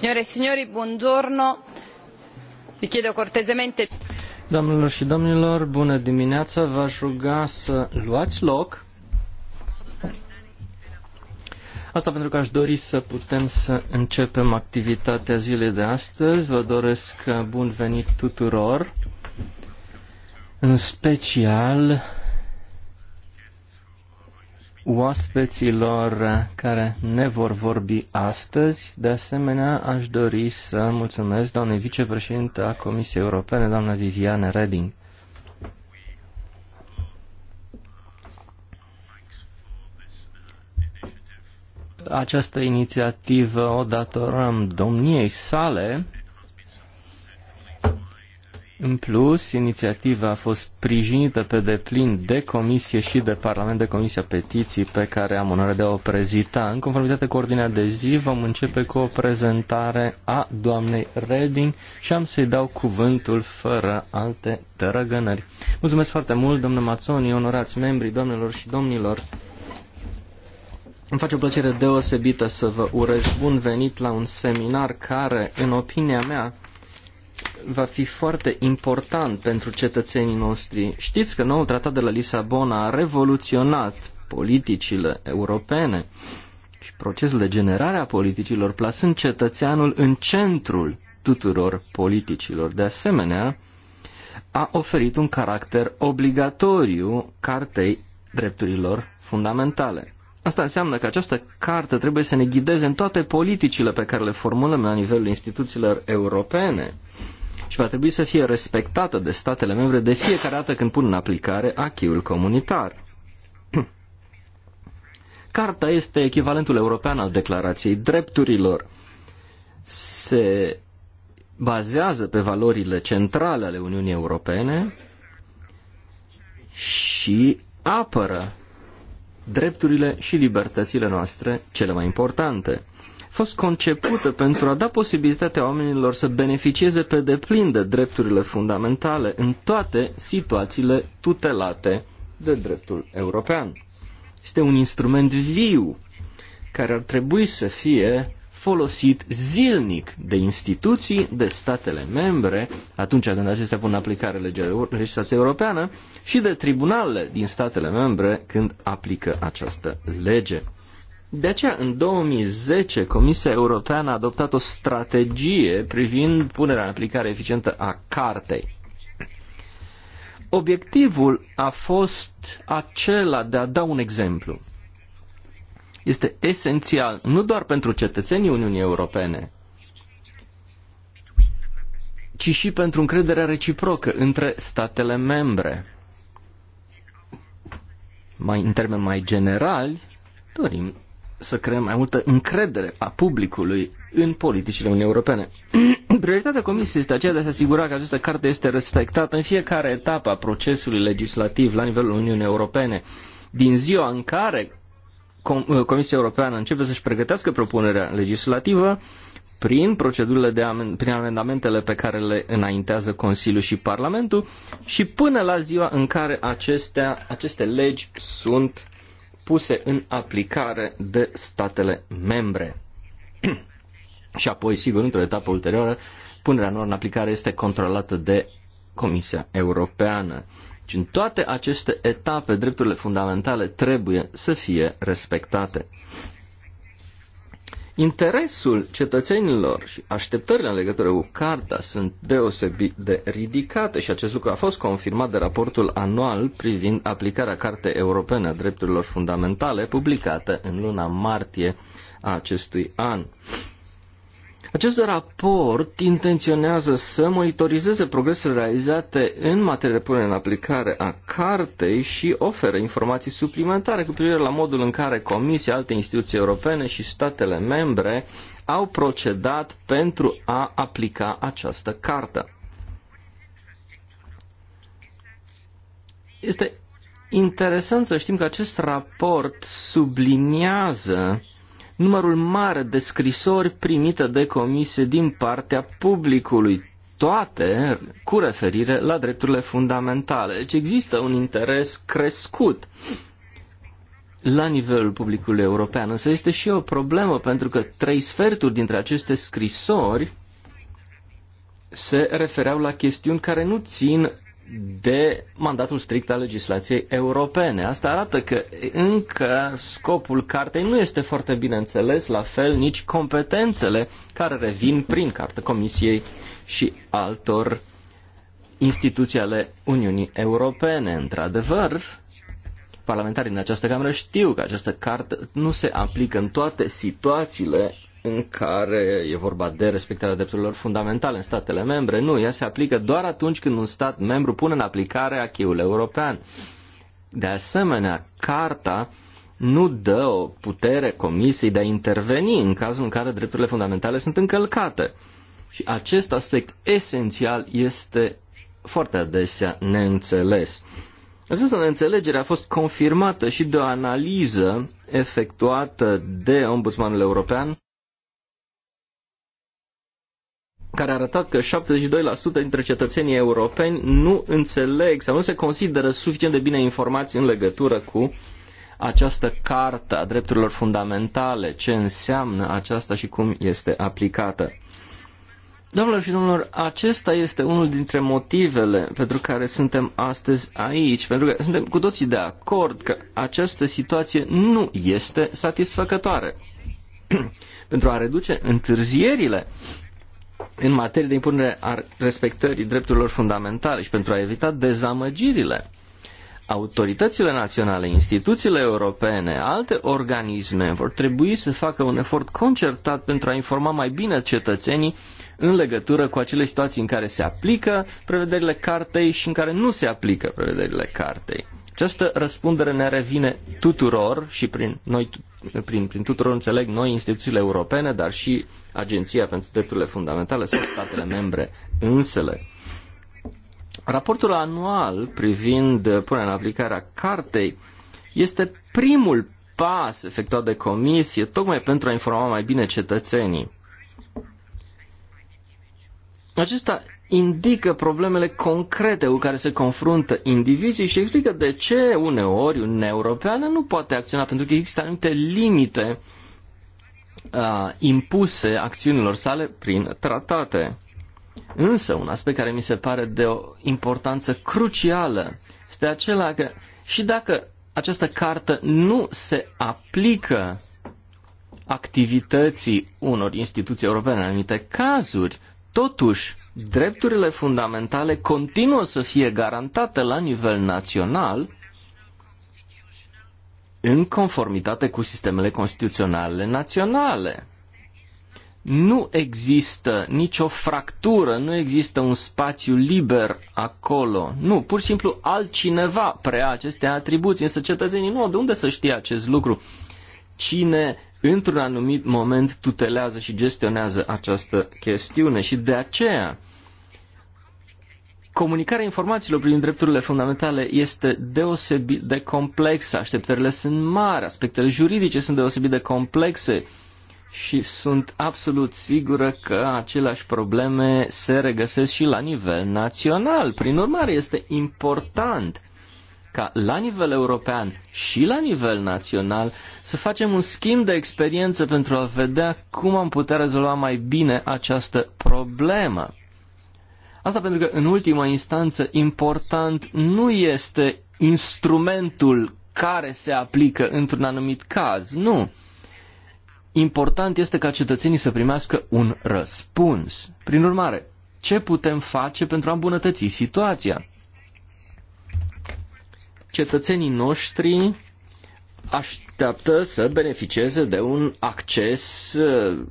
Signore e signori, buongiorno. Vi chiedo cortesemente... Doamnelor și domnilor, bună dimineața. V-aș ruga să luați loc. Asta pentru că aș dori să putem să începem activitatea zilei de astăzi. Vă doresc bun venit tuturor, în special oaspeților care ne vor vorbi astăzi. De asemenea, aș dori să mulțumesc doamnei vicepreședinte a Comisiei Europene, doamna Viviane Reding. Această inițiativă o datorăm domniei sale, în plus, inițiativa a fost sprijinită pe deplin de Comisie și de Parlament, de Comisia Petiții, pe care am onoarea de a o prezita. În conformitate cu ordinea de zi, vom începe cu o prezentare a doamnei Reding și am să-i dau cuvântul fără alte tărăgănări. Mulțumesc foarte mult, domnule Mazzoni, onorați membri, doamnelor și domnilor. Îmi face o plăcere deosebită să vă urez bun venit la un seminar care, în opinia mea, va fi foarte important pentru cetățenii noștri. Știți că noul tratat de la Lisabona a revoluționat politicile europene și procesul de generare a politicilor, plasând cetățeanul în centrul tuturor politicilor. De asemenea, a oferit un caracter obligatoriu cartei drepturilor fundamentale. Asta înseamnă că această carte trebuie să ne ghideze în toate politicile pe care le formulăm la nivelul instituțiilor europene și va trebui să fie respectată de statele membre de fiecare dată când pun în aplicare achiul comunitar. Carta este echivalentul european al Declarației Drepturilor. Se bazează pe valorile centrale ale Uniunii Europene și apără drepturile și libertățile noastre cele mai importante fost concepută pentru a da posibilitatea oamenilor să beneficieze pe deplin de drepturile fundamentale în toate situațiile tutelate de dreptul european. Este un instrument viu care ar trebui să fie folosit zilnic de instituții, de statele membre, atunci când acestea pun în aplicare legislația europeană, și de tribunalele din statele membre când aplică această lege. De aceea, în 2010, Comisia Europeană a adoptat o strategie privind punerea în aplicare eficientă a cartei. Obiectivul a fost acela de a da un exemplu. Este esențial nu doar pentru cetățenii Uniunii Europene, ci și pentru încrederea reciprocă între statele membre. Mai, în termeni mai generali, dorim să creăm mai multă încredere a publicului în politicile Uniunii Europene. Prioritatea Comisiei este aceea de a se asigura că această carte este respectată în fiecare etapă a procesului legislativ la nivelul Uniunii Europene. Din ziua în care uh, Comisia Europeană începe să-și pregătească propunerea legislativă, prin procedurile de amen, prin amendamentele pe care le înaintează Consiliul și Parlamentul și până la ziua în care acestea, aceste legi sunt puse în aplicare de statele membre. și apoi, sigur, într-o etapă ulterioară, punerea lor în aplicare este controlată de Comisia Europeană. Și deci, în toate aceste etape, drepturile fundamentale trebuie să fie respectate interesul cetățenilor și așteptările în legătură cu carta sunt deosebit de ridicate și acest lucru a fost confirmat de raportul anual privind aplicarea Cartei Europene a Drepturilor Fundamentale publicată în luna martie a acestui an. Acest raport intenționează să monitorizeze progresele realizate în materie de punere în aplicare a cartei și oferă informații suplimentare cu privire la modul în care Comisia, alte instituții europene și statele membre au procedat pentru a aplica această cartă. Este interesant să știm că acest raport subliniază uh, numărul mare de scrisori primite de comisie din partea publicului, toate cu referire la drepturile fundamentale. Deci există un interes crescut la nivelul publicului european, însă este și o problemă pentru că trei sferturi dintre aceste scrisori se refereau la chestiuni care nu țin de mandatul strict al legislației europene. Asta arată că încă scopul cartei nu este foarte bine înțeles, la fel nici competențele care revin prin cartă Comisiei și altor instituții ale Uniunii Europene. Într-adevăr, parlamentarii în această cameră știu că această carte nu se aplică în toate situațiile în care e vorba de respectarea drepturilor fundamentale în statele membre. Nu, ea se aplică doar atunci când un stat membru pune în aplicare acquis european. De asemenea, carta nu dă o putere comisiei de a interveni în cazul în care drepturile fundamentale sunt încălcate. Și acest aspect esențial este foarte adesea neînțeles. Această neînțelegere a fost confirmată și de o analiză efectuată de Ombudsmanul European care a arătat că 72% dintre cetățenii europeni nu înțeleg sau nu se consideră suficient de bine informați în legătură cu această carte a drepturilor fundamentale, ce înseamnă aceasta și cum este aplicată. Domnilor și domnilor, acesta este unul dintre motivele pentru care suntem astăzi aici, pentru că suntem cu toții de acord că această situație nu este satisfăcătoare. pentru a reduce întârzierile în materie de impunere a respectării drepturilor fundamentale și pentru a evita dezamăgirile autoritățile naționale, instituțiile europene, alte organisme vor trebui să facă un efort concertat pentru a informa mai bine cetățenii în legătură cu acele situații în care se aplică prevederile cartei și în care nu se aplică prevederile cartei. Această răspundere ne revine tuturor și prin, noi, prin, prin tuturor înțeleg noi instituțiile europene, dar și Agenția pentru Drepturile Fundamentale sau statele membre însele. Raportul anual privind punerea în aplicare a cartei este primul pas efectuat de comisie tocmai pentru a informa mai bine cetățenii. Acesta indică problemele concrete cu care se confruntă indivizii și explică de ce uneori un Europeană nu poate acționa, pentru că există anumite limite uh, impuse acțiunilor sale prin tratate. Însă, un aspect care mi se pare de o importanță crucială este acela că și dacă această carte nu se aplică activității unor instituții europene în anumite cazuri, totuși drepturile fundamentale continuă să fie garantate la nivel național în conformitate cu sistemele constituționale naționale. Nu există nicio fractură, nu există un spațiu liber acolo. Nu, pur și simplu altcineva preia aceste atribuții, însă cetățenii nu au de unde să știe acest lucru. Cine într-un anumit moment tutelează și gestionează această chestiune și de aceea comunicarea informațiilor prin drepturile fundamentale este deosebit de complexă, așteptările sunt mari, aspectele juridice sunt deosebit de complexe și sunt absolut sigură că aceleași probleme se regăsesc și la nivel național. Prin urmare, este important ca la nivel european și la nivel național să facem un schimb de experiență pentru a vedea cum am putea rezolva mai bine această problemă. Asta pentru că, în ultima instanță, important nu este instrumentul care se aplică într-un anumit caz, nu. Important este ca cetățenii să primească un răspuns. Prin urmare, ce putem face pentru a îmbunătăți situația? cetățenii noștri așteaptă să beneficieze de un acces uh,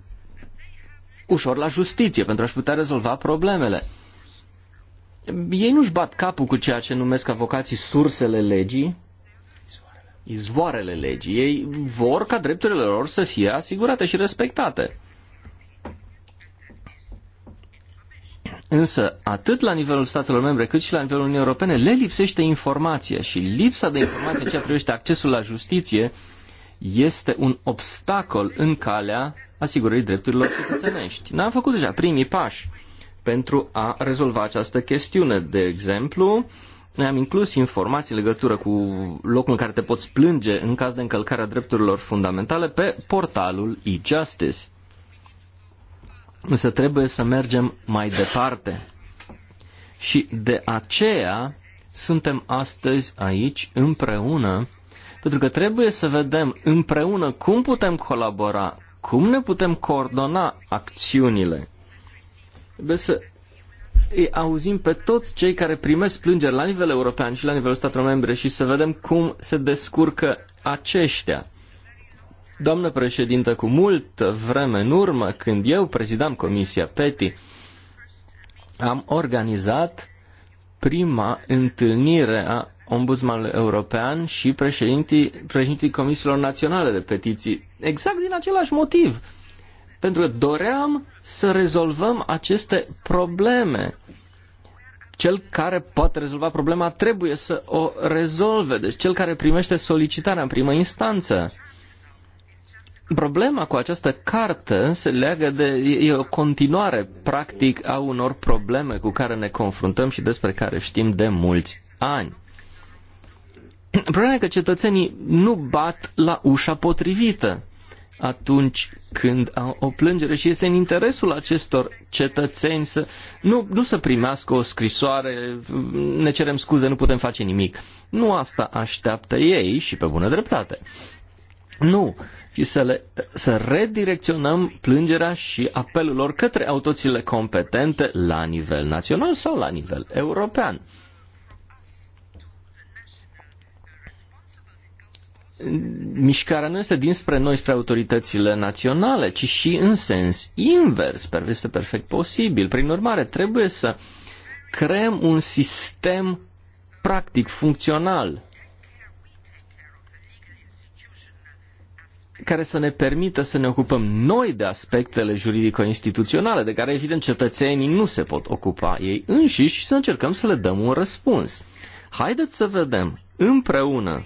ușor la justiție pentru a-și putea rezolva problemele. Ei nu-și bat capul cu ceea ce numesc avocații sursele legii, izvoarele legii. Ei vor ca drepturile lor să fie asigurate și respectate. Însă, atât la nivelul statelor membre, cât și la nivelul Uniunii Europene, le lipsește informația și lipsa de informație în ceea privește accesul la justiție este un obstacol în calea asigurării drepturilor cetățenești. N-am făcut deja primii pași pentru a rezolva această chestiune. De exemplu, noi am inclus informații în legătură cu locul în care te poți plânge în caz de încălcare a drepturilor fundamentale pe portalul e-justice. Însă trebuie să mergem mai departe. Și de aceea suntem astăzi aici împreună, pentru că trebuie să vedem împreună cum putem colabora, cum ne putem coordona acțiunile. Trebuie să îi auzim pe toți cei care primesc plângeri la nivel european și la nivelul statelor membre și să vedem cum se descurcă aceștia. Doamnă președintă, cu mult vreme în urmă, când eu prezidam Comisia PETI, am organizat prima întâlnire a ombudsmanului european și președintii, președintii Comisiilor Naționale de Petiții, exact din același motiv. Pentru că doream să rezolvăm aceste probleme. Cel care poate rezolva problema trebuie să o rezolve, deci cel care primește solicitarea în primă instanță. Problema cu această carte se leagă de, e o continuare practic a unor probleme cu care ne confruntăm și despre care știm de mulți ani. Problema e că cetățenii nu bat la ușa potrivită atunci când au o plângere și este în interesul acestor cetățeni să nu, nu să primească o scrisoare, ne cerem scuze, nu putem face nimic. Nu asta așteaptă ei și pe bună dreptate. Nu, și să, le, să redirecționăm plângerea și apelul lor către autoritățile competente la nivel național sau la nivel european. mișcarea nu este dinspre noi, spre autoritățile naționale, ci și în sens invers, este perfect posibil. Prin urmare, trebuie să creăm un sistem practic, funcțional, care să ne permită să ne ocupăm noi de aspectele juridico-instituționale, de care evident cetățenii nu se pot ocupa ei înșiși și să încercăm să le dăm un răspuns. Haideți să vedem împreună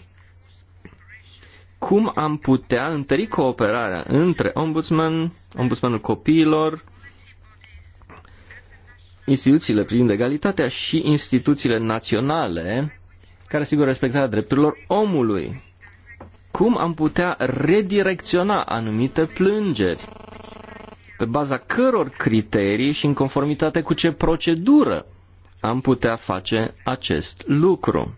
cum am putea întări cooperarea între ombudsman, ombudsmanul copiilor, instituțiile privind egalitatea și instituțiile naționale care asigură respectarea drepturilor omului cum am putea redirecționa anumite plângeri, pe baza căror criterii și în conformitate cu ce procedură am putea face acest lucru.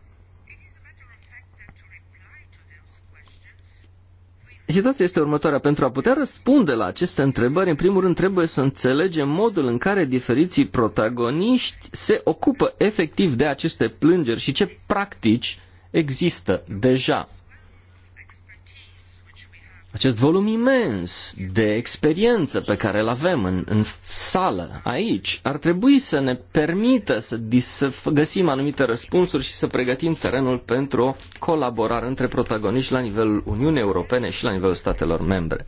Situația este următoarea. Pentru a putea răspunde la aceste întrebări, în primul rând trebuie să înțelegem modul în care diferiții protagoniști se ocupă efectiv de aceste plângeri și ce practici există deja acest volum imens de experiență pe care îl avem în, în sală, aici, ar trebui să ne permită să, să găsim anumite răspunsuri și să pregătim terenul pentru o colaborare între protagoniști la nivelul Uniunii Europene și la nivelul statelor membre.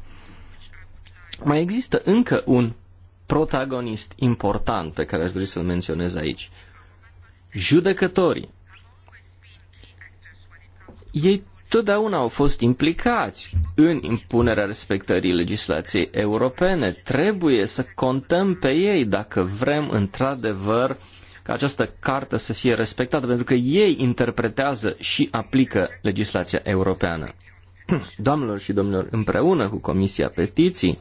Mai există încă un protagonist important pe care aș dori să-l menționez aici. Judecătorii. Ei totdeauna au fost implicați în impunerea respectării legislației europene. Trebuie să contăm pe ei dacă vrem într-adevăr ca această carte să fie respectată, pentru că ei interpretează și aplică legislația europeană. Doamnelor și domnilor, împreună cu Comisia Petiții,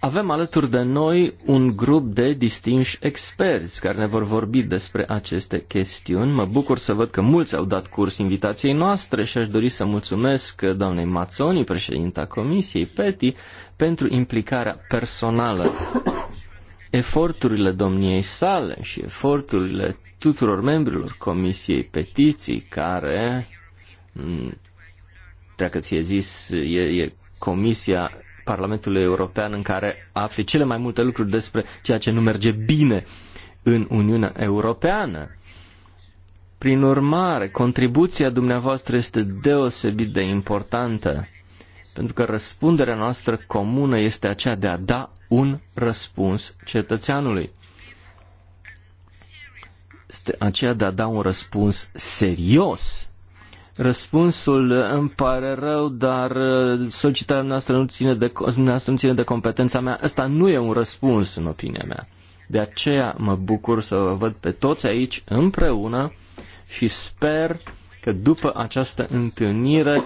avem alături de noi un grup de distinși experți care ne vor vorbi despre aceste chestiuni. Mă bucur să văd că mulți au dat curs invitației noastre și aș dori să mulțumesc doamnei Mazzoni, președinta Comisiei PETI, pentru implicarea personală. Eforturile domniei sale și eforturile tuturor membrilor Comisiei Petiții, care, dacă ți-e zis, e, e comisia Parlamentului European în care afli cele mai multe lucruri despre ceea ce nu merge bine în Uniunea Europeană. Prin urmare, contribuția dumneavoastră este deosebit de importantă, pentru că răspunderea noastră comună este aceea de a da un răspuns cetățeanului. Este aceea de a da un răspuns serios Răspunsul îmi pare rău, dar uh, solicitarea noastră nu ține de, noastră nu ține de competența mea. Asta nu e un răspuns, în opinia mea. De aceea mă bucur să vă văd pe toți aici împreună și sper că după această întâlnire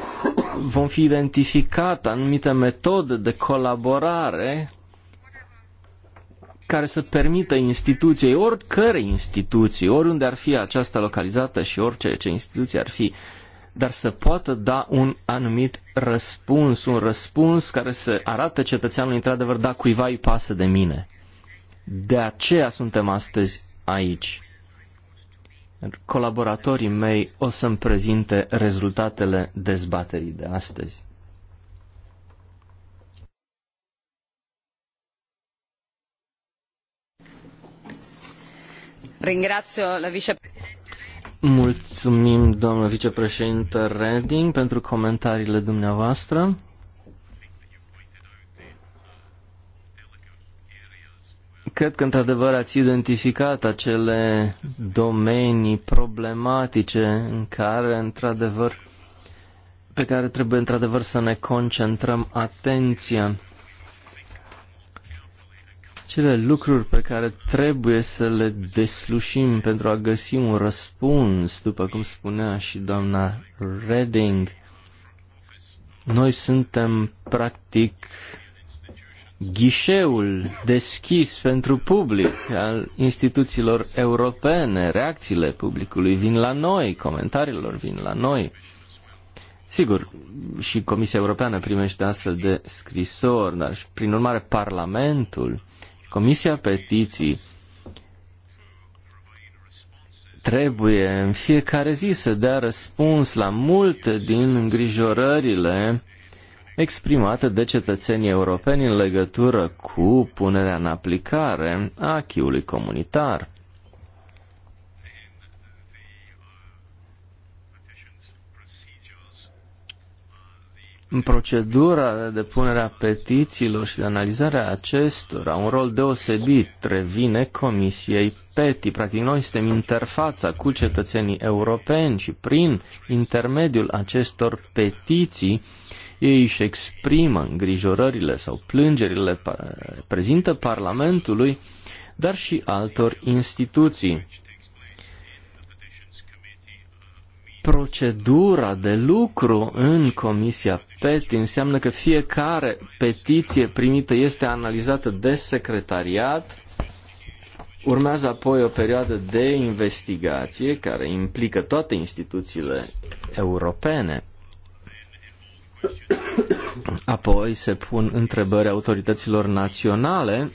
vom fi identificat anumite metode de colaborare care să permită instituției, oricărei instituții, oriunde ar fi aceasta localizată și orice ce instituție ar fi, dar să poată da un anumit răspuns, un răspuns care să arate cetățeanului într-adevăr, da, cuiva îi pasă de mine. De aceea suntem astăzi aici. Colaboratorii mei o să-mi prezinte rezultatele dezbaterii de astăzi. Ringrazio la vicepreședinte. Mulțumim, domnul vicepreședinte Reding, pentru comentariile dumneavoastră. Cred că, într-adevăr, ați identificat acele domenii problematice în care, într-adevăr, pe care trebuie, într-adevăr, să ne concentrăm atenția cele lucruri pe care trebuie să le deslușim pentru a găsi un răspuns, după cum spunea și doamna Reding. Noi suntem practic ghișeul deschis pentru public al instituțiilor europene, reacțiile publicului vin la noi, comentariilor vin la noi. Sigur, și Comisia Europeană primește astfel de scrisori, dar și, prin urmare Parlamentul Comisia Petiții trebuie în fiecare zi să dea răspuns la multe din îngrijorările exprimate de cetățenii europeni în legătură cu punerea în aplicare a acquis comunitar. în procedura de depunere a petițiilor și de analizare a acestora, un rol deosebit revine Comisiei PETI. Practic, noi suntem interfața cu cetățenii europeni și prin intermediul acestor petiții ei își exprimă îngrijorările sau plângerile, prezintă Parlamentului, dar și altor instituții. Procedura de lucru în Comisia repet, înseamnă că fiecare petiție primită este analizată de secretariat, urmează apoi o perioadă de investigație care implică toate instituțiile europene. Apoi se pun întrebări autorităților naționale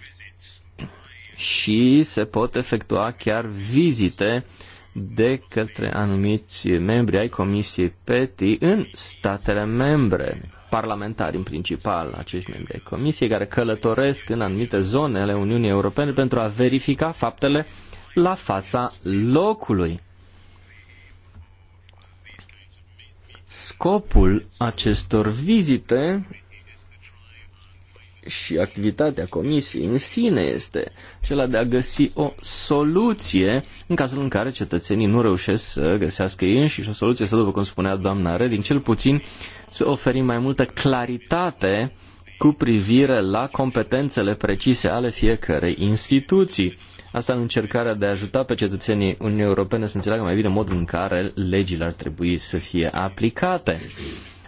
și se pot efectua chiar vizite uh, de către anumiți membri ai Comisiei PETI în statele membre, parlamentari în principal, acești membri ai Comisiei, care călătoresc în anumite zone ale Uniunii Europene pentru a verifica faptele la fața locului. Scopul acestor vizite și activitatea comisiei în sine este cela de a găsi o soluție în cazul în care cetățenii nu reușesc să găsească ei înșiși o soluție să după cum spunea doamna Redin, cel puțin să oferim mai multă claritate cu privire la competențele precise ale fiecărei instituții. Asta în încercarea de a ajuta pe cetățenii Uniunii Europene să înțeleagă mai bine modul în care legile ar trebui să fie aplicate.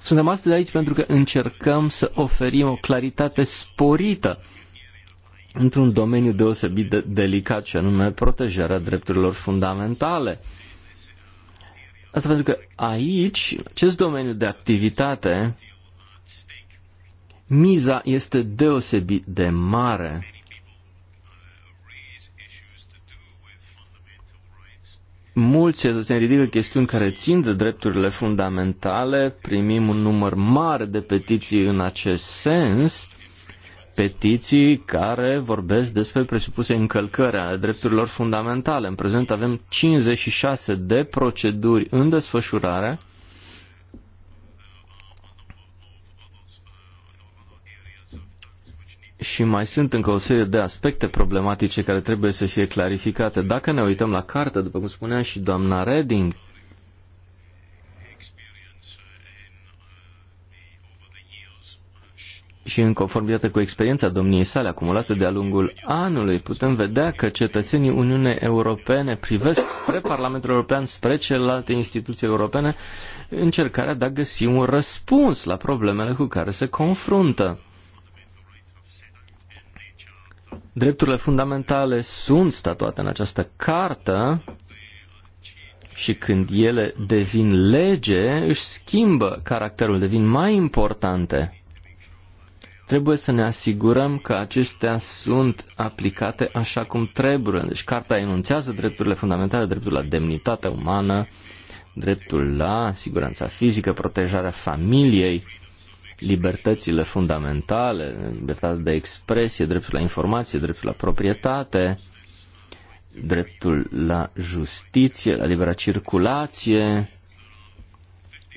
Suntem astăzi aici pentru că încercăm să oferim o claritate sporită într-un domeniu deosebit de delicat, ce anume protejarea drepturilor fundamentale. Asta pentru că aici, acest domeniu de activitate, miza este deosebit de mare. mulți cetățeni ridică chestiuni care țin de drepturile fundamentale, primim un număr mare de petiții în acest sens, petiții care vorbesc despre presupuse încălcări ale drepturilor fundamentale. În prezent avem 56 de proceduri în desfășurare și mai sunt încă o serie de aspecte problematice care trebuie să fie clarificate. Dacă ne uităm la carte, după cum spunea și doamna Reding, și în conformitate cu experiența domniei sale acumulată de-a lungul anului, putem vedea că cetățenii Uniunii Europene privesc spre Parlamentul European, spre celelalte instituții europene, încercarea de a găsi un răspuns la problemele cu care se confruntă. Drepturile fundamentale sunt statuate în această carte și când ele devin lege, își schimbă caracterul, devin mai importante. Trebuie să ne asigurăm că acestea sunt aplicate așa cum trebuie. Deci carta enunțează drepturile fundamentale, dreptul la demnitate umană, dreptul la siguranța fizică, protejarea familiei, libertățile fundamentale, libertatea de expresie, dreptul la informație, dreptul la proprietate, dreptul la justiție, la libera circulație,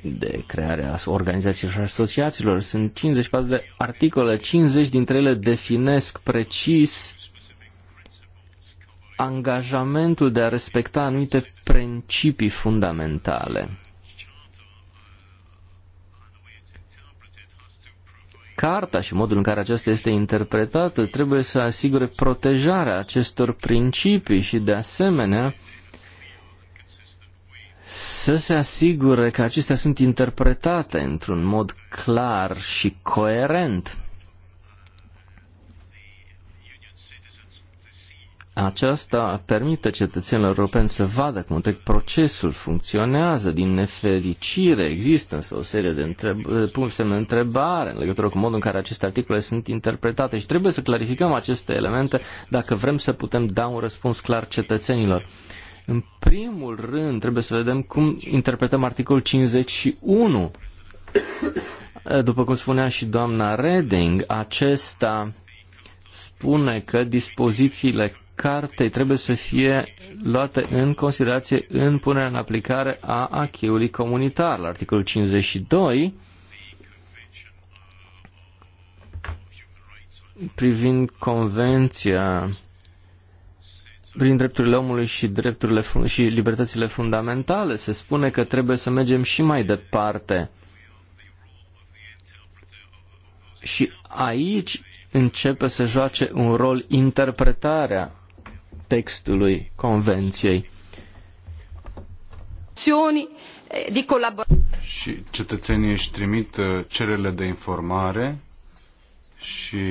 de crearea organizațiilor și asociațiilor. Sunt 54 de articole, 50 dintre ele definesc precis angajamentul de a respecta anumite principii fundamentale. carta și modul în care aceasta este interpretată trebuie să asigure protejarea acestor principii și de asemenea să se asigure că acestea sunt interpretate într-un mod clar și coerent. aceasta permite cetățenilor europeni să vadă cum întreg procesul funcționează. Din nefericire există însă o serie de întreb- semne de întrebare în legătură cu modul în care aceste articole sunt interpretate și trebuie să clarificăm aceste elemente dacă vrem să putem da un răspuns clar cetățenilor. În primul rând trebuie să vedem cum interpretăm articolul 51. După cum spunea și doamna Reding, acesta spune că dispozițiile cartei trebuie să fie luate în considerație în punerea în aplicare a acheului comunitar. La articolul 52 privind convenția prin drepturile omului și drepturile și libertățile fundamentale se spune că trebuie să mergem și mai departe. Și aici începe să joace un rol interpretarea textului Convenției. Eh, și cetățenii își trimit eh, cererile de informare și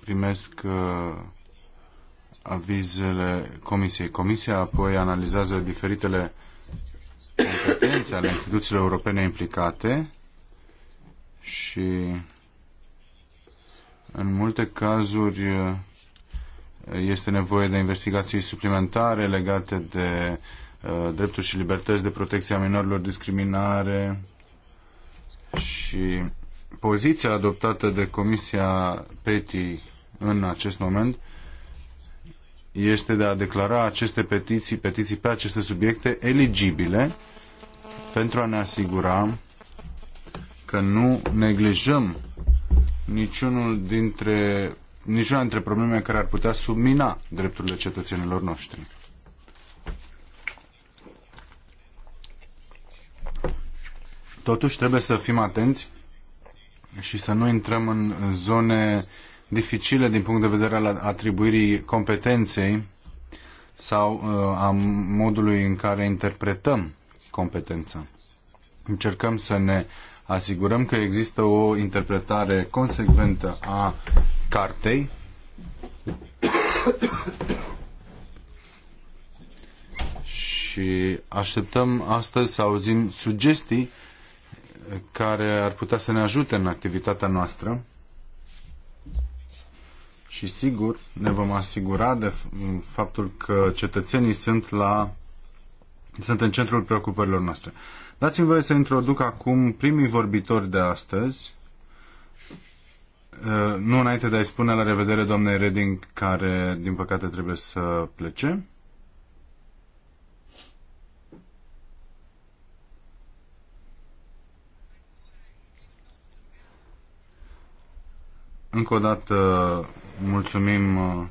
primesc eh, avizele Comisiei. Comisia apoi analizează diferitele competențe ale instituțiilor europene implicate și în multe cazuri este nevoie de investigații suplimentare legate de uh, drepturi și libertăți, de protecția minorilor, discriminare și poziția adoptată de Comisia PETI în acest moment este de a declara aceste petiții, petiții pe aceste subiecte eligibile pentru a ne asigura că nu neglijăm niciunul dintre niciuna dintre problemele care ar putea submina drepturile cetățenilor noștri. Totuși trebuie să fim atenți și să nu intrăm în zone dificile din punct de vedere al atribuirii competenței sau uh, a modului în care interpretăm competența. Încercăm să ne asigurăm că există o interpretare consecventă a cartei și așteptăm astăzi să auzim sugestii care ar putea să ne ajute în activitatea noastră și sigur ne vom asigura de faptul că cetățenii sunt la sunt în centrul preocupărilor noastre. Dați-mi voie să introduc acum primii vorbitori de astăzi. Uh, nu înainte de a-i spune la revedere doamnei Reding, care din păcate trebuie să plece. Încă o dată mulțumim uh,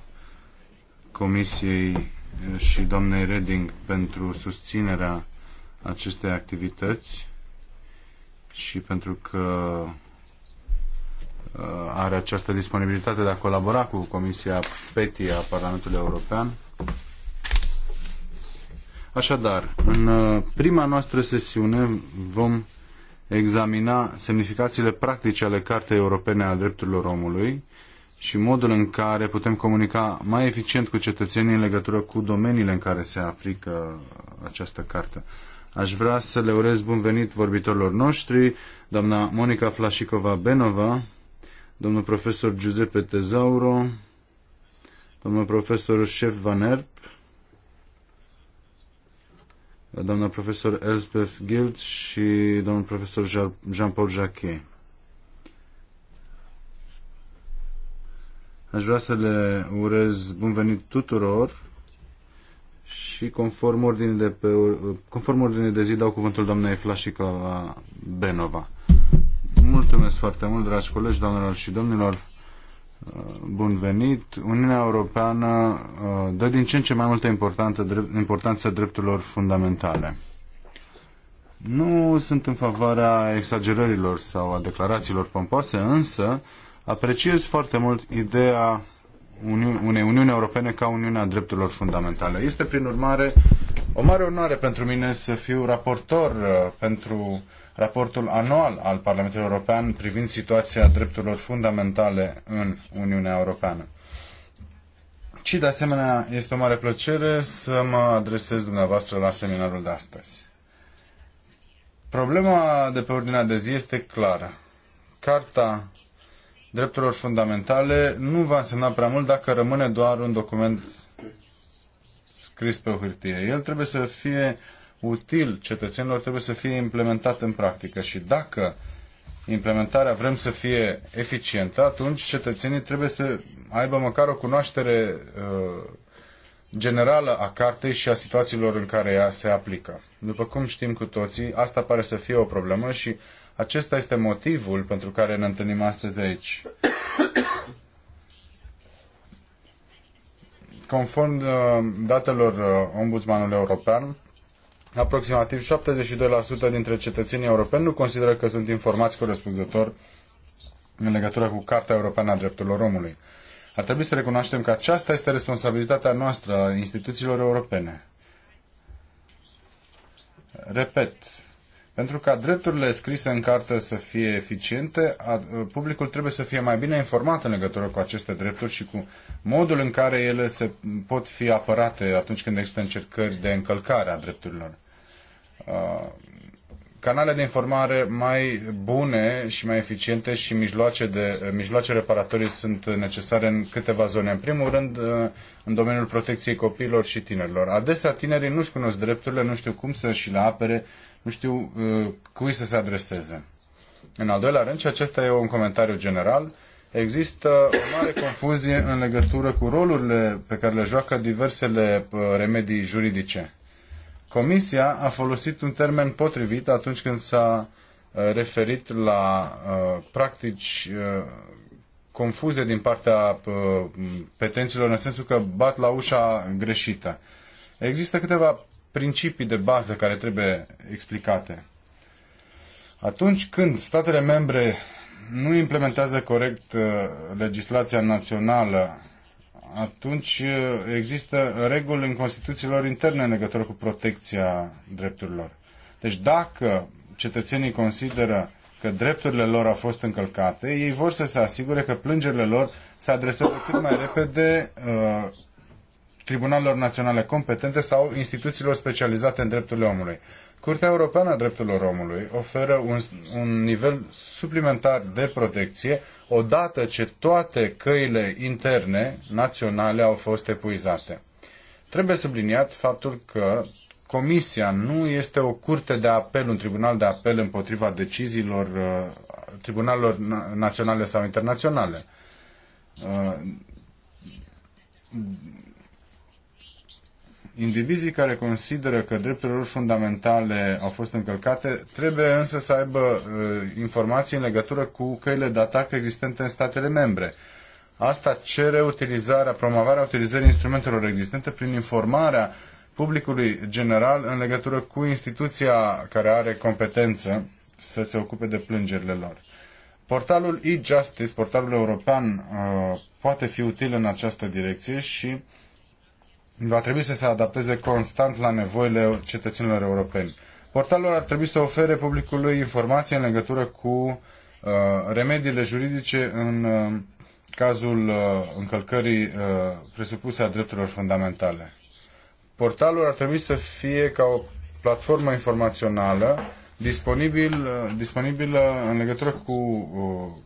Comisiei și doamnei Reding pentru susținerea aceste activități și pentru că uh, are această disponibilitate de a colabora cu Comisia PETI a Parlamentului European. Așadar, în uh, prima noastră sesiune vom examina semnificațiile practice ale Cartei Europene a Drepturilor Omului și modul în care putem comunica mai eficient cu cetățenii în legătură cu domeniile în care se aplică această carte. Aș vrea să le urez bun venit vorbitorilor noștri, doamna Monica Flașicova Benova, domnul profesor Giuseppe Tezauro, domnul profesor Șef Van Erp, doamna profesor Elspeth Gild și domnul profesor Jean-Paul Jacquet. Aș vrea să le urez bun venit tuturor și conform ordinii de, pe, conform ordinii de zi dau cuvântul doamnei Flașică Benova. Mulțumesc foarte mult, dragi colegi, doamnelor și domnilor. Bun venit. Uniunea Europeană uh, dă din ce în ce mai multă importanță drepturilor fundamentale. Nu sunt în favoarea exagerărilor sau a declarațiilor pompoase, însă apreciez foarte mult ideea unei Uniuni Europene ca Uniunea Drepturilor Fundamentale. Este, prin urmare, o mare onoare pentru mine să fiu raportor uh, pentru raportul anual al Parlamentului European privind situația drepturilor fundamentale în Uniunea Europeană. Și, de asemenea, este o mare plăcere să mă adresez dumneavoastră la seminarul de astăzi. Problema de pe ordinea de zi este clară. Carta drepturilor fundamentale nu va însemna prea mult dacă rămâne doar un document scris pe o hârtie. El trebuie să fie util cetățenilor, trebuie să fie implementat în practică și dacă implementarea vrem să fie eficientă, atunci cetățenii trebuie să aibă măcar o cunoaștere uh, generală a cartei și a situațiilor în care ea se aplică. După cum știm cu toții, asta pare să fie o problemă și acesta este motivul pentru care ne întâlnim astăzi aici. Conform uh, datelor uh, Ombudsmanului European, aproximativ 72% dintre cetățenii europeni nu consideră că sunt informați corespunzător în legătură cu Carta Europeană a Drepturilor Omului. Ar trebui să recunoaștem că aceasta este responsabilitatea noastră a instituțiilor europene. Repet, pentru ca drepturile scrise în carte să fie eficiente, uh, publicul trebuie să fie mai bine informat în legătură cu aceste drepturi și cu modul în care ele se pot fi apărate atunci când există încercări de încălcare a drepturilor. Uh, canale de informare mai bune și mai eficiente și mijloace, de, mijloace reparatorii sunt necesare în câteva zone. În primul rând, uh, în domeniul protecției copiilor și tinerilor. Adesea tinerii nu-și cunosc drepturile, nu știu cum să și le apere, nu știu uh, cui să se adreseze. În al doilea rând, și acesta e un comentariu general, există o mare confuzie în legătură cu rolurile pe care le joacă diversele uh, remedii juridice Comisia a folosit un termen potrivit atunci când s-a uh, referit la uh, practici uh, confuze din partea petenților, în sensul că bat la ușa greșită. Există câteva principii de bază care trebuie explicate. Atunci când statele membre nu implementează corect legislația națională atunci uh, există reguli în Constituțiilor interne în legătură cu protecția drepturilor. Deci dacă cetățenii consideră că drepturile lor au fost încălcate, ei vor să se asigure că plângerile lor se adresează cât mai repede uh, tribunalelor naționale competente sau instituțiilor specializate în drepturile omului. Curtea Europeană a Drepturilor Omului oferă un, un nivel suplimentar de protecție odată ce toate căile interne naționale au fost epuizate. Trebuie subliniat faptul că Comisia nu este o curte de apel, un tribunal de apel împotriva deciziilor uh, tribunalelor naționale sau internaționale uh, Indivizii care consideră că drepturile lor fundamentale au fost încălcate trebuie însă să aibă uh, informații în legătură cu căile de atac existente în statele membre. Asta cere utilizarea, promovarea utilizării instrumentelor existente prin informarea publicului general în legătură cu instituția care are competență să se ocupe de plângerile lor. Portalul e-justice, portalul european, uh, poate fi util în această direcție și uh, va trebui să se adapteze constant la nevoile cetățenilor europeni. Portalul ar trebui să ofere publicului informații în legătură cu uh, remediile juridice în uh, cazul uh, încălcării uh, presupuse a drepturilor fundamentale. Portalul ar trebui să fie ca o platformă informațională disponibil, uh, disponibilă în legătură cu uh,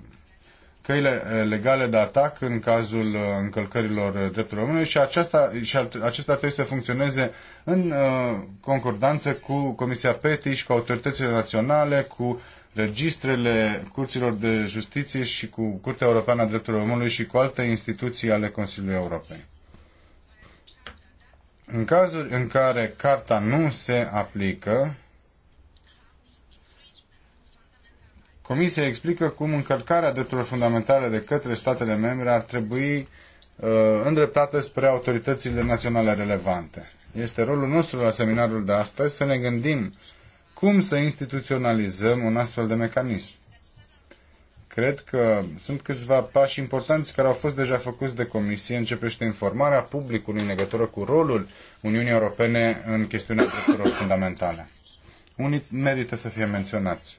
căile eh, legale de atac în cazul eh, încălcărilor eh, drepturilor omului și, aceasta, și acesta ar trebui să funcționeze în concordanță cu Comisia PETI și cu autoritățile naționale, cu registrele curților de justiție și cu Curtea Europeană a Drepturilor Omului și cu alte instituții ale Consiliului Europei. În cazuri în care carta nu se aplică, Comisia explică cum încălcarea drepturilor fundamentale de către statele membre ar trebui uh, îndreptată spre autoritățile naționale relevante. Este rolul nostru la seminarul de astăzi să ne gândim cum să instituționalizăm un astfel de mecanism. Cred că sunt câțiva pași importanți care au fost deja făcuți de Comisie în ce privește informarea publicului în legătură cu rolul Uniunii Europene în chestiunea drepturilor fundamentale. Unii merită să fie menționați.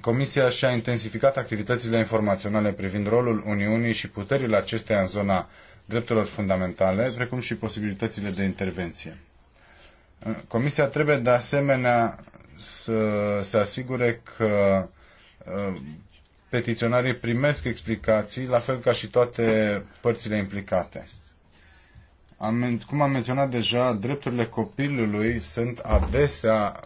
Comisia și-a intensificat activitățile informaționale privind rolul Uniunii și puterile acesteia în zona drepturilor fundamentale, precum și posibilitățile de intervenție. Comisia trebuie de asemenea să se asigure că uh, petiționarii primesc explicații, la fel ca și toate părțile implicate. cum am menționat deja, drepturile copilului sunt adesea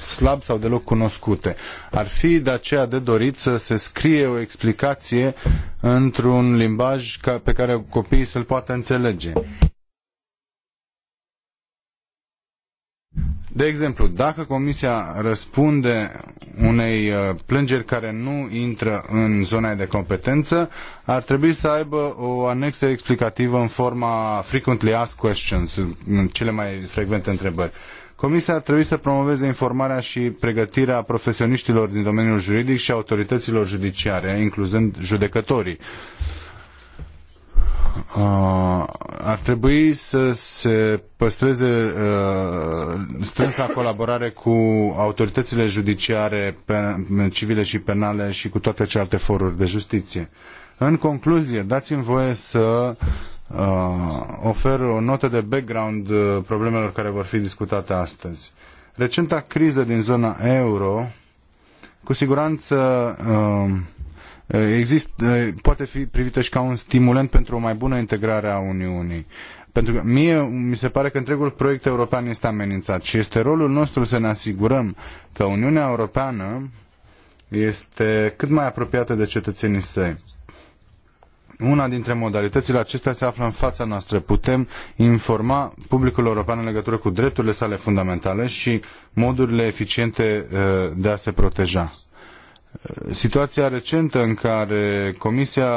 slab sau deloc cunoscute. Ar fi de aceea de dorit să se scrie o explicație într-un limbaj ca pe care copiii să-l poată înțelege. De exemplu, dacă comisia răspunde unei uh, plângeri care nu intră în zona de competență, ar trebui să aibă o anexă explicativă în forma frequently asked questions, cele mai frecvente întrebări. Comisia ar trebui să promoveze informarea și pregătirea profesioniștilor din domeniul juridic și autorităților judiciare, incluzând judecătorii. Uh, ar trebui să se păstreze uh, strânsa colaborare cu autoritățile judiciare, civile și penale și cu toate celelalte foruri de justiție. În concluzie, dați-mi voie să Uh, ofer o notă de background uh, problemelor care vor fi discutate astăzi. Recenta criză din zona euro, cu siguranță uh, exist, poate fi privită și ca un stimulent pentru o mai bună integrare a Uniunii. Pentru că mie mi se pare că întregul proiect european este amenințat și este rolul nostru să ne asigurăm că Uniunea Europeană este cât mai apropiată de cetățenii săi. Una dintre modalitățile acestea se află în fața noastră. Putem informa publicul european în legătură cu drepturile sale fundamentale și modurile eficiente uh, de a se proteja. Uh, situația recentă în care Comisia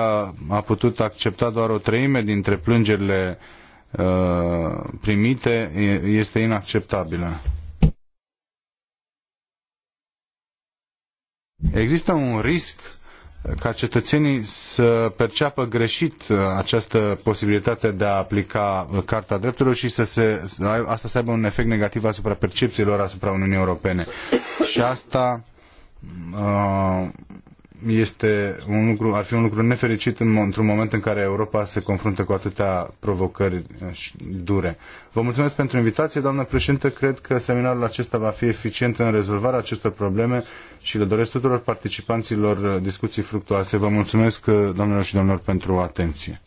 a putut accepta doar o treime dintre plângerile uh, primite este inacceptabilă. Există un risc ca cetățenii să perceapă greșit uh, această posibilitate de a aplica uh, Carta Drepturilor și să se, asta să aibă un efect negativ asupra percepțiilor asupra Uniunii Europene. Și asta uh, este un lucru, ar fi un lucru nefericit în, într-un moment în care Europa se confruntă cu atâtea provocări uh, dure. Vă mulțumesc pentru invitație, doamnă președinte. Cred că seminarul acesta va fi eficient în rezolvarea acestor probleme și le doresc tuturor participanților uh, discuții fructuoase. Vă mulțumesc, uh, doamnelor și domnilor, pentru atenție.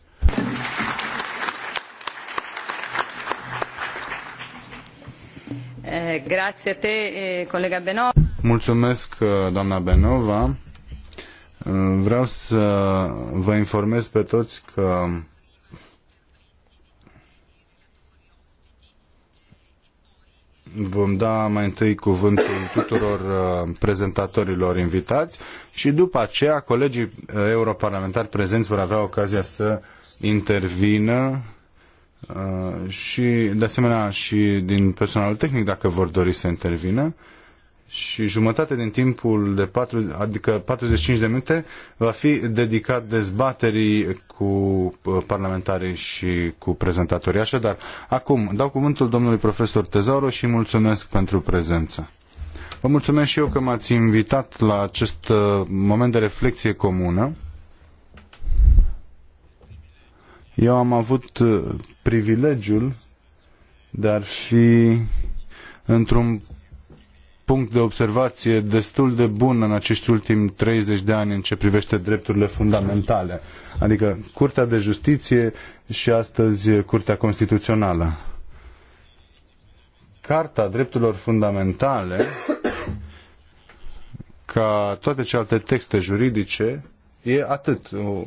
Eh, grazie a te, eh, collega Benova. Mulțumesc, doamna Benova. Vreau să vă informez pe toți că vom da mai întâi cuvântul tuturor uh, prezentatorilor invitați și după aceea colegii uh, europarlamentari prezenți vor avea ocazia să intervină uh, și de asemenea și din personalul tehnic dacă vor dori să intervină și jumătate din timpul de 4, adică 45 de minute va fi dedicat dezbaterii cu uh, parlamentarii și cu prezentatorii. Așadar, acum dau cuvântul domnului profesor Tezauro și mulțumesc pentru prezență. Vă mulțumesc și eu că m-ați invitat la acest uh, moment de reflexie comună. Eu am avut uh, privilegiul de a fi într-un punct de observație destul de bun în acești ultimi 30 de ani în ce privește drepturile fundamentale, adică Curtea de Justiție și astăzi Curtea Constituțională. Carta Drepturilor Fundamentale, ca toate celelalte texte juridice, e atât, o,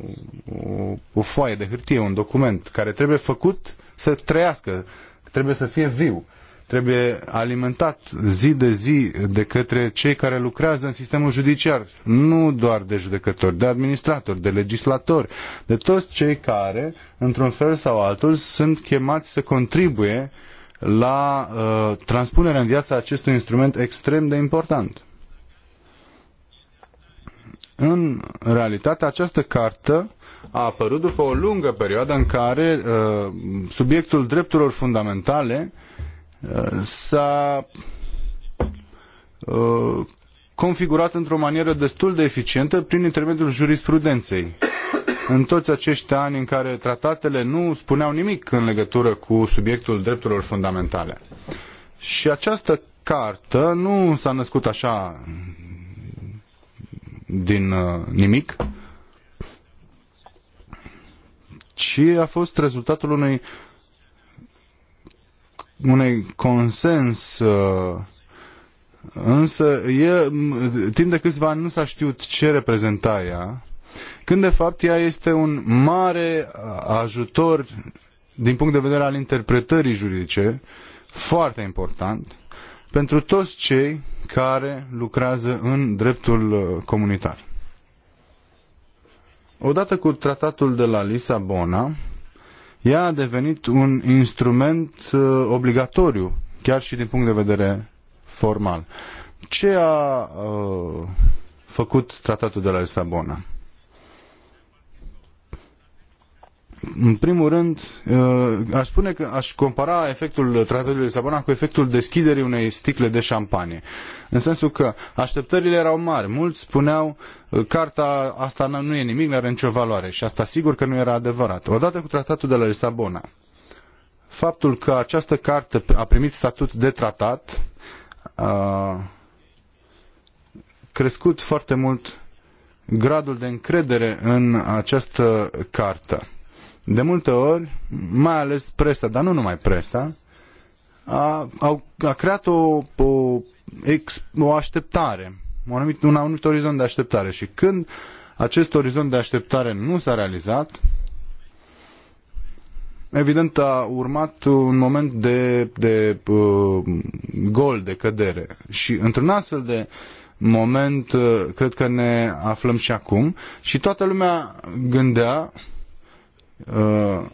o, o foaie de hârtie, un document care trebuie făcut să trăiască, trebuie să fie viu trebuie alimentat zi de zi de către cei care lucrează în sistemul judiciar, nu doar de judecători, de administratori, de legislatori, de toți cei care, într-un fel sau altul, sunt chemați să contribuie la uh, transpunerea în viața acestui instrument extrem de important. În realitate, această cartă a apărut după o lungă perioadă în care uh, subiectul drepturilor fundamentale uh, s-a uh, configurat într-o manieră destul de eficientă prin intermediul jurisprudenței. În toți acești ani în care tratatele nu spuneau nimic în legătură cu subiectul drepturilor fundamentale. Și această cartă nu s-a născut așa din uh, nimic, ci a fost rezultatul unui unui consens uh, Însă, e, timp de câțiva ani nu s-a știut ce reprezenta ea, când de fapt ea este un mare ajutor din punct de vedere al interpretării juridice, foarte important, pentru toți cei care lucrează în dreptul uh, comunitar. Odată cu tratatul de la Lisabona, ea a devenit un instrument uh, obligatoriu, chiar și din punct de vedere formal. Ce a uh, făcut tratatul de la Lisabona? În primul rând, uh, aș spune că aș compara efectul tratatului de Lisabona cu efectul deschiderii unei sticle de șampanie. În sensul că așteptările erau mari. Mulți spuneau uh, carta asta nu e nimic, nu are nicio valoare. Și asta sigur că nu era adevărat. Odată cu tratatul de la Lisabona, faptul că această carte a primit statut de tratat a crescut foarte mult gradul de încredere în această carte. De multe ori, mai ales presa, dar nu numai presa, a, au, a creat o, o, ex, o așteptare, un anumit, un anumit orizont de așteptare. Și când acest orizont de așteptare nu s-a realizat, evident a urmat un moment de, de uh, gol, de cădere. Și într-un astfel de moment, uh, cred că ne aflăm și acum, și toată lumea gândea Uh,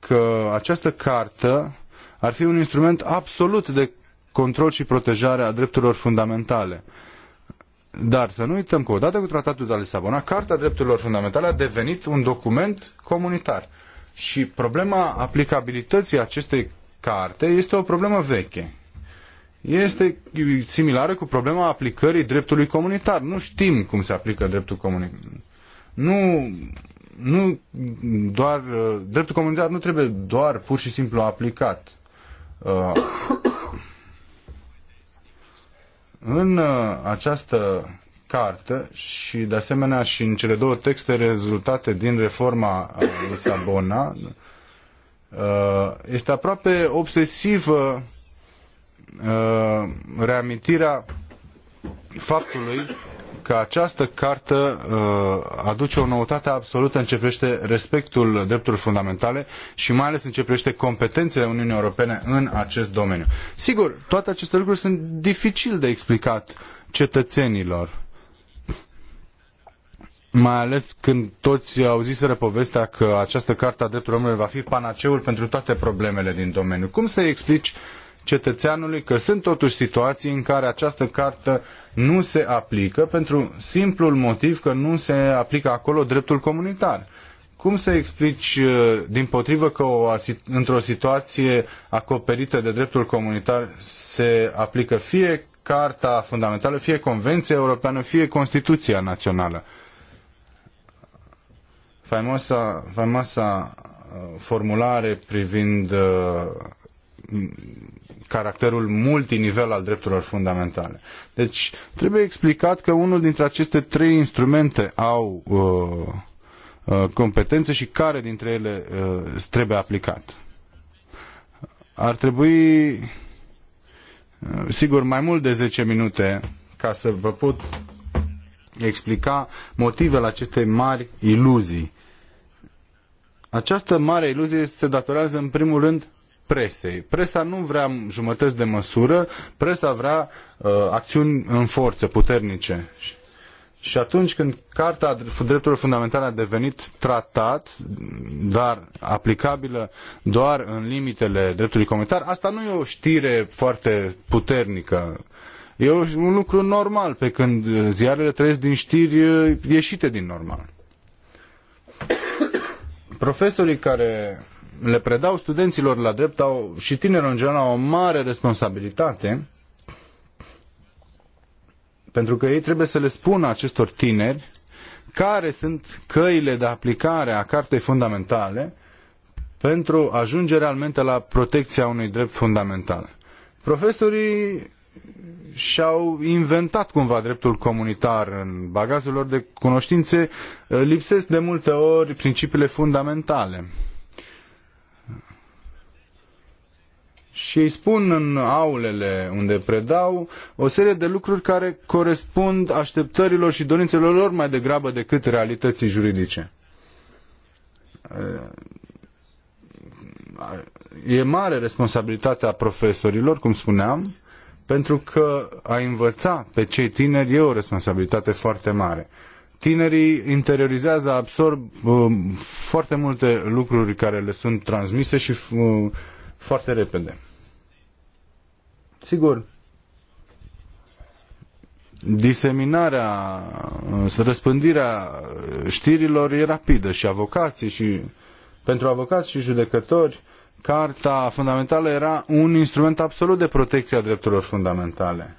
că această cartă ar fi un instrument absolut de control și protejare a drepturilor fundamentale. Dar să nu uităm că odată cu Tratatul de la Lisabona, Carta Drepturilor Fundamentale a devenit un document comunitar. Și problema aplicabilității acestei carte este o problemă veche. Este similară cu problema aplicării dreptului comunitar. Nu știm cum se aplică dreptul comunitar. Nu nu doar, uh, dreptul comunitar nu trebuie doar pur și simplu aplicat. Uh, în uh, această carte și de asemenea și în cele două texte rezultate din reforma Lisabona, este aproape obsesivă reamintirea faptului că această cartă uh, aduce o noutate absolută în ce privește respectul drepturilor fundamentale și mai ales în ce privește competențele Uniunii Europene în acest domeniu. Sigur, toate aceste lucruri sunt dificil de explicat cetățenilor mai ales când toți auziseră povestea că această carte a drepturilor omului va fi panaceul pentru toate problemele din domeniu. Cum să explici cetățeanului că sunt totuși situații în care această cartă nu se aplică pentru simplul motiv că nu se aplică acolo dreptul comunitar. Cum să explici uh, din potrivă că într-o situație acoperită de dreptul comunitar se aplică fie Carta Fundamentală, fie Convenția Europeană, fie Constituția Națională? Faimoasa, faimoasa uh, formulare privind uh, caracterul multinivel al drepturilor fundamentale. Deci trebuie explicat că unul dintre aceste trei instrumente au uh, uh, competențe și care dintre ele uh, trebuie aplicat. Ar trebui, uh, sigur, mai mult de 10 minute ca să vă pot explica motivele acestei mari iluzii. Această mare iluzie se datorează în primul rând presei. Presa nu vrea jumătăți de măsură, presa vrea uh, acțiuni în forță, puternice. Și atunci când Carta Drepturilor Fundamentale a devenit tratat, dar aplicabilă doar în limitele dreptului comunitar, asta nu e o știre foarte puternică. E un lucru normal, pe când ziarele trăiesc din știri uh, ieșite din normal. Profesorii care le predau studenților la drept au, și tinerilor în general au o mare responsabilitate pentru că ei trebuie să le spună acestor tineri care sunt căile de aplicare a cartei fundamentale pentru a ajunge realmente la protecția unui drept fundamental. Profesorii și-au inventat cumva dreptul comunitar în bagajul lor de cunoștințe, lipsesc de multe ori principiile fundamentale. și ei spun în aulele unde predau o serie de lucruri care corespund așteptărilor și dorințelor lor mai degrabă decât realității juridice. E mare responsabilitatea profesorilor, cum spuneam, pentru că a învăța pe cei tineri e o responsabilitate foarte mare tinerii interiorizează, absorb uh, foarte multe lucruri care le sunt transmise și uh, foarte repede. Sigur, diseminarea, răspândirea știrilor e rapidă și avocații și pentru avocați și judecători Carta fundamentală era un instrument absolut de protecție a drepturilor fundamentale.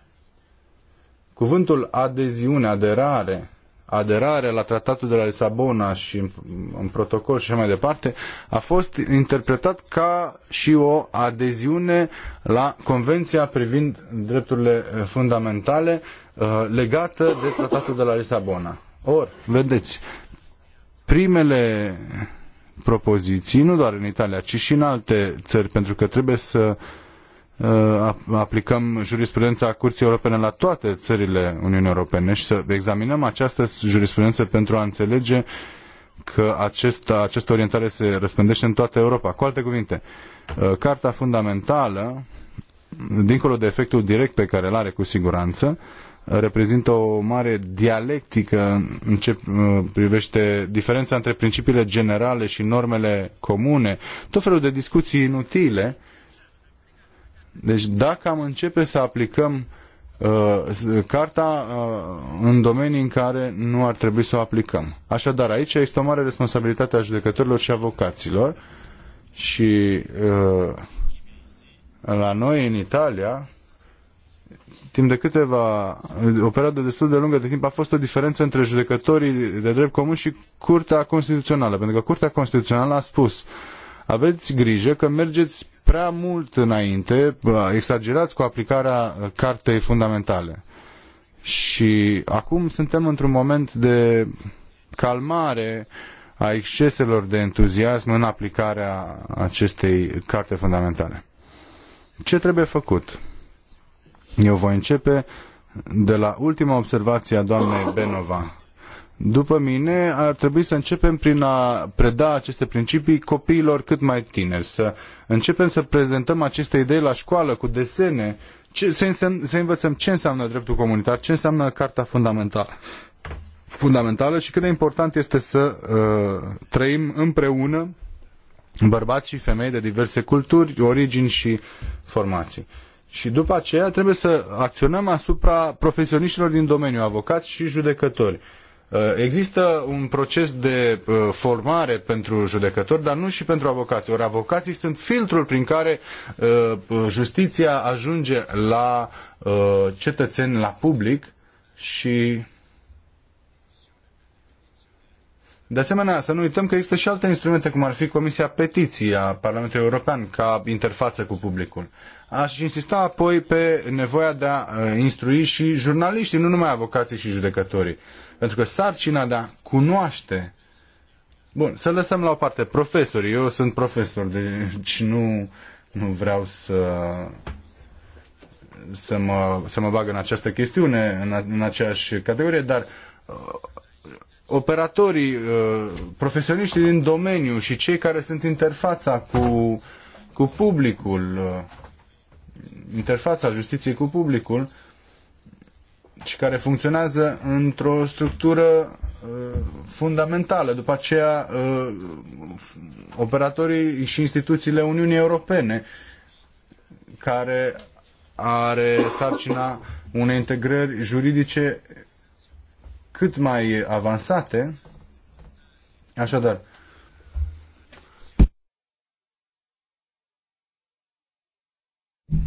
Cuvântul adeziune, aderare, aderare la tratatul de la Lisabona și în, în protocol și așa mai departe, a fost interpretat ca și o adeziune la Convenția privind drepturile fundamentale uh, legată de tratatul de la Lisabona. Or, vedeți, primele propoziții, nu doar în Italia, ci și în alte țări, pentru că trebuie să uh, Uh, aplicăm jurisprudența Curții Europene la toate țările Uniunii Europene și să examinăm această jurisprudență pentru a înțelege că acesta, această orientare se răspândește în toată Europa. Cu alte cuvinte, uh, Carta Fundamentală, dincolo de efectul direct pe care îl are cu siguranță, reprezintă o mare dialectică în ce uh, privește diferența între principiile generale și normele comune, tot felul de discuții inutile uh, deci dacă am începe să aplicăm uh, carta uh, în domenii în care nu ar trebui să o aplicăm. Așadar, aici este o mare responsabilitate a judecătorilor și avocaților și uh, la noi în Italia timp de câteva, o perioadă destul de lungă de timp, a fost o diferență între judecătorii de drept comun și Curtea Constituțională. Pentru că Curtea Constituțională a spus uh, aveți grijă că mergeți prea mult înainte, exagerați cu aplicarea cartei fundamentale. Și acum suntem într-un moment de calmare a exceselor de entuziasm în aplicarea acestei carte fundamentale. Ce trebuie făcut? Eu voi începe de la ultima observație a doamnei Benova. După mine, ar trebui să începem prin a preda aceste principii copiilor cât mai tineri, să începem să prezentăm aceste idei la școală cu desene, ce, să, să învățăm ce înseamnă dreptul comunitar, ce înseamnă Carta Fundamentală fundamentală și cât de important este să uh, trăim împreună bărbați și femei de diverse culturi, origini și formații. Și după aceea trebuie să acționăm asupra profesioniștilor din domeniu, avocați și judecători. Uh, Uh, există un proces de uh, formare pentru judecători, dar nu și pentru avocații. Ori avocații sunt filtrul prin care uh, justiția ajunge la cetățeni, la public și de asemenea, să nu uităm că există și alte instrumente, cum ar fi Comisia Petiției a Parlamentului European, ca interfață cu publicul. Aș insista apoi pe nevoia de a instrui și jurnaliștii, nu numai avocații și judecătorii. Pentru că sarcina de a cunoaște Bun, să lăsăm la o parte profesorii. Eu sunt profesor, deci nu, nu vreau să, să, mă, să mă bag în această chestiune, în, în aceeași categorie, dar uh, operatorii, uh, profesioniștii din domeniu și cei care sunt interfața cu, cu publicul, uh, interfața justiției cu publicul, și care funcționează într-o structură uh, fundamentală. După aceea, uh, operatorii și instituțiile Uniunii Europene, care are sarcina unei integrări juridice cât mai avansate. Așadar,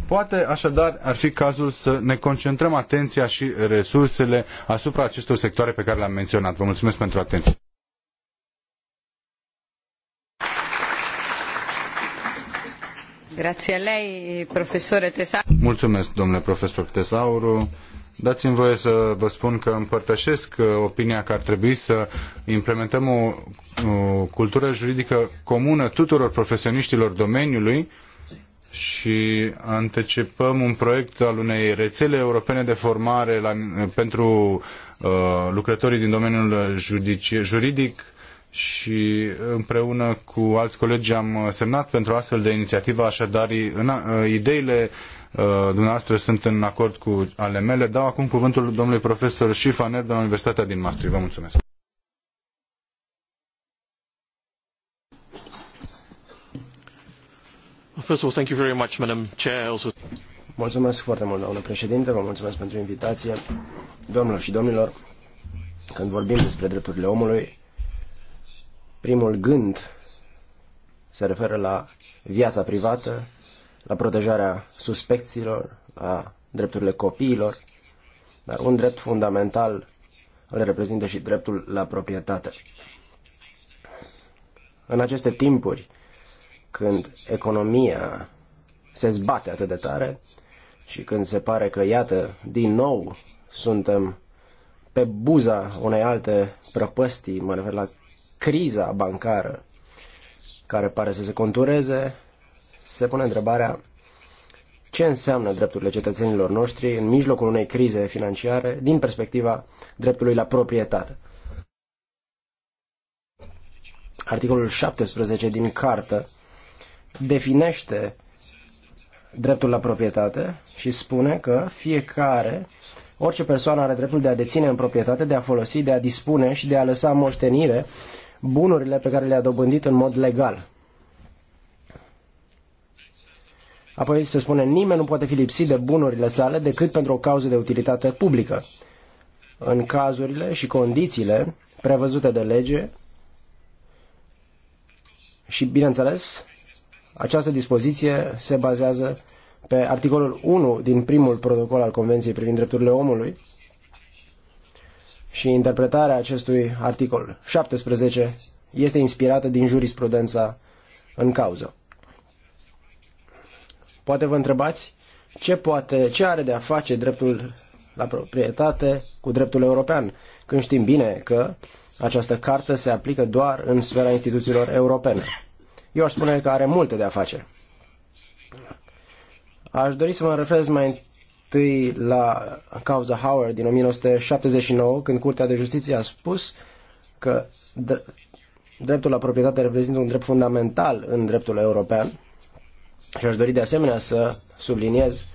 Poate așadar ar fi cazul să ne concentrăm atenția și resursele asupra acestor sectoare pe care le-am menționat. Vă mulțumesc pentru atenție. Lei, Mulțumesc, domnule profesor Tesauru. Dați-mi voie să vă spun că împărtășesc uh, opinia că ar trebui să implementăm o, o cultură juridică comună tuturor profesioniștilor domeniului și anticipăm un proiect al unei rețele europene de formare la, pentru uh, lucrătorii din domeniul judici, juridic și împreună cu alți colegi am semnat pentru astfel de inițiativă, așadar în, uh, ideile uh, dumneavoastră sunt în acord cu ale mele. Dau acum cuvântul domnului profesor Șifaner de la Universitatea din Maastricht. Vă mulțumesc. first of all, thank you very much, Madam Chair. Also... Mulțumesc foarte mult, doamnă președinte, vă mulțumesc pentru invitație. Doamnelor și domnilor, când vorbim despre drepturile omului, primul gând se referă la viața privată, la protejarea suspecților, la drepturile copiilor, dar un drept fundamental îl reprezintă și dreptul la proprietate. În aceste timpuri când economia se zbate atât de tare și când se pare că, iată, din nou suntem pe buza unei alte prăpăstii, mă refer la criza bancară care pare să se contureze, se pune întrebarea ce înseamnă drepturile cetățenilor noștri în mijlocul unei crize financiare din perspectiva dreptului la proprietate. Articolul 17 din cartă definește dreptul la proprietate și spune că fiecare, orice persoană are dreptul de a deține în proprietate, de a folosi, de a dispune și de a lăsa moștenire bunurile pe care le-a dobândit în mod legal. Apoi se spune, nimeni nu poate fi lipsit de bunurile sale decât pentru o cauză de utilitate publică. În cazurile și condițiile prevăzute de lege și, bineînțeles, această dispoziție se bazează pe articolul 1 din primul protocol al Convenției privind drepturile omului și interpretarea acestui articol 17 este inspirată din jurisprudența în cauză. Poate vă întrebați ce, poate, ce are de a face dreptul la proprietate cu dreptul european, când știm bine că această carte se aplică doar în sfera instituțiilor europene. Eu aș spune că are multe de a face. Aș dori să mă referez mai întâi la cauza Howard din 1979, când Curtea de Justiție a spus că dreptul la proprietate reprezintă un drept fundamental în dreptul european și aș dori de asemenea să subliniez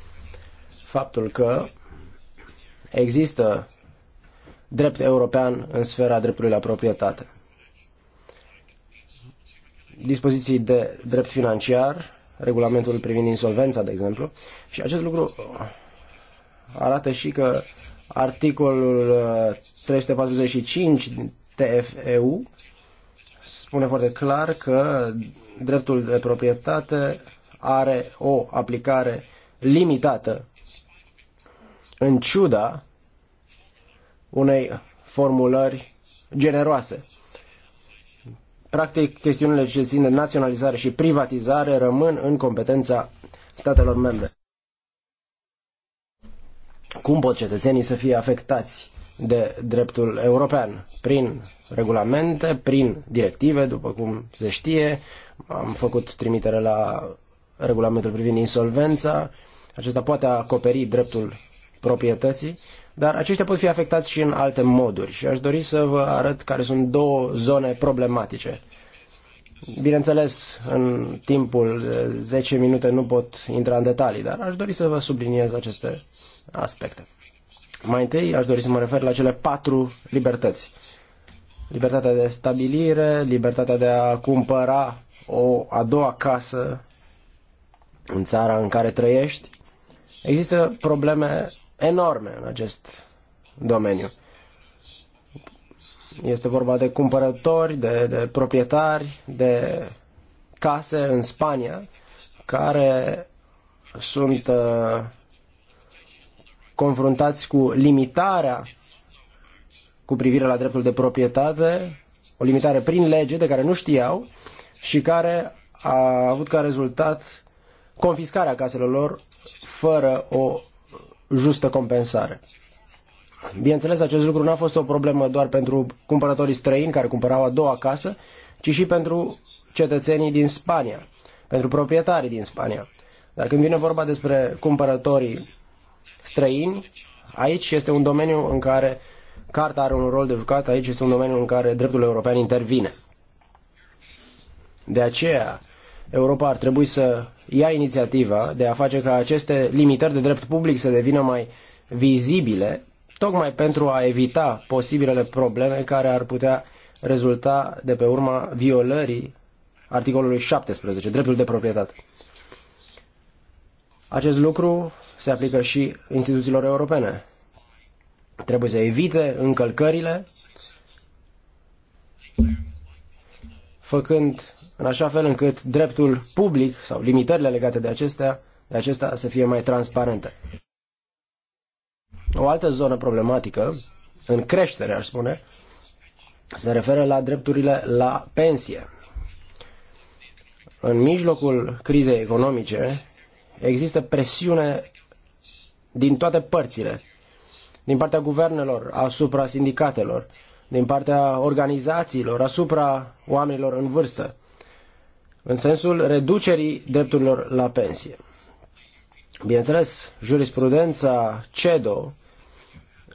faptul că există drept european în sfera dreptului la proprietate dispoziții de drept financiar, regulamentul privind insolvența, de exemplu, și acest lucru arată și că articolul 345 uh, TFEU spune foarte clar că dreptul de proprietate are o aplicare limitată în ciuda unei formulări generoase. Practic, chestiunile ce țin de naționalizare și privatizare rămân în competența statelor membre. Cum pot cetățenii să fie afectați de dreptul european? Prin regulamente, prin directive, după cum se știe, am făcut trimitere la regulamentul privind insolvența, acesta poate acoperi dreptul proprietății dar aceștia pot fi afectați și în alte moduri și aș dori să vă arăt care sunt două zone problematice. Bineînțeles, în timpul 10 minute nu pot intra în detalii, dar aș dori să vă subliniez aceste aspecte. Mai întâi aș dori să mă refer la cele patru libertăți. Libertatea de stabilire, libertatea de a cumpăra o a doua casă în țara în care trăiești. Există probleme enorme în acest domeniu. Este vorba de cumpărători, de, de proprietari, de case în Spania care sunt uh, confruntați cu limitarea cu privire la dreptul de proprietate, o limitare prin lege de care nu știau și care a avut ca rezultat confiscarea caselor lor fără o justă compensare. Bineînțeles, acest lucru n-a fost o problemă doar pentru cumpărătorii străini care cumpărau a doua casă, ci și pentru cetățenii din Spania, pentru proprietarii din Spania. Dar când vine vorba despre cumpărătorii străini, aici este un domeniu în care carta are un rol de jucat, aici este un domeniu în care dreptul european intervine. De aceea, Europa ar trebui să ia inițiativa de a face ca aceste limitări de drept public să devină mai vizibile, tocmai pentru a evita posibilele probleme care ar putea rezulta de pe urma violării articolului 17, dreptul de proprietate. Acest lucru se aplică și instituțiilor europene. Trebuie să evite încălcările făcând în așa fel încât dreptul public sau limitările legate de acestea, de acesta să fie mai transparente. O altă zonă problematică, în creștere aș spune, se referă la drepturile la pensie. În mijlocul crizei economice există presiune din toate părțile, din partea guvernelor, asupra sindicatelor, din partea organizațiilor, asupra oamenilor în vârstă în sensul reducerii drepturilor la pensie. Bineînțeles, jurisprudența CEDO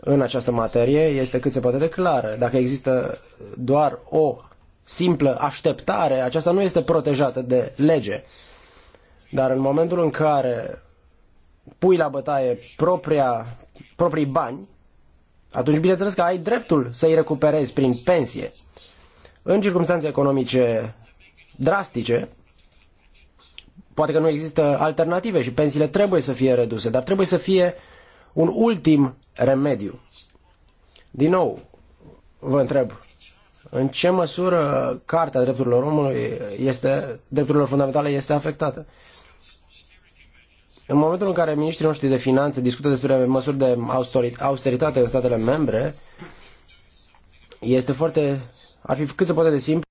în această materie este cât se poate de clară. Dacă există doar o simplă așteptare, aceasta nu este protejată de lege. Dar în momentul în care pui la bătaie propria, proprii bani, atunci bineînțeles că ai dreptul să-i recuperezi prin pensie. În circunstanțe economice drastice, poate că nu există alternative și pensiile trebuie să fie reduse, dar trebuie să fie un ultim remediu. Din nou, vă întreb, în ce măsură Carta Drepturilor Omului este, drepturilor fundamentale este afectată? În momentul în care ministrii noștri de finanțe discută despre măsuri de austeritate în statele membre, este foarte, ar fi cât se poate de simplu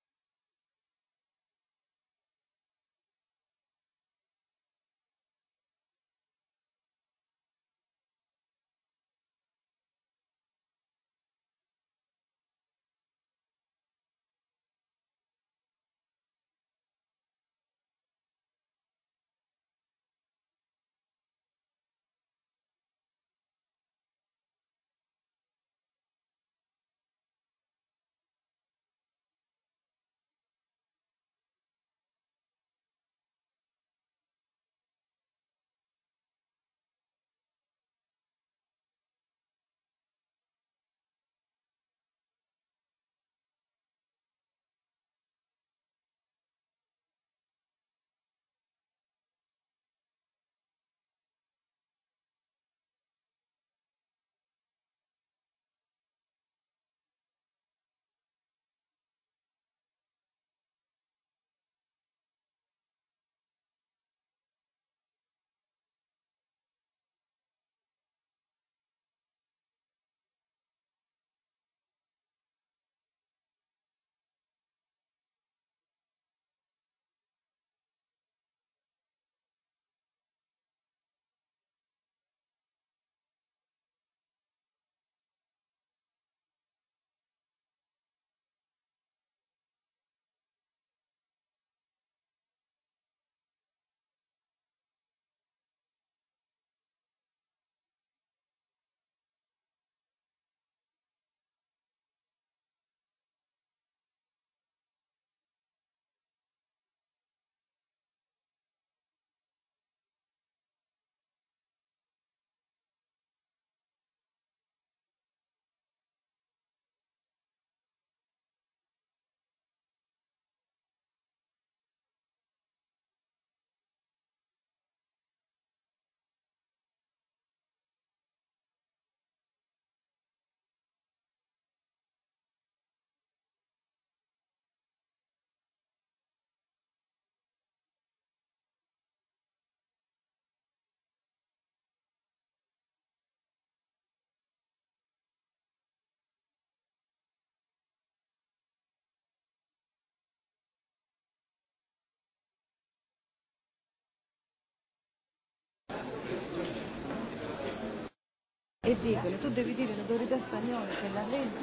e dicono tu devi dire all'autorità spagnola che la legge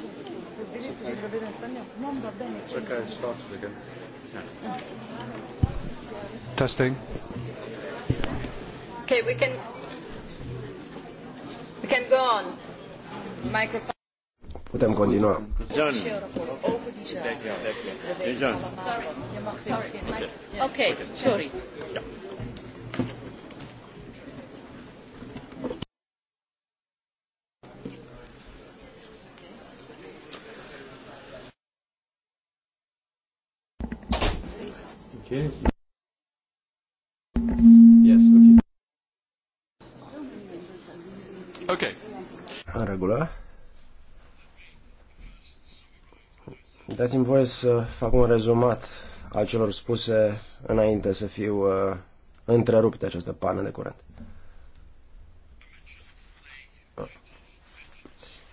sul diritto di proprietà spagnola non va bene It's okay, it started again. Yeah. Testing. Okay, we can we can go on. Microphone. Putem continua. John. John. Sorry. Sorry. Okay. Sorry. Yeah. Yes, okay. Okay. În regulă. Dați-mi voie să fac un rezumat al celor spuse înainte să fiu uh, întrerupt de această pană de curent.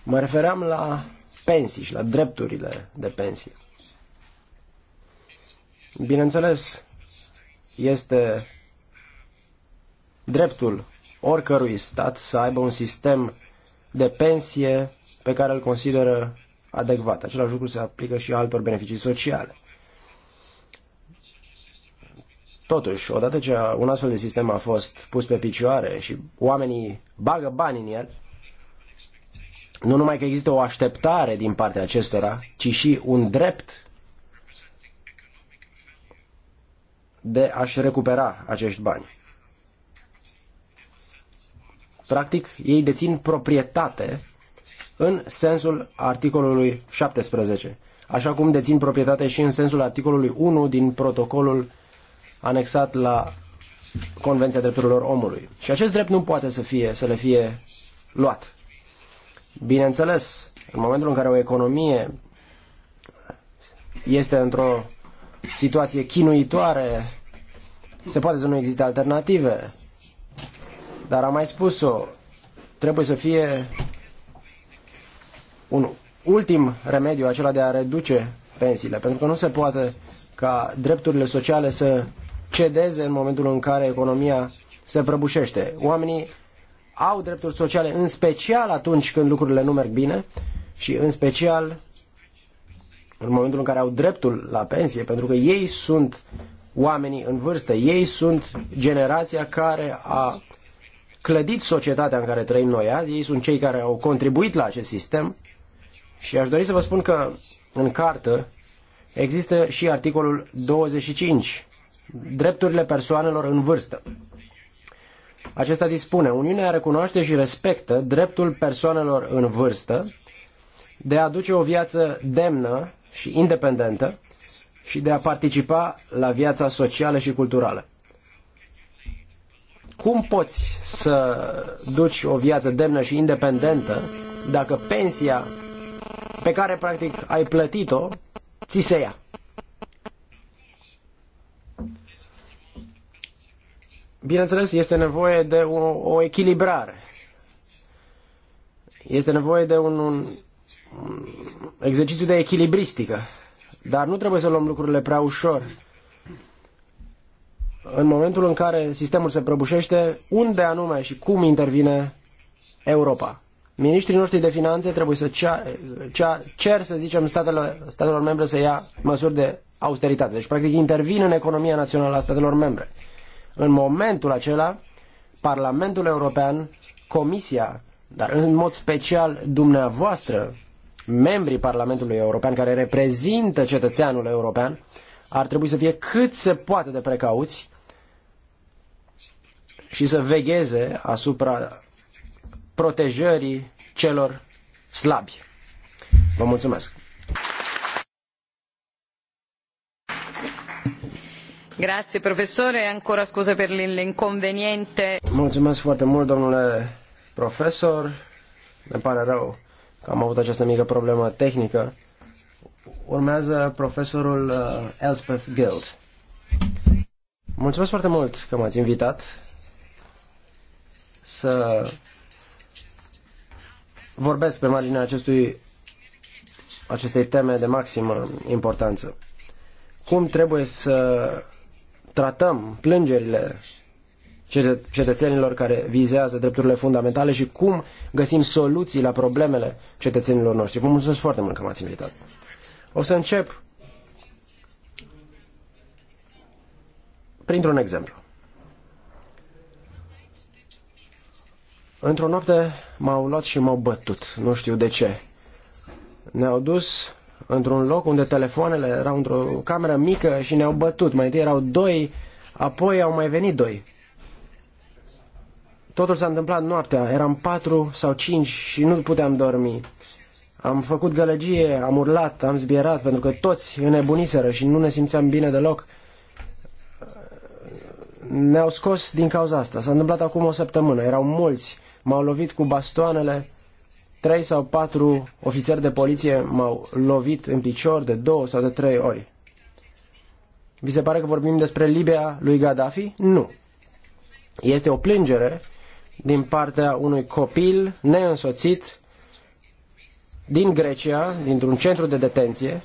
Mă refeream la pensii și la drepturile de pensie. Bineînțeles, este dreptul oricărui stat să aibă un sistem de pensie pe care îl consideră adecvat. Același lucru se aplică și altor beneficii sociale. Totuși, odată ce un astfel de sistem a fost pus pe picioare și oamenii bagă bani în el, nu numai că există o așteptare din partea acestora, ci și un drept de a-și recupera acești bani. Practic, ei dețin proprietate în sensul articolului 17, așa cum dețin proprietate și în sensul articolului 1 din protocolul anexat la Convenția Drepturilor Omului. Și acest drept nu poate să, fie, să le fie luat. Bineînțeles, în momentul în care o economie este într-o situație chinuitoare. Se poate să nu existe alternative. Dar am mai spus-o. Trebuie să fie un ultim remediu acela de a reduce pensiile, pentru că nu se poate ca drepturile sociale să cedeze în momentul în care economia se prăbușește. Oamenii au drepturi sociale în special atunci când lucrurile nu merg bine și în special în momentul în care au dreptul la pensie, pentru că ei sunt oamenii în vârstă, ei sunt generația care a clădit societatea în care trăim noi azi, ei sunt cei care au contribuit la acest sistem și aș dori să vă spun că în cartă există și articolul 25, drepturile persoanelor în vârstă. Acesta dispune, Uniunea recunoaște și respectă dreptul persoanelor în vârstă de a duce o viață demnă și independentă și de a participa la viața socială și culturală. Cum poți să duci o viață demnă și independentă dacă pensia pe care practic ai plătit-o ți se ia? Bineînțeles, este nevoie de o, o echilibrare. Este nevoie de un, un exercițiu de echilibristică. Dar nu trebuie să luăm lucrurile prea ușor. În momentul în care sistemul se prăbușește, unde anume și cum intervine Europa? Ministrii noștri de finanțe trebuie să cea, cea, cer, să zicem, statelor, statelor membre să ia măsuri de austeritate. Deci, practic, intervin în economia națională a statelor membre. În momentul acela, Parlamentul European, Comisia, dar în mod special dumneavoastră, membrii Parlamentului European care reprezintă cetățeanul european ar trebui să fie cât se poate de precauți și să vegheze asupra protejării celor slabi. Vă mulțumesc! Grazie professore, ancora scuze per l'inconveniente. Mulțumesc foarte mult, domnule profesor. Ne pare rău că am avut această mică problemă tehnică. Urmează profesorul uh, Elspeth Guild. Mulțumesc foarte mult că m-ați invitat să vorbesc pe marginea acestui, acestei teme de maximă importanță. Cum trebuie să tratăm plângerile cetățenilor care vizează drepturile fundamentale și cum găsim soluții la problemele cetățenilor noștri. Vă mulțumesc foarte mult că m-ați invitat. O să încep printr-un exemplu. Într-o noapte m-au luat și m-au bătut, nu știu de ce. Ne-au dus într-un loc unde telefoanele erau într-o cameră mică și ne-au bătut. Mai întâi erau doi, apoi au mai venit doi. Totul s-a întâmplat noaptea, eram patru sau cinci și nu puteam dormi. Am făcut gălăgie, am urlat, am zbierat, pentru că toți înnebuniseră și nu ne simțeam bine deloc. Ne-au scos din cauza asta. S-a întâmplat acum o săptămână, erau mulți, m-au lovit cu bastoanele, trei sau patru ofițeri de poliție m-au lovit în picior de două sau de trei ori. Vi se pare că vorbim despre Libia lui Gaddafi? Nu. Este o plângere din partea unui copil neînsoțit din Grecia, dintr-un centru de detenție,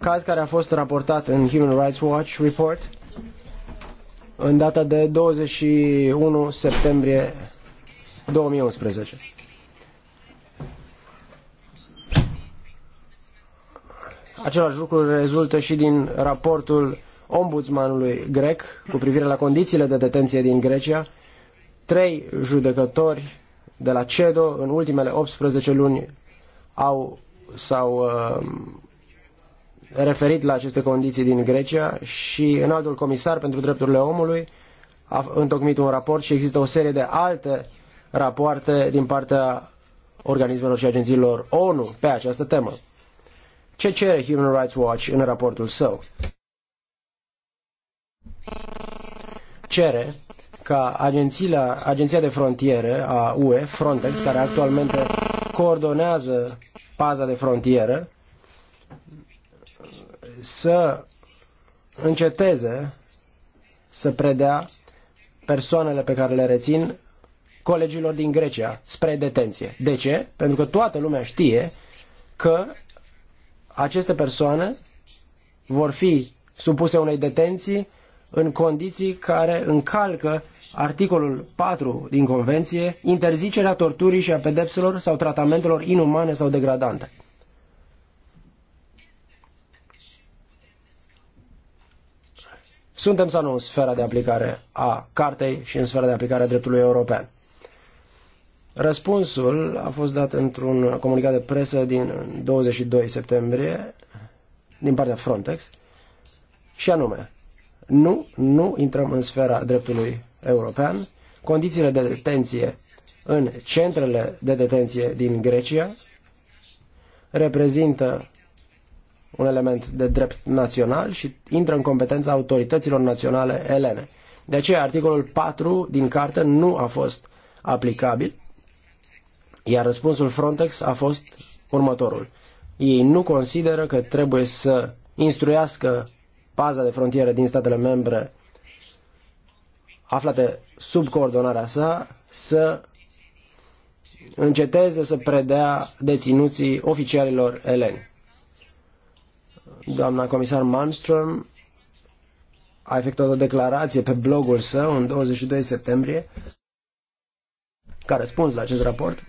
caz care a fost raportat în Human Rights Watch Report în data de 21 septembrie 2011. Același lucru rezultă și din raportul ombudsmanului grec cu privire la condițiile de detenție din Grecia, Trei judecători de la CEDO în ultimele 18 luni au, s-au uh, referit la aceste condiții din Grecia și în altul comisar pentru drepturile omului a întocmit un raport și există o serie de alte rapoarte din partea organismelor și agențiilor ONU pe această temă. Ce cere Human Rights Watch în raportul său? Cere ca agenția, agenția de frontiere a UE, Frontex, care actualmente coordonează paza de frontieră, să înceteze să predea persoanele pe care le rețin colegilor din Grecia spre detenție. De ce? Pentru că toată lumea știe că aceste persoane vor fi supuse unei detenții în condiții care încalcă Articolul 4 din Convenție, interzicerea torturii și a pedepselor sau tratamentelor inumane sau degradante. Suntem sau nu în sfera de aplicare a cartei și în sfera de aplicare a dreptului european? Răspunsul a fost dat într-un comunicat de presă din 22 septembrie din partea Frontex și anume, nu, nu intrăm în sfera dreptului european, condițiile de detenție în centrele de detenție din Grecia reprezintă un element de drept național și intră în competența autorităților naționale elene. De aceea articolul 4 din carte nu a fost aplicabil, iar răspunsul Frontex a fost următorul. Ei nu consideră că trebuie să instruiască paza de frontieră din statele membre aflate sub coordonarea sa să înceteze să predea deținuții oficialilor eleni. Doamna comisar Malmström a efectuat o declarație pe blogul său în 22 septembrie ca răspuns la acest raport,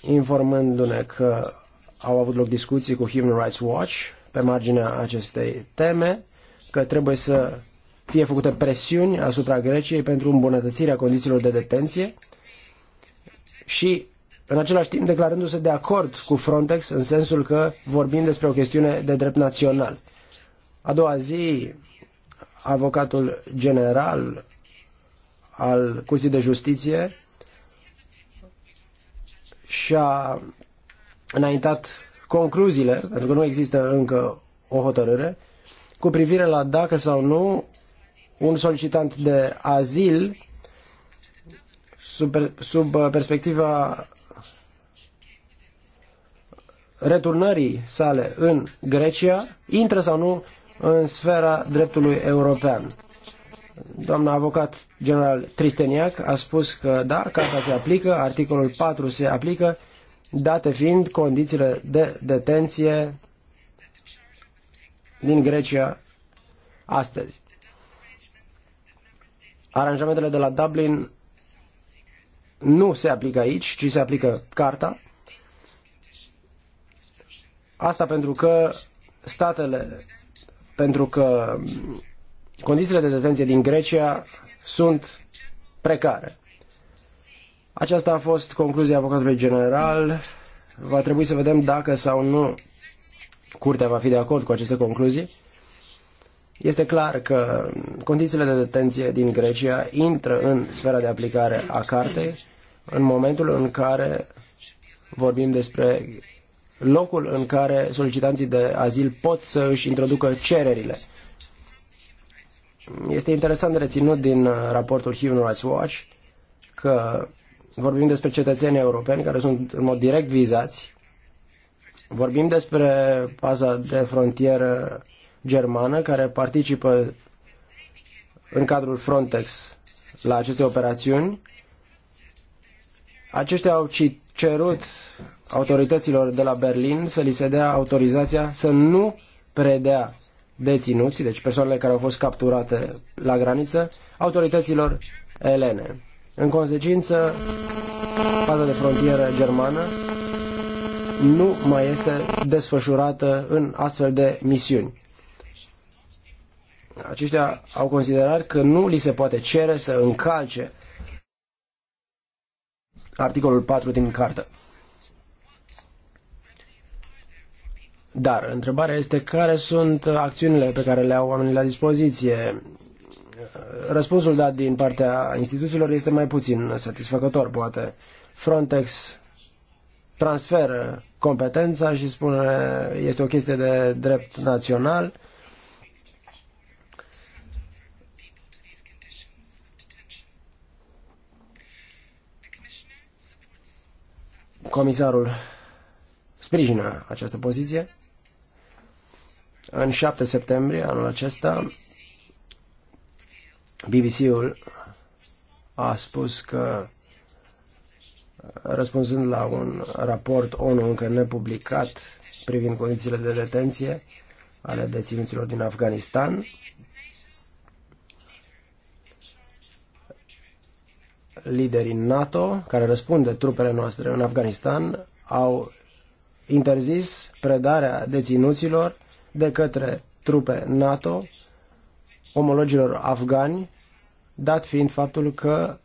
informându-ne că au avut loc discuții cu Human Rights Watch pe marginea acestei teme, că trebuie să fie făcute presiuni asupra Greciei pentru îmbunătățirea condițiilor de detenție și în același timp declarându-se de acord cu Frontex în sensul că vorbim despre o chestiune de drept național. A doua zi, avocatul general al Curții de Justiție și-a înaintat concluziile, pentru că nu există încă o hotărâre, cu privire la dacă sau nu un solicitant de azil sub, sub uh, perspectiva returnării sale în Grecia, intră sau nu în sfera dreptului european. Doamna avocat general Tristeniac a spus că da, carta se aplică, articolul 4 se aplică, date fiind condițiile de detenție din Grecia astăzi aranjamentele de la Dublin nu se aplică aici, ci se aplică carta. Asta pentru că statele, pentru că condițiile de detenție din Grecia sunt precare. Aceasta a fost concluzia avocatului general. Va trebui să vedem dacă sau nu curtea va fi de acord cu aceste concluzii. Este clar că condițiile de detenție din Grecia intră în sfera de aplicare a cartei în momentul în care vorbim despre locul în care solicitanții de azil pot să își introducă cererile. Este interesant de reținut din raportul Human Rights Watch că vorbim despre cetățenii europeni care sunt în mod direct vizați, vorbim despre paza de frontieră germană care participă în cadrul Frontex la aceste operațiuni. Aceștia au cerut autorităților de la Berlin să li se dea autorizația să nu predea deținuți, deci persoanele care au fost capturate la graniță, autorităților elene. În consecință, paza de frontieră germană nu mai este desfășurată în astfel de misiuni aceștia au considerat că nu li se poate cere să încalce articolul 4 din cartă. Dar întrebarea este care sunt acțiunile pe care le au oamenii la dispoziție. Răspunsul dat din partea instituțiilor este mai puțin satisfăcător, poate. Frontex transferă competența și spune este o chestie de drept național comisarul sprijină această poziție. În 7 septembrie anul acesta, BBC-ul a spus că, răspunzând la un raport ONU încă nepublicat privind condițiile de detenție ale deținuților din Afganistan, liderii NATO care răspunde trupele noastre în Afganistan au interzis predarea deținuților de către trupe NATO omologilor afgani, dat fiind faptul că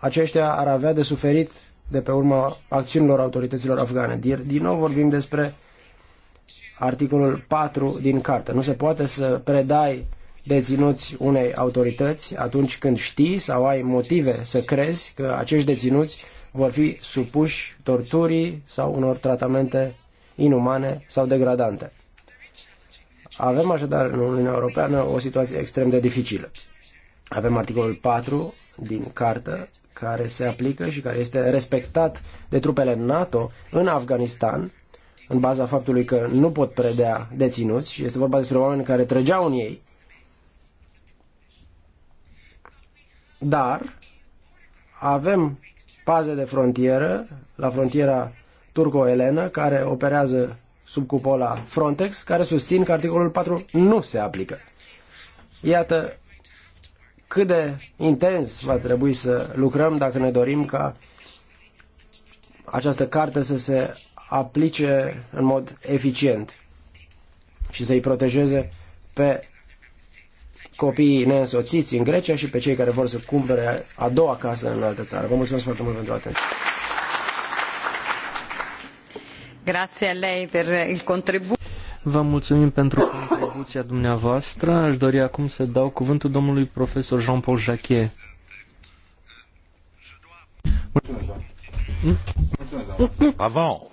aceștia ar avea de suferit de pe urma acțiunilor autorităților afgane. Din nou vorbim despre articolul 4 din carte. Nu se poate să predai deținuți unei autorități atunci când știi sau ai motive să crezi că acești deținuți vor fi supuși torturii sau unor tratamente inumane sau degradante. Avem așadar în Uniunea Europeană o situație extrem de dificilă. Avem articolul 4 din cartă care se aplică și care este respectat de trupele NATO în Afganistan în baza faptului că nu pot predea deținuți și este vorba despre oameni care trăgeau în ei dar avem paze de frontieră la frontiera turco-elenă care operează sub cupola Frontex, care susțin că articolul 4 nu se aplică. Iată cât de intens va trebui să lucrăm dacă ne dorim ca această carte să se aplice în mod eficient și să-i protejeze pe copiii neînsoțiți în Grecia și pe cei care vor să cumpere a doua casă în altă țară. Vă mulțumesc foarte mult pentru atenție. Grazie a lei per il contributo. Vă mulțumim pentru contribuția dumneavoastră. Aș dori acum să dau cuvântul domnului profesor Jean-Paul Jacquet. Mulțumesc, doamne.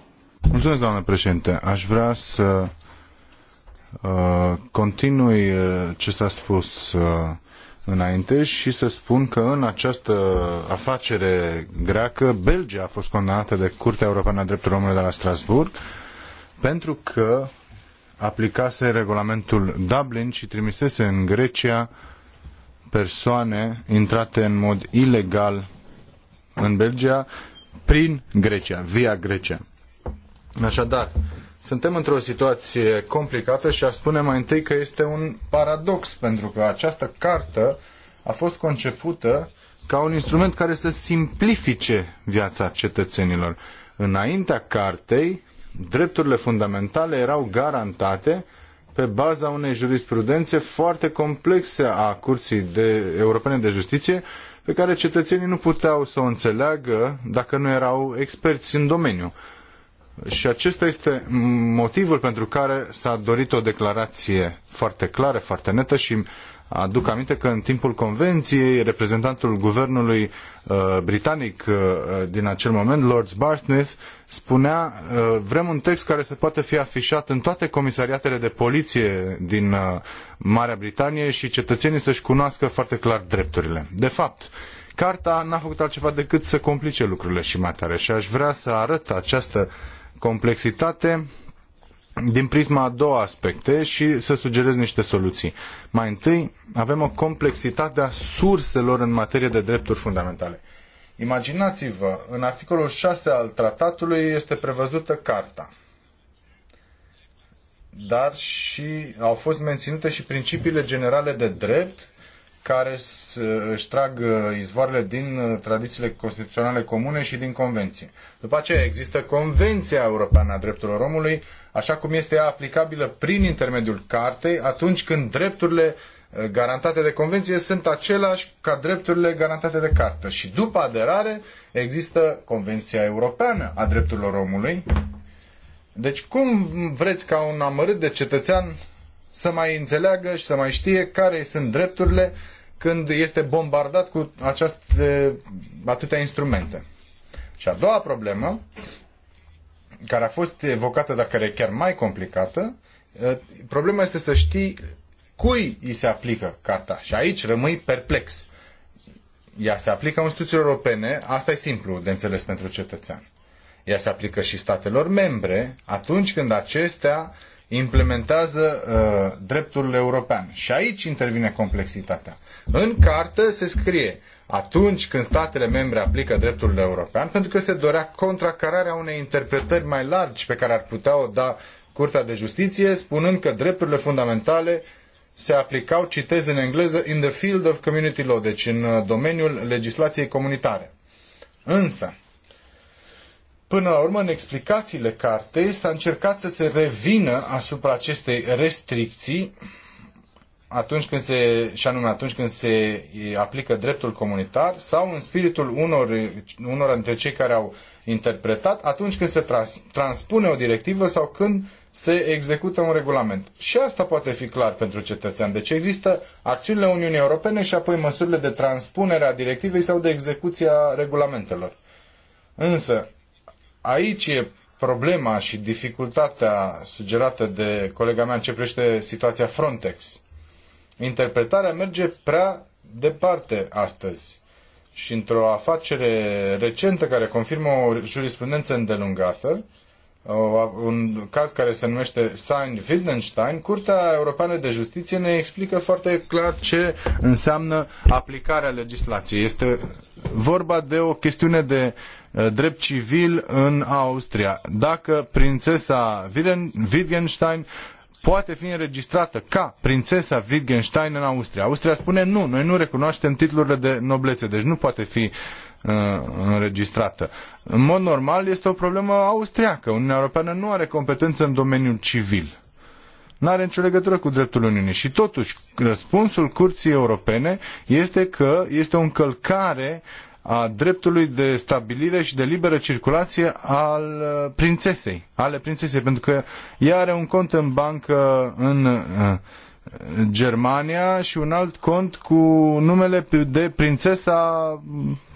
Mulțumesc, președinte. Aș vrea să Uh, continui uh, ce s-a spus uh, înainte și să spun că în această afacere greacă, Belgia a fost condamnată de Curtea Europeană a Drepturilor Omului de la Strasbourg pentru că aplicase regulamentul Dublin și trimisese în Grecia persoane intrate în mod ilegal în Belgia prin Grecia, via Grecia. Așadar, uh, suntem într-o situație complicată și a spune mai întâi că este un paradox, pentru că această cartă a fost concepută ca un instrument care să simplifice viața cetățenilor. Înaintea cartei, drepturile fundamentale erau garantate pe baza unei jurisprudențe foarte complexe a Curții de, Europene de Justiție, pe care cetățenii nu puteau să o înțeleagă dacă nu erau experți în domeniu. Și acesta este motivul pentru care s-a dorit o declarație foarte clară, foarte netă și aduc aminte că în timpul convenției reprezentantul guvernului uh, britanic uh, din acel moment, Lord Bartnett, spunea uh, vrem un text care să poată fi afișat în toate comisariatele de poliție din uh, Marea Britanie și cetățenii să-și cunoască foarte clar drepturile. De fapt, Carta n-a făcut altceva decât să complice lucrurile și mai tare și aș vrea să arăt această complexitate din prisma a două aspecte și să sugerez niște soluții. Mai întâi, avem o complexitate a surselor în materie de drepturi fundamentale. Imaginați-vă, în articolul 6 al tratatului este prevăzută carta. Dar și au fost menținute și principiile generale de drept care își trag uh, izvoarele din uh, tradițiile constituționale comune și din convenții. După aceea există Convenția Europeană a Drepturilor Omului, așa cum este aplicabilă prin intermediul cartei atunci când drepturile uh, garantate de convenție sunt aceleași ca drepturile garantate de cartă. Și după aderare există Convenția Europeană a Drepturilor Omului. Deci cum vreți ca un amărât de cetățean să mai înțeleagă și să mai știe care sunt drepturile când este bombardat cu aceste, atâtea instrumente. Și a doua problemă, care a fost evocată, dar care e chiar mai complicată, problema este să știi cui îi se aplică carta. Și aici rămâi perplex. Ea se aplică instituțiilor europene, asta e simplu de înțeles pentru cetățean. Ea se aplică și statelor membre atunci când acestea implementează uh, dreptul european. Și aici intervine complexitatea. În carte se scrie atunci când statele membre aplică dreptul european, pentru că se dorea contracararea unei interpretări mai largi pe care ar putea o da Curtea de Justiție, spunând că drepturile fundamentale se aplicau, citez în engleză, in the field of community law, deci în uh, domeniul legislației comunitare. Însă, Până la urmă, în explicațiile cartei s-a încercat să se revină asupra acestei restricții atunci când se, și anume atunci când se aplică dreptul comunitar sau în spiritul unor, unor dintre cei care au interpretat atunci când se trans, transpune o directivă sau când se execută un regulament. Și asta poate fi clar pentru cetățean. Deci există acțiunile Uniunii Europene și apoi măsurile de transpunere a directivei sau de execuția a regulamentelor. Însă, aici e problema și dificultatea sugerată de colega mea în ce privește situația Frontex. Interpretarea merge prea departe astăzi și într-o afacere recentă care confirmă o jurisprudență îndelungată, un caz care se numește Sein Wittgenstein, Curtea Europeană de Justiție ne explică foarte clar ce înseamnă aplicarea legislației. Este vorba de o chestiune de uh, drept civil în Austria. Dacă prințesa Wittgenstein poate fi înregistrată ca prințesa Wittgenstein în Austria. Austria spune nu, noi nu recunoaștem titlurile de noblețe, deci nu poate fi uh, înregistrată. În mod normal este o problemă austriacă. Uniunea Europeană nu are competență în domeniul civil. Nu are nicio legătură cu dreptul Uniunii. Și totuși, răspunsul Curții Europene este că este o încălcare a dreptului de stabilire și de liberă circulație al uh, prințesei, ale prințesei, pentru că ea are un cont în bancă în uh, Germania și un alt cont cu numele de prințesa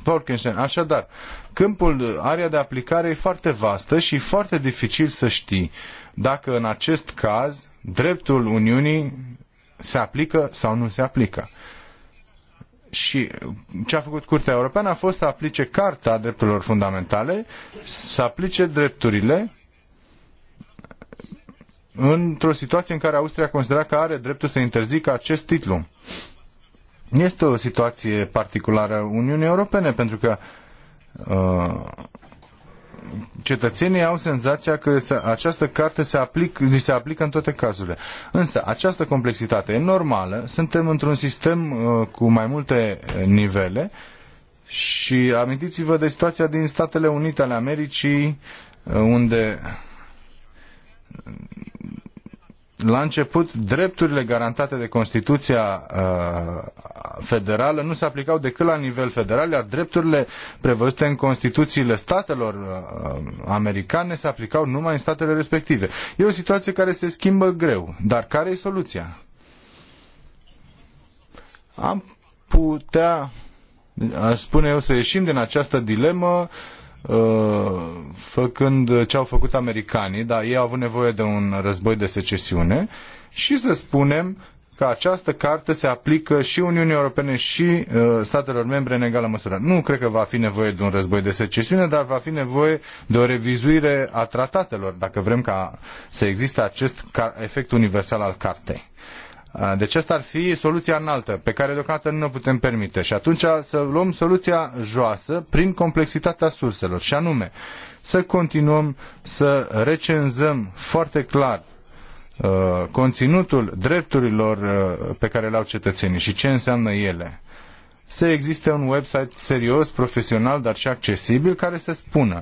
Falkenstein. Așadar, câmpul, uh, area de aplicare e foarte vastă și foarte dificil să știi dacă în acest caz dreptul Uniunii se aplică sau nu se aplică și ce a făcut Curtea Europeană a fost să aplice Carta Drepturilor Fundamentale, să aplice drepturile într-o situație în care Austria considera că are dreptul să interzică acest titlu. Este o situație particulară Uniunii Europene, pentru că uh, cetățenii au senzația că această carte se aplică, li se aplică în toate cazurile. Însă, această complexitate e normală, suntem într-un sistem uh, cu mai multe uh, nivele și amintiți-vă de situația din Statele Unite ale Americii, uh, unde la început, drepturile garantate de Constituția uh, federală nu se aplicau decât la nivel federal, iar drepturile prevăzute în Constituțiile statelor uh, americane se aplicau numai în statele respective. E o situație care se schimbă greu. Dar care e soluția? Am putea, aș spune eu, să ieșim din această dilemă uh, Uh, făcând ce au făcut americanii, dar ei au avut nevoie de un război de secesiune și să spunem că această carte se aplică și Uniunii Europene și uh, statelor membre în egală măsură. Nu cred că va fi nevoie de un război de secesiune, dar va fi nevoie de o revizuire a tratatelor, dacă vrem ca să existe acest efect universal al cartei. Uh, deci asta ar fi soluția înaltă, pe care deocamdată nu ne putem permite. Și atunci să luăm soluția joasă prin complexitatea surselor, și anume să continuăm să recenzăm foarte clar uh, conținutul drepturilor uh, pe care le au cetățenii și ce înseamnă ele să existe un website serios, profesional, dar și accesibil, care să spună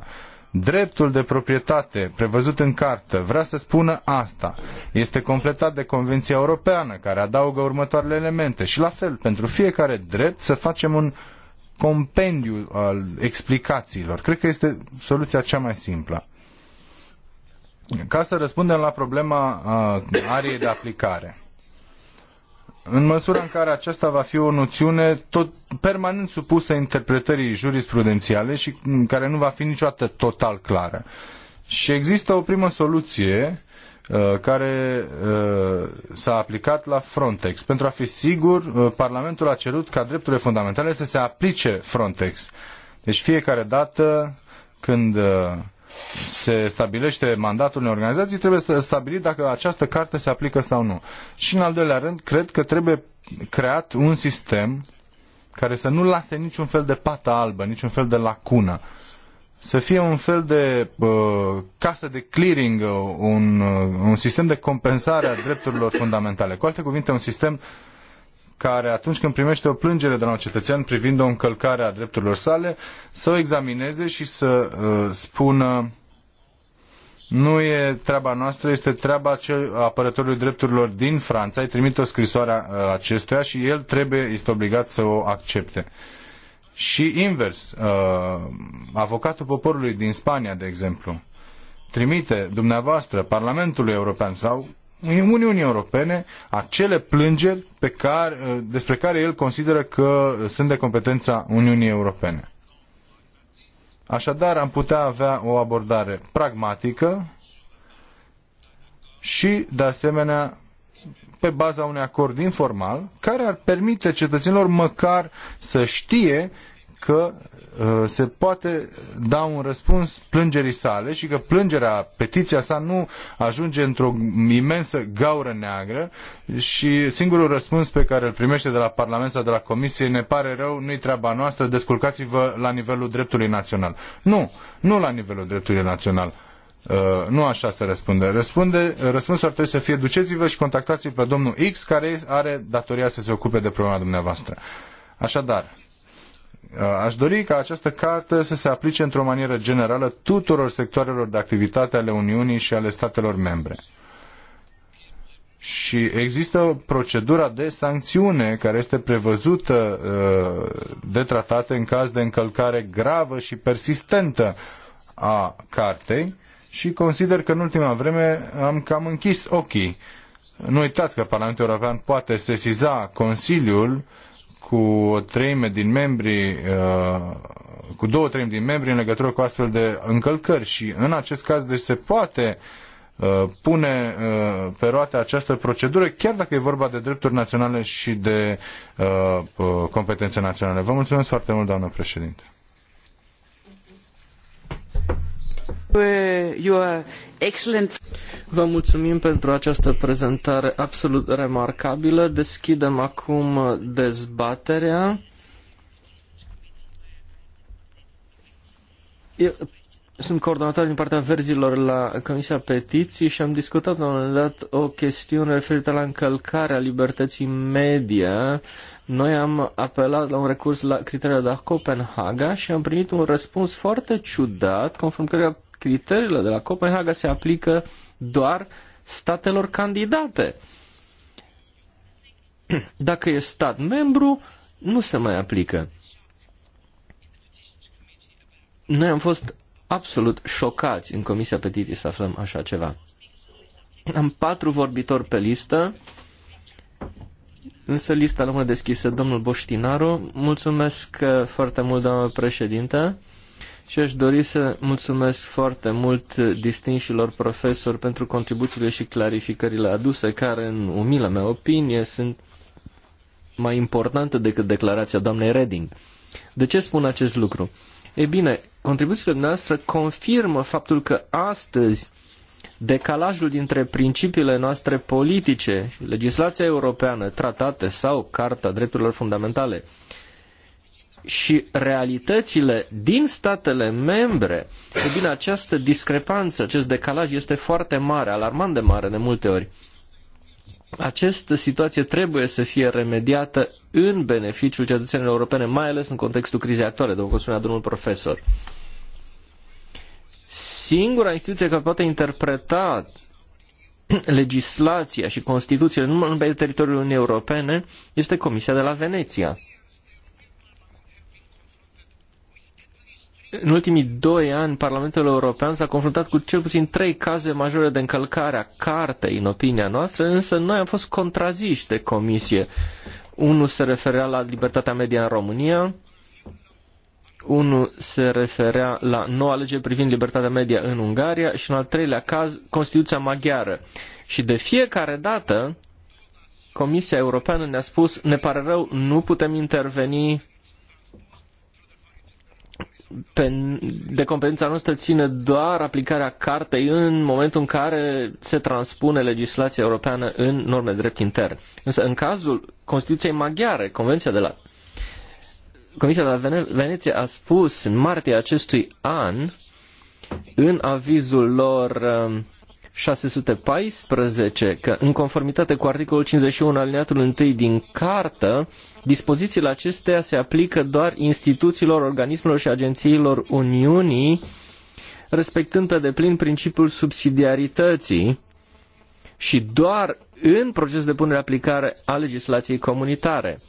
Dreptul de proprietate prevăzut în cartă vrea să spună asta. Este completat de Convenția Europeană care adaugă următoarele elemente și la fel pentru fiecare drept să facem un compendiu al explicațiilor. Cred că este soluția cea mai simplă. Ca să răspundem la problema uh, ariei de aplicare în măsura în care aceasta va fi o noțiune tot permanent supusă interpretării jurisprudențiale și care nu va fi niciodată total clară. Și există o primă soluție uh, care uh, s-a aplicat la Frontex. Pentru a fi sigur, uh, Parlamentul a cerut ca drepturile fundamentale să se aplice Frontex. Deci fiecare dată când se stabilește mandatul unei organizații, trebuie să stabili dacă această carte se aplică sau nu. Și în al doilea rând, cred că trebuie creat un sistem care să nu lase niciun fel de pată albă, niciun fel de lacună. Să fie un fel de uh, casă de clearing, uh, un, uh, un sistem de compensare a drepturilor fundamentale. Cu alte cuvinte, un sistem uh, care atunci când primește o plângere de la un cetățean privind o încălcare a drepturilor sale, să o examineze și să uh, spună nu e treaba noastră, este treaba apărătorului drepturilor din Franța. Îi trimite o scrisoare a, uh, acestuia și el trebuie, este obligat să o accepte. Și invers, uh, avocatul poporului din Spania, de exemplu, trimite dumneavoastră Parlamentului European sau Uniunii Europene acele plângeri pe care, ă, despre care el consideră că sunt de competența Uniunii Europene. Așadar, am putea avea o abordare pragmatică și, de asemenea, pe baza unui acord informal care ar permite cetățenilor măcar să știe că Uh, se poate da un răspuns plângerii sale și că plângerea, petiția sa nu ajunge într-o imensă gaură neagră și singurul răspuns pe care îl primește de la Parlament sau de la Comisie ne pare rău, nu-i treaba noastră, descurcați-vă la nivelul dreptului național. Nu, nu la nivelul dreptului național. Uh, nu așa se răspunde. răspunde. Răspunsul ar trebui să fie duceți-vă și contactați-l pe domnul X care are datoria să se ocupe de problema dumneavoastră. Așadar, Aș dori ca această carte să se aplice într-o manieră generală tuturor sectoarelor de activitate ale Uniunii și ale statelor membre. Și există procedura de sancțiune care este prevăzută uh, de tratate în caz de încălcare gravă și persistentă a cartei și consider că în ultima vreme am cam închis ochii. Nu uitați că Parlamentul European poate sesiza Consiliul uh, cu o treime din membri, uh, cu două treimi din membri în legătură cu astfel de încălcări și în acest caz deci se poate uh, pune uh, pe roate această procedură, chiar dacă e vorba de drepturi naționale și de competențe naționale. Vă mulțumesc foarte mult, doamnă președinte. Vă mulțumim pentru această prezentare absolut remarcabilă. Deschidem acum dezbaterea. Eu sunt coordonator din partea verzilor la Comisia Petiții și am discutat la un moment dat o chestiune referită la încălcarea libertății media. Noi am apelat la un recurs la criteriile de la Copenhaga și am primit un răspuns foarte ciudat, conform căruia criteriile de la Copenhaga se aplică doar statelor candidate. Dacă e stat membru, nu se mai aplică. Noi am fost absolut șocați în Comisia Petiții să aflăm așa ceva. Am patru vorbitori pe listă, însă lista rămâne deschisă. Domnul Boștinaru, mulțumesc foarte mult, doamnă președinte și aș dori să mulțumesc foarte mult distinșilor profesori pentru contribuțiile și clarificările aduse, care, în umila mea opinie, sunt mai importante decât declarația doamnei Reding. De ce spun acest lucru? Ei bine, contribuțiile noastre confirmă faptul că astăzi decalajul dintre principiile noastre politice, legislația europeană, tratate sau Carta Drepturilor Fundamentale – și realitățile din statele membre, e bine, această discrepanță, acest decalaj este foarte mare, alarmant de mare de multe ori. Această situație trebuie să fie remediată în beneficiul cetățenilor europene, mai ales în contextul crizei actuale, după cum spunea domnul profesor. Singura instituție care poate interpreta legislația și constituția numai pe teritoriul Uniunii Europene este Comisia de la Veneția. în ultimii doi ani Parlamentul European s-a confruntat cu cel puțin trei caze majore de încălcare a cartei, în opinia noastră, însă noi am fost contraziși de comisie. Unul se referea la libertatea media în România, unul se referea la noua lege privind libertatea media în Ungaria și în al treilea caz Constituția maghiară. Și de fiecare dată Comisia Europeană ne-a spus, ne pare rău, nu putem interveni, de competența noastră ține doar aplicarea cartei în momentul în care se transpune legislația europeană în norme de drept intern. Însă în cazul Constituției maghiare, Convenția de la Comisia de la Vene- Veneție a spus în martie acestui an, în avizul lor um, 614 că, în conformitate cu articolul 51 alineatul 1 din cartă, dispozițiile acesteia se aplică doar instituțiilor, organismelor și agențiilor Uniunii, respectând pe deplin principiul subsidiarității și doar în proces de punere aplicare a legislației comunitare.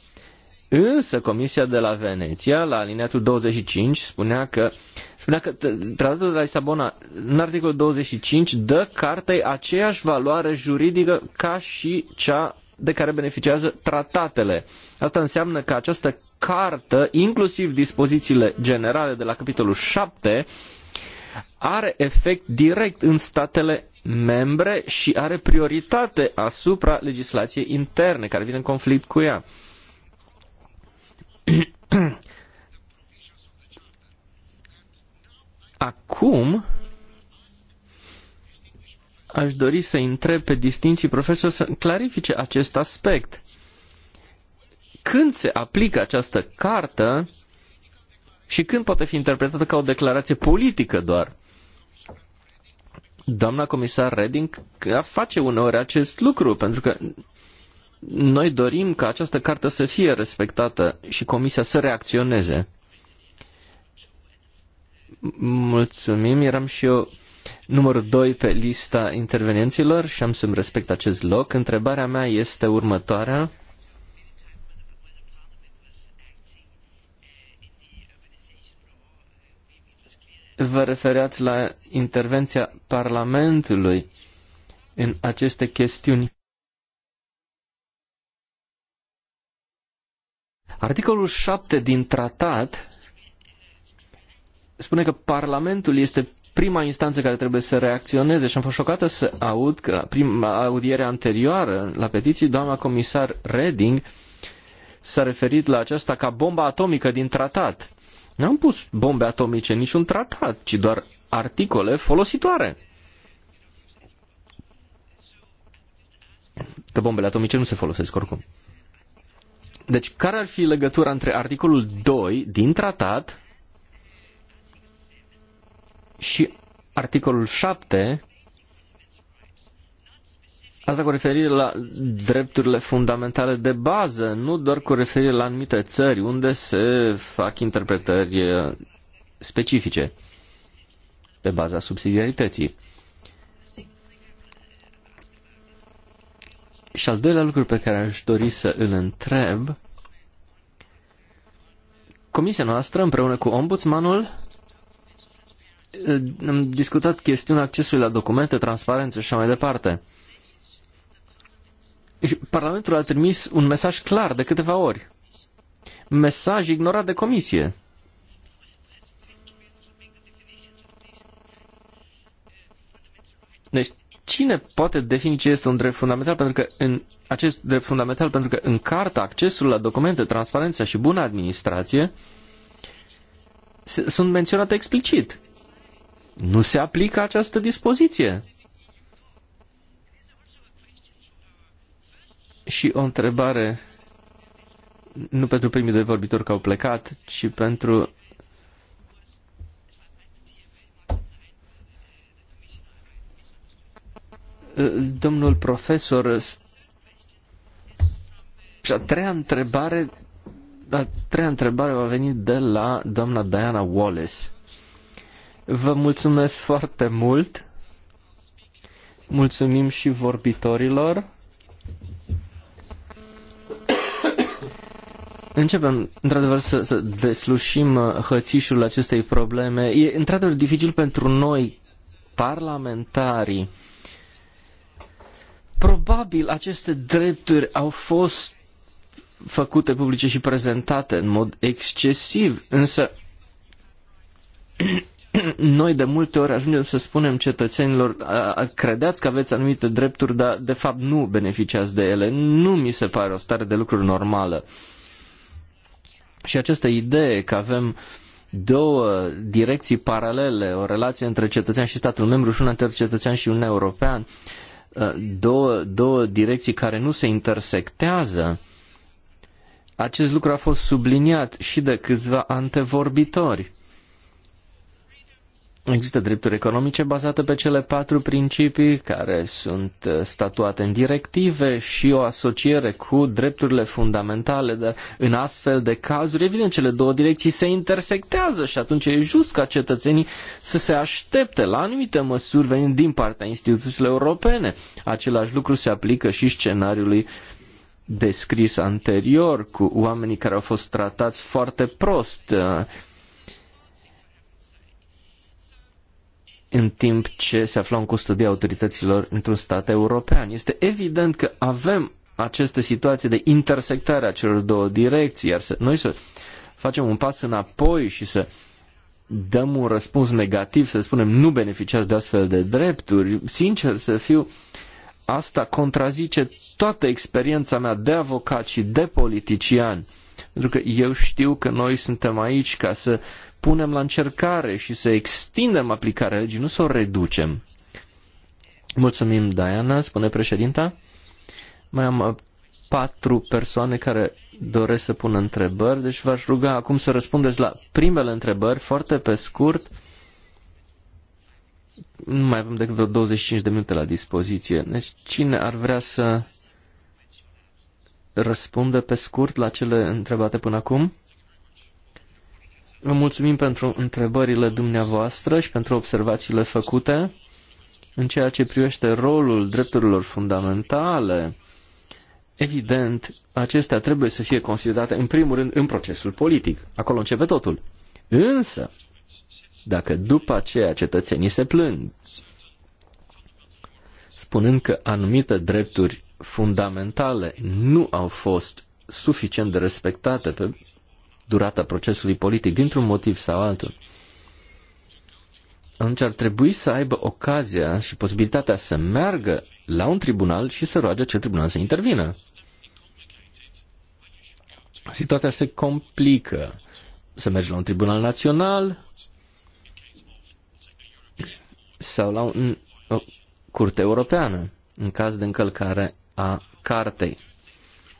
Însă Comisia de la Veneția, la alineatul 25, spunea că, spunea că tratatul de la Lisabona, în articolul 25, dă cartei aceeași valoare juridică ca și cea de care beneficiază tratatele. Asta înseamnă că această cartă, inclusiv dispozițiile generale de la capitolul 7, are efect direct în statele membre și are prioritate asupra legislației interne care vine în conflict cu ea. Acum aș dori să întreb pe distinții profesori să clarifice acest aspect. Când se aplică această cartă și când poate fi interpretată ca o declarație politică doar? Doamna comisar Reding face uneori acest lucru, pentru că noi dorim ca această carte să fie respectată și Comisia să reacționeze. Mulțumim, eram și eu numărul 2 pe lista intervenienților și am să-mi respect acest loc. Întrebarea mea este următoarea. Vă refereați la intervenția Parlamentului în aceste chestiuni. Articolul 7 din tratat spune că Parlamentul este prima instanță care trebuie să reacționeze și am fost șocată să aud că la prima audiere anterioară la petiții, doamna comisar Reding s-a referit la aceasta ca bomba atomică din tratat. N-am pus bombe atomice niciun tratat, ci doar articole folositoare. Că bombele atomice nu se folosesc oricum. Deci, care ar fi legătura între articolul 2 din tratat și articolul 7, asta cu referire la drepturile fundamentale de bază, nu doar cu referire la anumite țări unde se fac interpretări eh, specifice pe baza subsidiarității. Și al doilea lucru pe care aș dori să îl întreb, comisia noastră împreună cu ombudsmanul eh, am discutat chestiunea accesului la documente, transparență și așa mai departe. Parlamentul a trimis un mesaj clar de câteva ori. Mesaj ignorat de comisie. Deci cine poate defini ce este un drept fundamental? Pentru că în acest drept fundamental, pentru că în carta accesul la documente, transparența și bună administrație sunt menționate explicit. Nu se aplică această dispoziție. Și o întrebare, nu pentru primii doi vorbitori că au plecat, ci pentru domnul profesor. Și a treia întrebare, a treia întrebare va veni de la doamna Diana Wallace. Vă mulțumesc foarte mult. Mulțumim și vorbitorilor. Începem, într-adevăr, să, să deslușim uh, hățișul acestei probleme. E, într-adevăr, dificil pentru noi, parlamentarii, Probabil aceste drepturi au fost făcute publice și prezentate în mod excesiv, însă noi de multe ori ajungem să spunem cetățenilor, credeți că aveți anumite drepturi, dar de fapt nu beneficiați de ele. Nu mi se pare o stare de lucruri normală. Și această idee că avem două direcții paralele, o relație între cetățean și statul membru și una între cetățean și Uniunea Europeană, două, două direcții care nu se intersectează. Acest lucru a fost subliniat și de câțiva antevorbitori. Există drepturi economice bazate pe cele patru principii care sunt uh, statuate în directive și o asociere cu drepturile fundamentale, dar în astfel de cazuri, evident, cele două direcții se intersectează și atunci e just ca cetățenii să se aștepte la anumite măsuri venind din partea instituțiilor europene. Același lucru se aplică și scenariului descris anterior cu oamenii care au fost tratați foarte prost uh, în timp ce se aflau în custodia autorităților într-un stat european. Este evident că avem aceste situații de intersectare a celor două direcții, iar să, noi să facem un pas înapoi și să dăm un răspuns negativ, să spunem nu beneficiați de astfel de drepturi, sincer să fiu, asta contrazice toată experiența mea de avocat și de politician. Pentru că eu știu că noi suntem aici ca să punem la încercare și să extindem aplicarea legii, nu să o reducem. Mulțumim, Diana, spune președinta. Mai am uh, patru persoane care doresc să pună întrebări, deci v-aș ruga acum să răspundeți la primele întrebări, foarte pe scurt. Nu mai avem decât vreo 25 de minute la dispoziție. Deci cine ar vrea să răspundă pe scurt la cele întrebate până acum? Vă mulțumim pentru întrebările dumneavoastră și pentru observațiile făcute în ceea ce privește rolul drepturilor fundamentale. Evident, acestea trebuie să fie considerate în primul rând în procesul politic. Acolo începe totul. Însă, dacă după aceea cetățenii se plâng, spunând că anumite drepturi fundamentale nu au fost suficient de respectate pe durata procesului politic, dintr-un motiv sau altul, atunci ar trebui să aibă ocazia și posibilitatea să meargă la un tribunal și să roage acel tribunal să intervină. Situația se complică. Să mergi la un tribunal național sau la un, o curte europeană în caz de încălcare a cartei.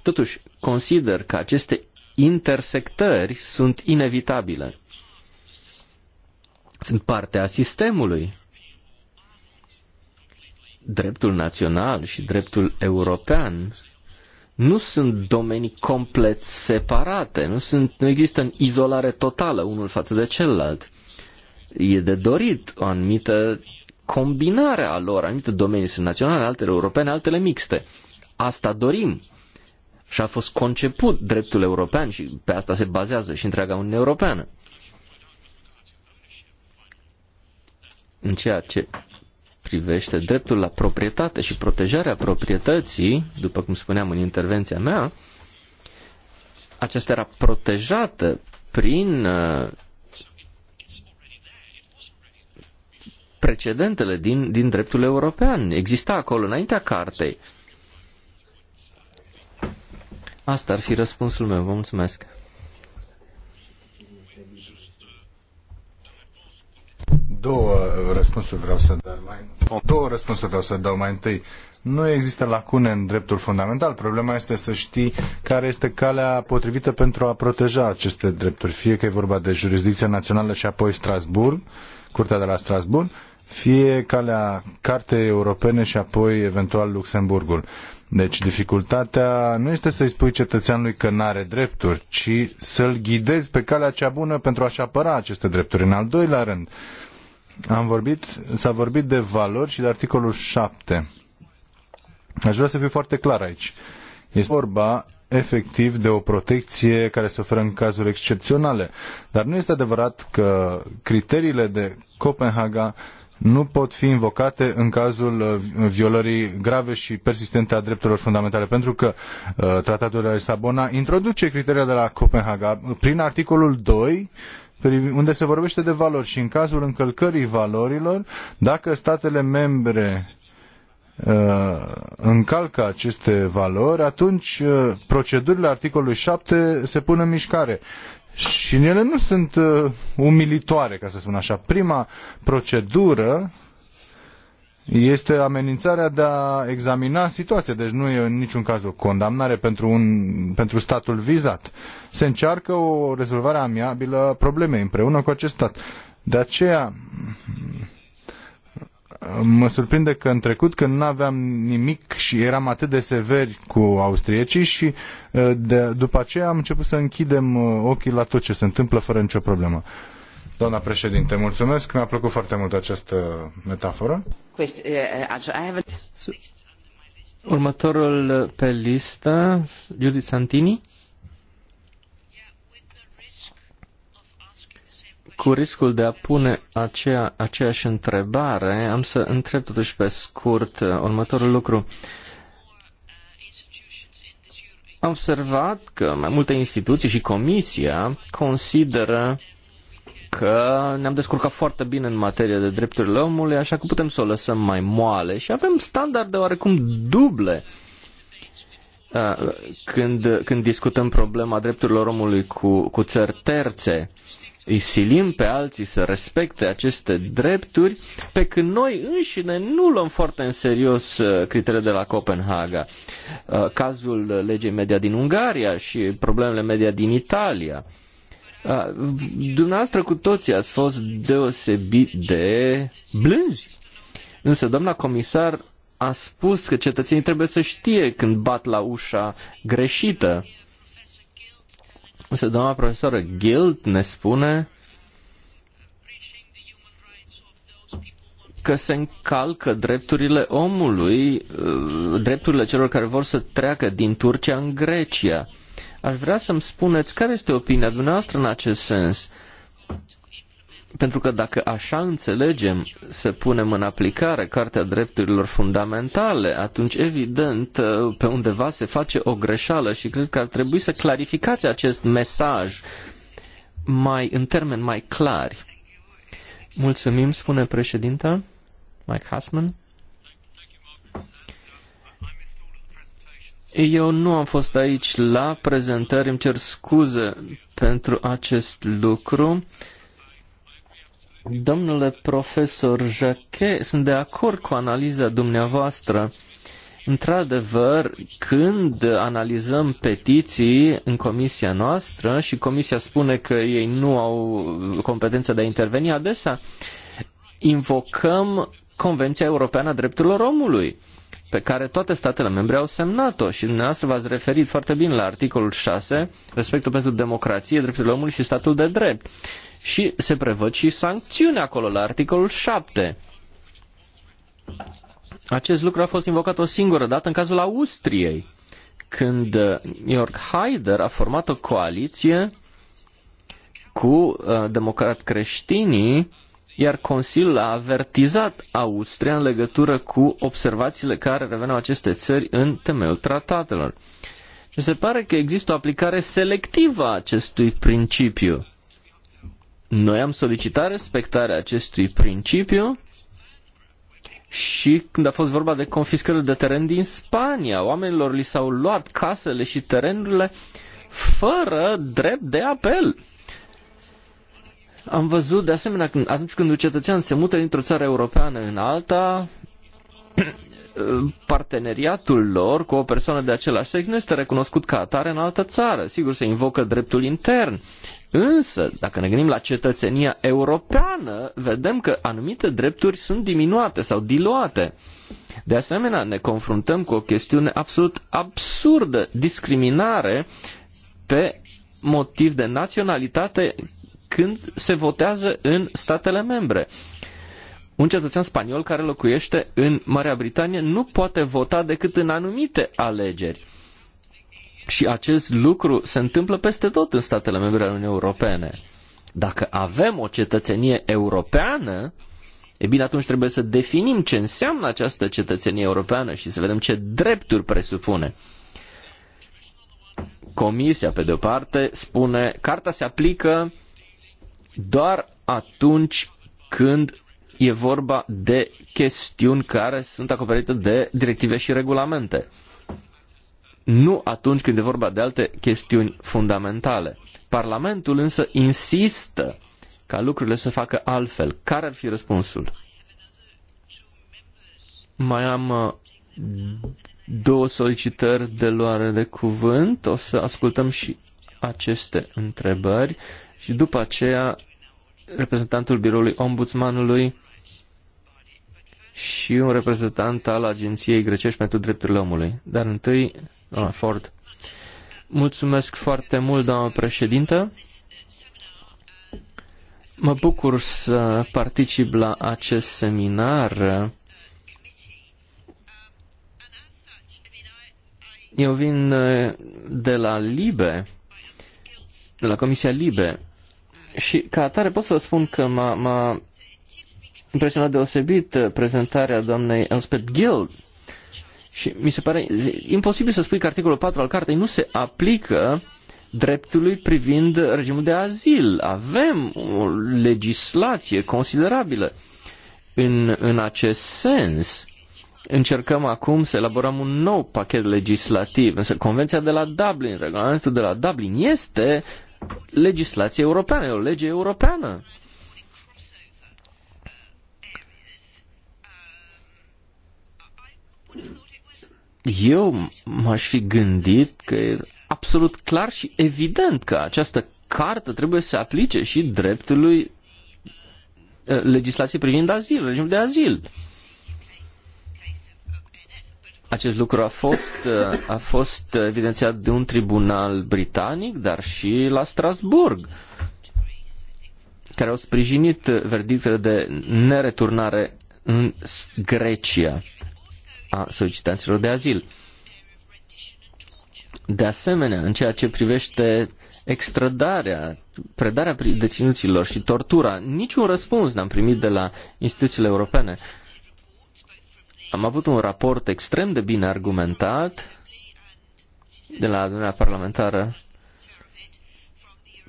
Totuși, consider că aceste intersectări sunt inevitabile. Sunt parte a sistemului. Dreptul național și dreptul european nu sunt domenii complet separate, nu, sunt, nu există în izolare totală unul față de celălalt. E de dorit o anumită combinare a lor, anumite domenii sunt naționale, altele europene, altele mixte. Asta dorim și a fost conceput dreptul european și pe asta se bazează și întreaga Uniune Europeană. În ceea ce privește dreptul la proprietate și protejarea proprietății, după cum spuneam în intervenția mea, aceasta era protejată prin uh, precedentele din, din dreptul european. Exista acolo înaintea cartei. Uh, Asta ar fi răspunsul meu. Vă mulțumesc. Două răspunsuri vreau să dau mai Două răspunsuri vreau să dau mai întâi. Nu există lacune în dreptul fundamental. Problema este să știi care este calea potrivită pentru a proteja aceste drepturi. Fie că e vorba de jurisdicția națională și apoi Strasbourg, Curtea de la Strasbourg, fie calea Cartei Europene și apoi eventual Luxemburgul. Deci dificultatea nu este să-i spui cetățeanului că nu are drepturi, ci să-l ghidezi pe calea cea bună pentru a-și apăra aceste drepturi. În al doilea rând, am vorbit, s-a vorbit de valori și de articolul 7. Aș vrea să fiu foarte clar aici. Este vorba efectiv de o protecție care se oferă în cazuri excepționale. Dar nu este adevărat că criteriile de Copenhaga nu pot fi invocate în cazul uh, violării grave și persistente a drepturilor fundamentale, pentru că uh, Tratatul de la Lisabona introduce criteria de la Copenhaga prin articolul 2 unde se vorbește de valori și în cazul încălcării valorilor, dacă statele membre uh, încalcă aceste valori, atunci uh, procedurile articolului 7 se pun în mișcare. Și ele nu sunt uh, umilitoare, ca să spun așa. Prima procedură este amenințarea de a examina situația, deci nu e în niciun caz o condamnare pentru, un, pentru statul vizat. Se încearcă o rezolvare amiabilă a problemei împreună cu acest stat. De aceea, mă surprinde că în trecut, când nu aveam nimic și eram atât de severi cu austriecii și uh, de, după aceea am început să închidem uh, ochii la tot ce se întâmplă fără nicio problemă. Doamna președinte, mulțumesc. Mi-a plăcut foarte mult această metaforă. Eh, eh, Următorul pe listă, Judith Santini. cu riscul de a pune aceea, aceeași întrebare, am să întreb totuși pe scurt uh, următorul lucru. Am observat că mai multe instituții și Comisia consideră că ne-am descurcat foarte bine în materie de drepturile omului, așa că putem să o lăsăm mai moale și avem standarde oarecum duble uh, când, când discutăm problema drepturilor omului cu, cu țări terțe. Uh, îi silim pe alții să respecte aceste drepturi, pe când noi înșine nu luăm foarte în serios uh, criteriile de la Copenhaga. Uh, cazul legii media din Ungaria și problemele media din Italia. Uh, dumneavoastră cu toții ați fost deosebit de blânzi. Însă doamna comisar a spus că cetățenii trebuie să știe când bat la ușa greșită. Însă doamna profesoră Guild ne spune că se încalcă drepturile omului, uh, drepturile celor care vor să treacă din Turcia în Grecia. Aș vrea să-mi spuneți care este opinia dumneavoastră în acest sens. Pentru că dacă așa înțelegem să punem în aplicare Cartea Drepturilor Fundamentale, atunci evident pe undeva se face o greșeală și cred că ar trebui să clarificați acest mesaj mai în termeni mai clari. Mulțumim, spune președinta Mike Hasman. Eu nu am fost aici la prezentări, îmi cer scuze pentru acest lucru. Domnule profesor Jacquet, sunt de acord cu analiza dumneavoastră. Într-adevăr, când analizăm petiții în comisia noastră și comisia spune că ei nu au competența de a interveni, adesea invocăm Convenția Europeană a Drepturilor Omului pe care toate statele membre au semnat-o și dumneavoastră v-ați referit foarte bine la articolul 6, respectul pentru democrație, drepturile omului și statul de drept și se prevăd și sancțiuni acolo la articolul 7. Acest lucru a fost invocat o singură dată în cazul Austriei, când New York Haider a format o coaliție cu uh, democrat creștinii, iar Consiliul a avertizat Austria în legătură cu observațiile care reveneau aceste țări în temeiul tratatelor. Mi se pare că există o aplicare selectivă a acestui principiu. Noi am solicitat respectarea acestui principiu și când a fost vorba de confiscările de teren din Spania, oamenilor li s-au luat casele și terenurile fără drept de apel. Am văzut de asemenea când, atunci când un cetățean se mută dintr-o țară europeană în alta, parteneriatul lor cu o persoană de același sex nu este recunoscut ca atare în altă țară. Sigur, se invocă dreptul intern. Însă, dacă ne gândim la cetățenia europeană, vedem că anumite drepturi sunt diminuate sau diluate. De asemenea, ne confruntăm cu o chestiune absolut absurdă, discriminare pe motiv de naționalitate când se votează în statele membre un cetățean spaniol care locuiește în Marea Britanie nu poate vota decât în anumite alegeri. Și acest lucru se întâmplă peste tot în statele membre ale Uniunii Europene. Dacă avem o cetățenie europeană, e bine atunci trebuie să definim ce înseamnă această cetățenie europeană și să vedem ce drepturi presupune. Comisia, pe de o parte, spune carta se aplică doar atunci când e vorba de chestiuni care sunt acoperite de directive și regulamente. Nu atunci când e vorba de alte chestiuni fundamentale. Parlamentul însă insistă ca lucrurile să facă altfel. Care ar fi răspunsul? Mai am uh, două solicitări de luare de cuvânt. O să ascultăm și aceste întrebări și după aceea reprezentantul biroului ombudsmanului și un reprezentant al Agenției Grecești pentru Drepturile Omului. Dar întâi, doamna Ford. Mulțumesc foarte mult, doamna președintă. Mă bucur să particip la acest seminar. Eu vin uh, de la Libe, de la Comisia Libe și ca atare pot să vă spun că m-a, impresionat deosebit uh, prezentarea doamnei Elspeth Gill și mi se pare imposibil să spui că articolul 4 al cartei nu se aplică dreptului privind regimul de azil. Avem o legislație considerabilă în, în acest sens. Încercăm acum să elaborăm un nou pachet legislativ, însă Convenția de la Dublin, regulamentul de la Dublin este legislație europeană, e o lege europeană. Eu m-aș fi gândit că e absolut clar și evident că această carte trebuie să se aplice și dreptului eh, legislației privind azil, regimul de azil. Acest lucru a fost, eh, a fost evidențiat de un tribunal britanic, dar și la Strasburg, care au sprijinit verdictele de nereturnare în Grecia a solicitanților de azil. De asemenea, în ceea ce privește extradarea, predarea deținuților și tortura, niciun răspuns n-am primit de la instituțiile europene. Am avut un raport extrem de bine argumentat de la adunarea parlamentară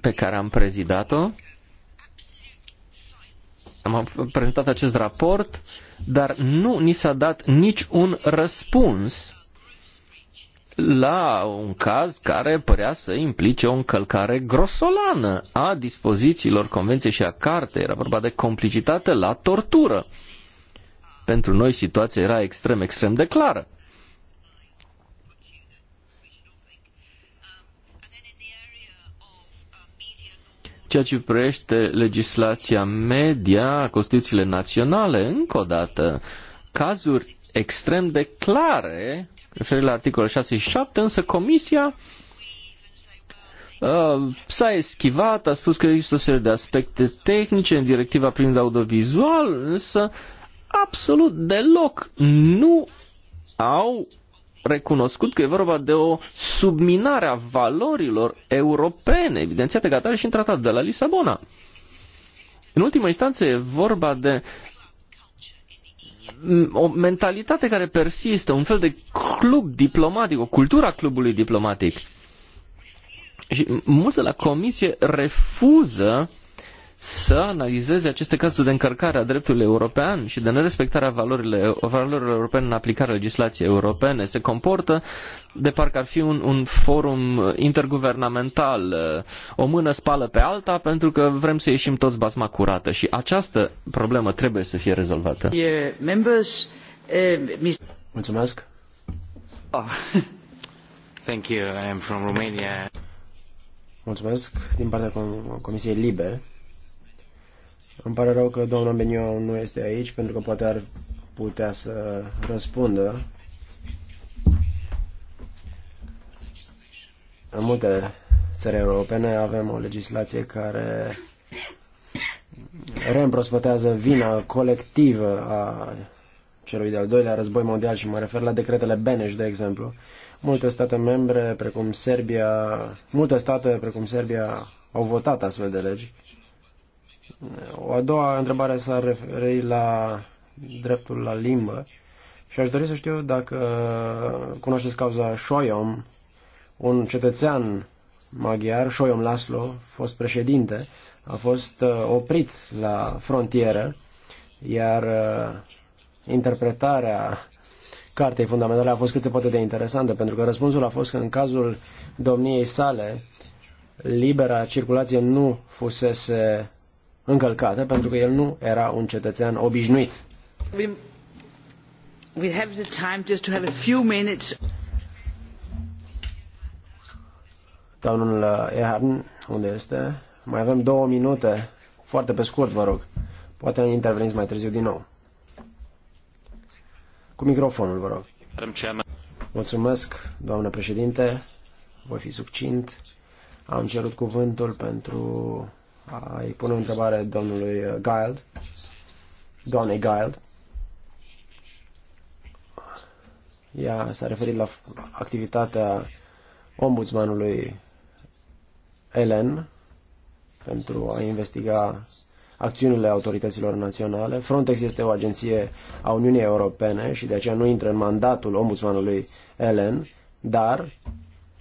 pe care am prezidat-o am prezentat acest raport, dar nu ni s-a dat nici un răspuns la un caz care părea să implice o încălcare grosolană a dispozițiilor Convenției și a Cartei. Era vorba de complicitate la tortură. Pentru noi situația era extrem, extrem de clară. ceea ce privește legislația media, Constituțiile naționale, încă o dată, cazuri extrem de clare, referire la articolul 6 și 7, însă Comisia uh, s-a eschivat, a spus că există o serie de aspecte tehnice în directiva privind audiovizual, însă absolut deloc nu au recunoscut că e vorba de o subminare a valorilor europene, evidențiate ca atare și în tratatul de la Lisabona. În ultima instanță e vorba de o mentalitate care persistă, un fel de club diplomatic, o cultură a clubului diplomatic. Și mulți de la comisie refuză uh, să analizeze aceste cazuri de încărcare a dreptului european și de nerespectarea valorilor europene în aplicarea legislației europene. Se comportă de parcă ar fi un, un forum interguvernamental, o mână spală pe alta, pentru că vrem să ieșim toți basma curată și această problemă trebuie să fie rezolvată. Eh, Mulțumesc. Oh. Thank you. I am from Romania. Mulțumesc din partea Comisiei Libe. Îmi pare rău că domnul Benio nu este aici, pentru că poate ar putea să răspundă. În multe țări europene avem o legislație care reîmprospătează vina colectivă a celui de-al doilea război mondial și mă refer la decretele Beneș, de exemplu. Multe state membre, precum Serbia, multe state, precum Serbia, au votat astfel de legi o a doua întrebare s a referi la dreptul la limbă și aș dori să știu dacă cunoașteți cauza Shoyom, un cetățean maghiar, Shoyom Laslo, fost președinte, a fost uh, oprit la frontieră, iar uh, interpretarea cartei fundamentale a fost cât se poate de interesantă, pentru că răspunsul a fost că în cazul domniei sale, libera circulație nu fusese încălcată pentru că el nu era un cetățean obișnuit. We, have the time just to have a few minutes. Domnul Ehan, unde este? Mai avem două minute. Foarte pe scurt, vă rog. Poate interveniți mai târziu din nou. Cu microfonul, vă rog. Mulțumesc, doamnă președinte. Voi fi succint. Am cerut cuvântul pentru îi pun o întrebare domnului uh, Guild. doamnei Guild. Ea s-a referit la activitatea ombudsmanului Ellen pentru a investiga acțiunile autorităților naționale. Frontex este o agenție a Uniunii Europene și de aceea nu intră în mandatul ombudsmanului Ellen, dar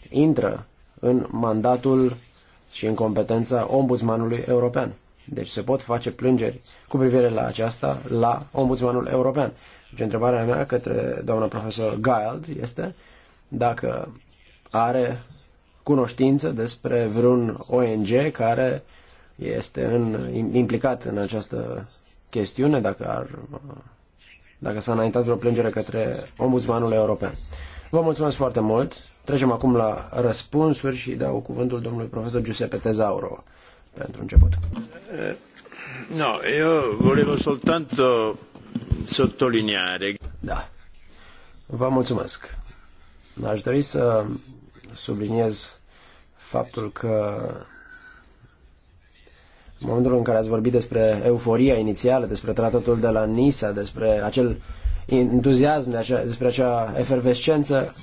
intră în mandatul și în competența ombudsmanului european. Deci se pot face plângeri cu privire la aceasta la ombudsmanul european. Deci întrebarea mea către doamna profesor Gild este dacă are cunoștință despre vreun ONG care este în, implicat în această chestiune, dacă, ar, dacă s-a înaintat vreo plângere către ombudsmanul european. Vă mulțumesc foarte mult Trecem acum la răspunsuri și dau cuvântul domnului profesor Giuseppe Tezauro pentru început. Eh, no, eu volevo soltanto sottolineare. Da. Vă mulțumesc. Aș dori să subliniez faptul că în momentul în care ați vorbit despre euforia inițială, despre tratatul de la Nisa, despre acel entuziasm, despre acea efervescență,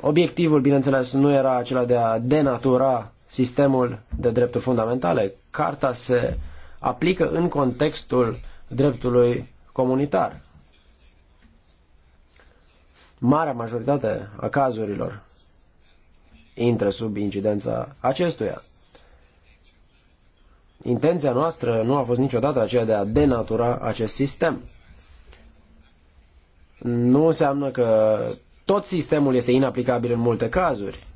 Obiectivul, bineînțeles, nu era acela de a denatura sistemul de drepturi fundamentale. Carta se aplică în contextul dreptului comunitar. Marea majoritate a cazurilor intră sub incidența acestuia. Intenția noastră nu a fost niciodată aceea de a denatura acest sistem. Nu înseamnă că tot sistemul este inaplicabil în multe cazuri.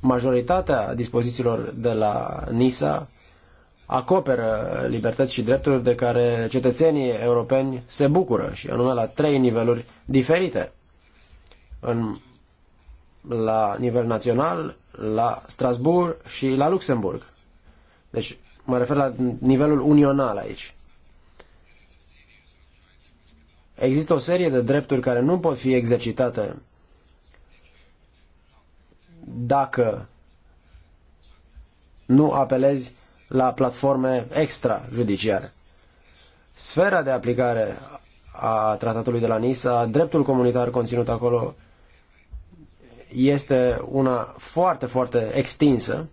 Majoritatea dispozițiilor de la NISA acoperă libertăți și drepturi de care cetățenii europeni se bucură și anume la trei niveluri diferite. În, la nivel național, la Strasbourg și la Luxemburg. Deci mă refer la nivelul unional aici. Există o serie de drepturi care nu pot fi exercitate dacă nu apelezi la platforme extrajudiciare. Sfera de aplicare a tratatului de la Nisa, dreptul comunitar conținut acolo este una foarte, foarte extinsă.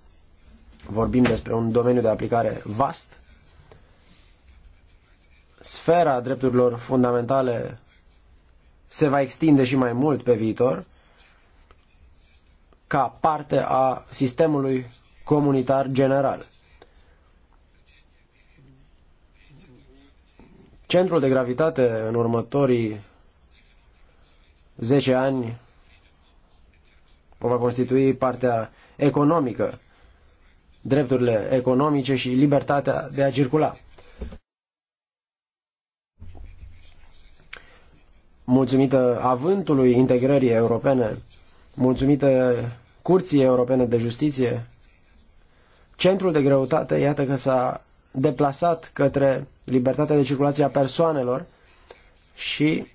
Vorbim despre un domeniu de aplicare vast sfera drepturilor fundamentale se va extinde și mai mult pe viitor ca parte a sistemului comunitar general. Centrul de gravitate în următorii 10 ani o va constitui partea economică, drepturile economice și libertatea de a circula. mulțumită avântului integrării europene, mulțumită Curții Europene de Justiție, centrul de greutate, iată că s-a deplasat către libertatea de circulație a persoanelor și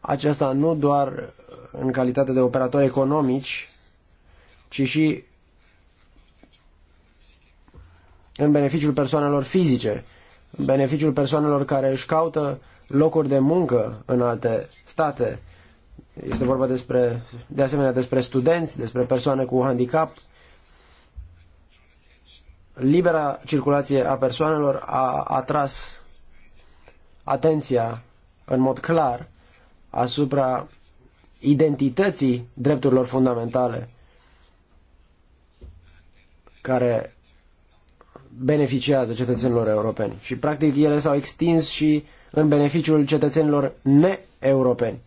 aceasta nu doar în calitate de operatori economici, ci și în beneficiul persoanelor fizice beneficiul persoanelor care își caută locuri de muncă în alte state. Este vorba despre, de asemenea despre studenți, despre persoane cu handicap. Libera circulație a persoanelor a atras atenția în mod clar asupra identității drepturilor fundamentale care beneficiază cetățenilor europeni. Și practic ele s-au extins și în beneficiul cetățenilor neeuropeni.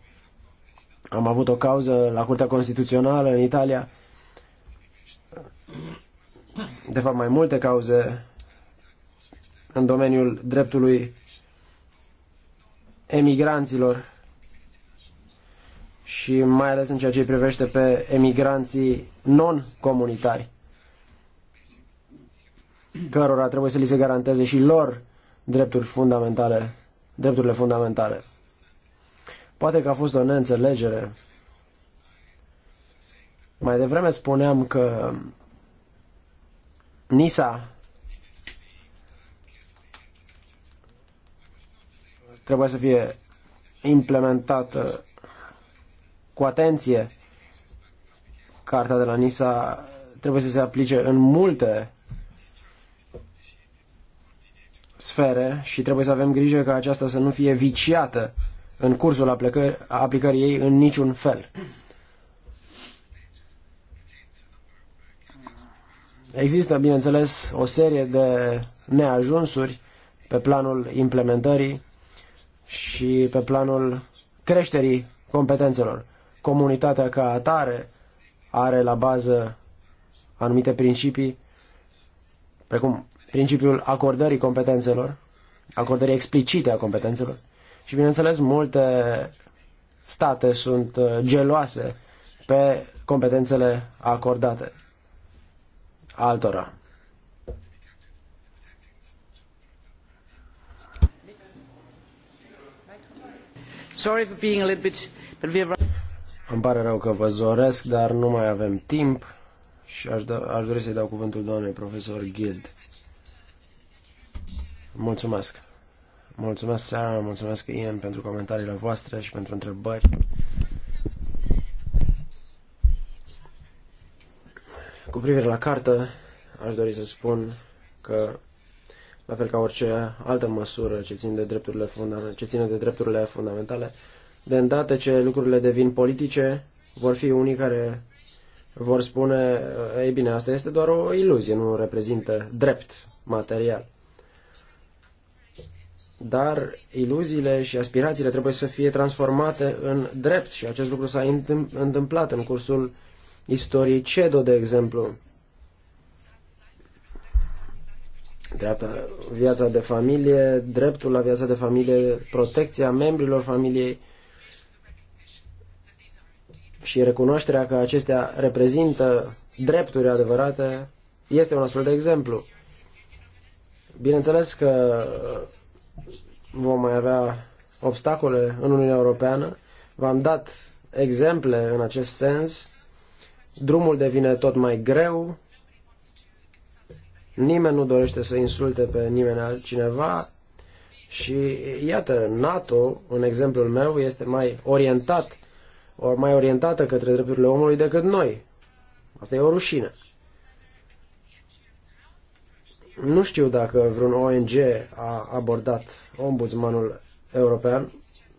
Am avut o cauză la Curtea Constituțională în Italia, de fapt mai multe cauze în domeniul dreptului emigranților și mai ales în ceea ce privește pe emigranții non-comunitari cărora trebuie să li se garanteze și lor drepturi fundamentale, drepturile fundamentale. Poate că a fost o neînțelegere. Mai devreme spuneam că Nisa trebuie să fie implementată cu atenție. Carta de la Nisa trebuie să se aplice în multe sfere și trebuie să avem grijă ca aceasta să nu fie viciată în cursul aplicării, aplicării ei în niciun fel. Există, bineînțeles, o serie de neajunsuri pe planul implementării și pe planul creșterii competențelor. Comunitatea ca atare are la bază anumite principii, precum principiul acordării competențelor, acordării explicite a competențelor. Și bineînțeles, multe state sunt uh, geloase pe competențele acordate altora. Sorry for being a little bit, but we have... Îmi pare rău că vă zoresc, dar nu mai avem timp și aș, aș dori să-i dau cuvântul doamnei profesor Gild. Mulțumesc! Mulțumesc, Sara, mulțumesc, Ian, pentru comentariile voastre și pentru întrebări. Cu privire la carte, aș dori să spun că, la fel ca orice altă măsură ce ține de drepturile, funda- ce ține de drepturile fundamentale, de îndată ce lucrurile devin politice, vor fi unii care vor spune, ei bine, asta este doar o iluzie, nu reprezintă drept material dar iluziile și aspirațiile trebuie să fie transformate în drept și acest lucru s-a întâmplat în cursul istoriei CEDO, de exemplu. Dreapta, viața de familie, dreptul la viața de familie, protecția membrilor familiei și recunoașterea că acestea reprezintă drepturi adevărate este un astfel de exemplu. Bineînțeles că vom mai avea obstacole în Uniunea Europeană. V-am dat exemple în acest sens. Drumul devine tot mai greu. Nimeni nu dorește să insulte pe nimeni altcineva. Și iată, NATO, în exemplul meu, este mai orientat, or mai orientată către drepturile omului decât noi. Asta e o rușine. Nu știu dacă vreun ONG a abordat ombudsmanul european,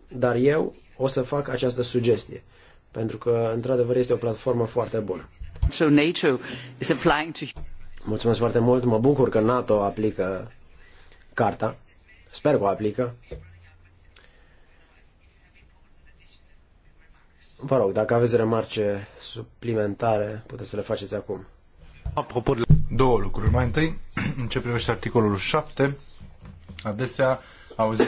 dar eu o să fac această sugestie, pentru că, într-adevăr, este o platformă foarte bună. So NATO is applying to... Mulțumesc foarte mult, mă bucur că NATO aplică carta, sper că o aplică. Vă rog, dacă aveți remarce suplimentare, puteți să le faceți acum. Apropo de două lucruri. Mai întâi, în ce privește articolul 7, adesea auzim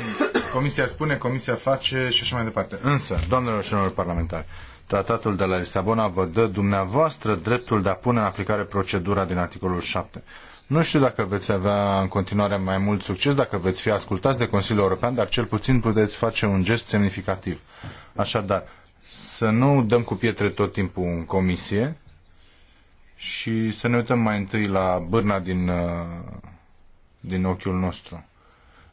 Comisia spune, Comisia face și așa mai departe. Însă, doamnelor și domnilor parlamentari, Tratatul de la Lisabona vă dă dumneavoastră dreptul de a pune în aplicare procedura din articolul 7. Nu știu dacă veți avea în continuare mai mult succes, dacă veți fi ascultați de Consiliul European, dar cel puțin puteți face un gest semnificativ. Așadar, să nu dăm cu pietre tot timpul în comisie, și să ne uităm mai întâi la bârna din, uh, din ochiul nostru.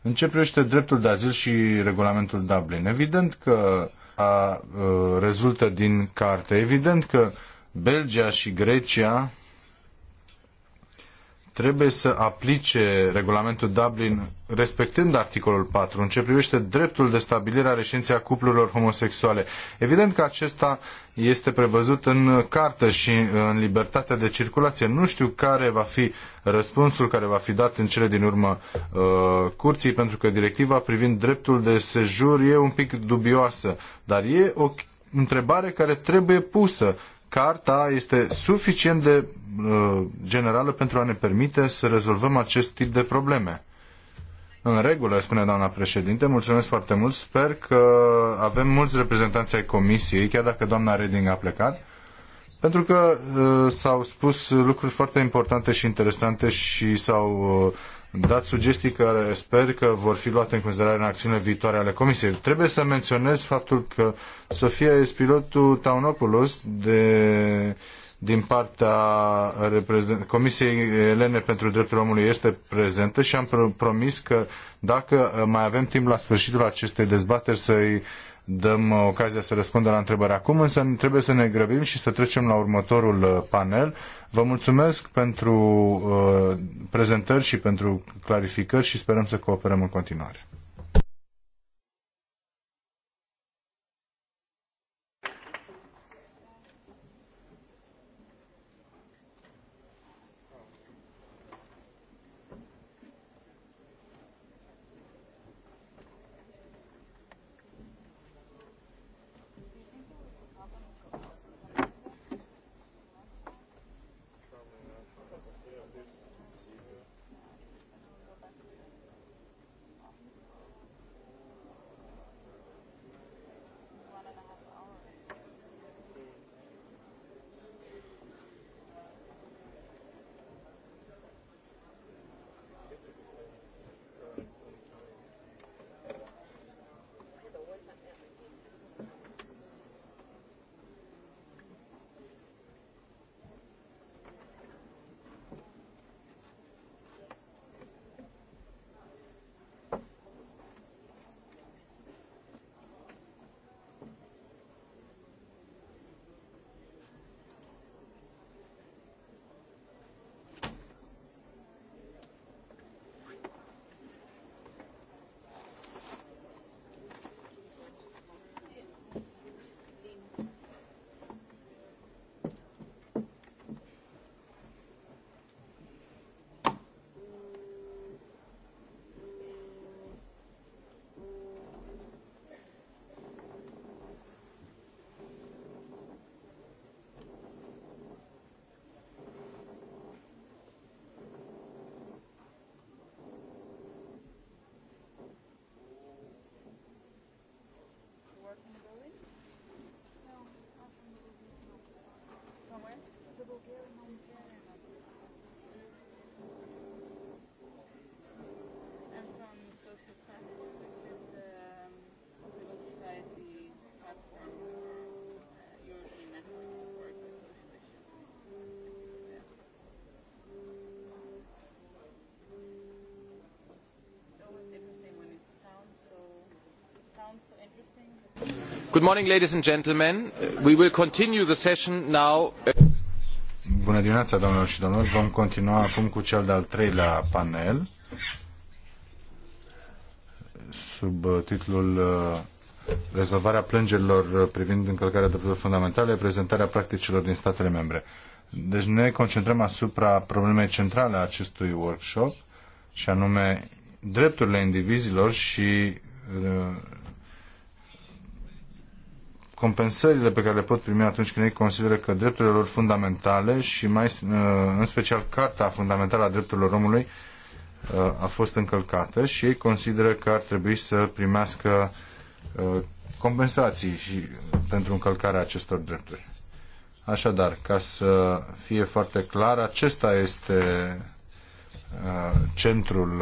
În ce privește dreptul de azil și regulamentul Dublin? Evident că a, uh, rezultă din carte, evident că Belgia și Grecia trebuie să aplice regulamentul Dublin respectând articolul 4 în ce privește dreptul de stabilire a reședinței a cuplurilor homosexuale. Evident că acesta este prevăzut în carte și în libertatea de circulație. Nu știu care va fi răspunsul care va fi dat în cele din urmă uh, curții, pentru că directiva privind dreptul de sejur e un pic dubioasă, dar e o întrebare care trebuie pusă carta este suficient de uh, generală pentru a ne permite să rezolvăm acest tip de probleme. În regulă, spune doamna președinte, mulțumesc foarte mult. Sper că avem mulți reprezentanți ai comisiei, chiar dacă doamna Reding a plecat, pentru că uh, s-au spus lucruri foarte importante și interesante și s-au uh, dat sugestii care sper că vor fi luate în considerare în acțiunile viitoare ale Comisiei. Trebuie să menționez faptul că Sofia este pilotul Taunopoulos de, din partea Comisiei Elene pentru Drepturile Omului este prezentă și am promis că dacă mai avem timp la sfârșitul acestei dezbateri să-i dăm uh, ocazia să răspundă la întrebări acum, însă trebuie să ne grăbim și să trecem la următorul uh, panel. Vă mulțumesc pentru uh, prezentări și pentru clarificări și sperăm să cooperăm în continuare. Bună dimineața, doamnelor și domnilor. Vom continua acum cu cel de-al treilea panel sub uh, titlul uh, Rezolvarea plângerilor uh, privind încălcarea drepturilor fundamentale, prezentarea practicilor din statele membre. Deci ne concentrăm asupra problemei centrale a acestui workshop și anume drepturile indivizilor și compensările pe care le pot primi atunci când ei consideră că drepturile lor fundamentale și mai uh, în special Carta Fundamentală a Drepturilor Omului uh, a fost încălcată și ei consideră că ar trebui să primească uh, compensații și pentru încălcarea acestor drepturi. Așadar, ca să fie foarte clar, acesta este centrul,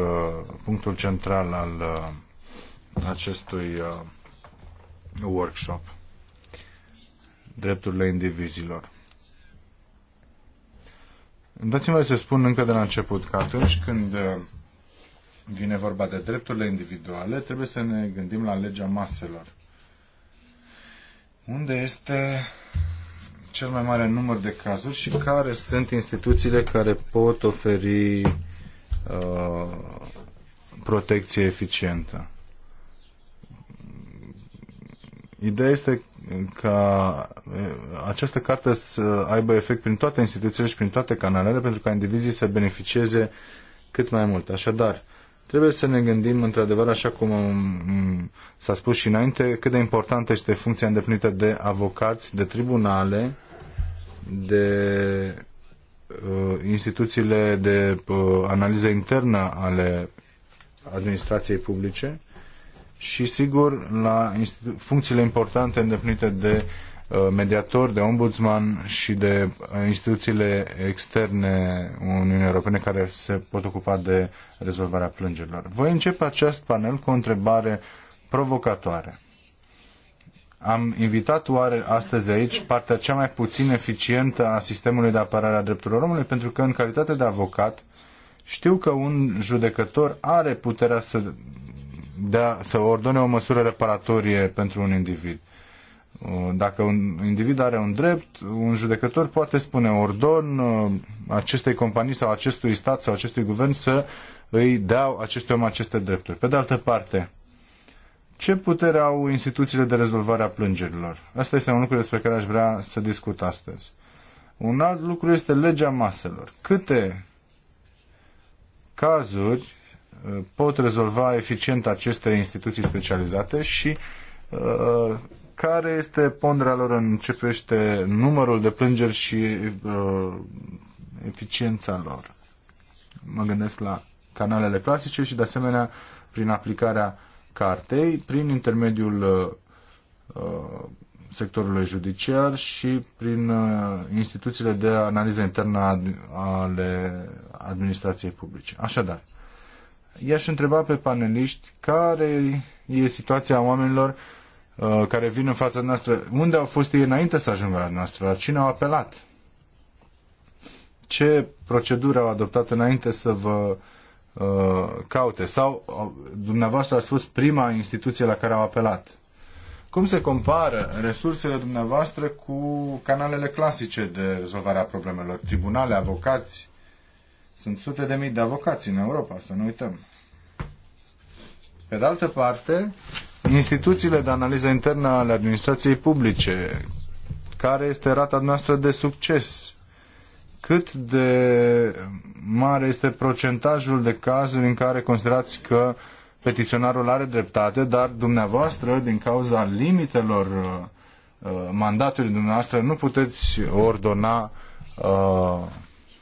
punctul central al acestui workshop drepturile indivizilor. Dați-mi să spun încă de la început că atunci când uh, vine vorba de drepturile individuale, trebuie să ne gândim la legea maselor. Unde este cel mai mare număr de cazuri și care sunt instituțiile care pot oferi uh, protecție eficientă. Ideea este ca această carte să aibă efect prin toate instituțiile și prin toate canalele pentru ca indivizii să beneficieze cât mai mult. Așadar, trebuie să ne gândim, într-adevăr, așa cum s-a spus și înainte, cât de importantă este funcția îndeplinită de avocați, de tribunale, de uh, instituțiile de uh, analiză internă ale administrației publice și, sigur, la funcțiile importante îndeplinite de uh, mediator, de ombudsman și de uh, instituțiile externe Uniunii Europene care se pot ocupa de rezolvarea plângerilor. Voi începe acest panel cu o întrebare provocatoare. Am invitat oare astăzi aici partea cea mai puțin eficientă a sistemului de apărare a drepturilor omului pentru că în calitate de avocat știu că un judecător are puterea să de a, să ordone o măsură reparatorie pentru un individ. Uh, dacă un individ are un drept, un judecător poate spune ordon uh, acestei companii sau acestui stat sau acestui guvern să îi dau acestui om aceste drepturi. Pe de altă parte, ce putere au instituțiile de rezolvare a plângerilor? Asta este un lucru despre care aș vrea să discut astăzi. Un alt lucru este legea maselor. Câte cazuri Uh, pot rezolva eficient aceste instituții specializate și uh, care este ponderea lor în ce privește numărul de plângeri și uh, eficiența lor. Mă gândesc la canalele clasice și de asemenea prin aplicarea cartei, prin intermediul sectorului judiciar și prin instituțiile de analiză internă ale administrației publice. Așadar, i-aș întreba pe paneliști care e situația oamenilor uh, care vin în fața noastră, unde au fost ei înainte să ajungă la noastră, la cine au apelat, ce proceduri au adoptat înainte să vă uh, caute sau uh, dumneavoastră ați fost prima instituție la care au apelat. Cum se compară resursele dumneavoastră cu canalele clasice de rezolvare a problemelor, tribunale, avocați, sunt sute de mii de avocați în Europa, să nu uităm. Pe de altă parte, instituțiile de analiză internă ale administrației publice, care este rata noastră de succes? Cât de mare este procentajul de cazuri în care considerați că petiționarul are dreptate, dar dumneavoastră, din cauza limitelor uh, uh mandatului dumneavoastră, nu puteți ordona uh,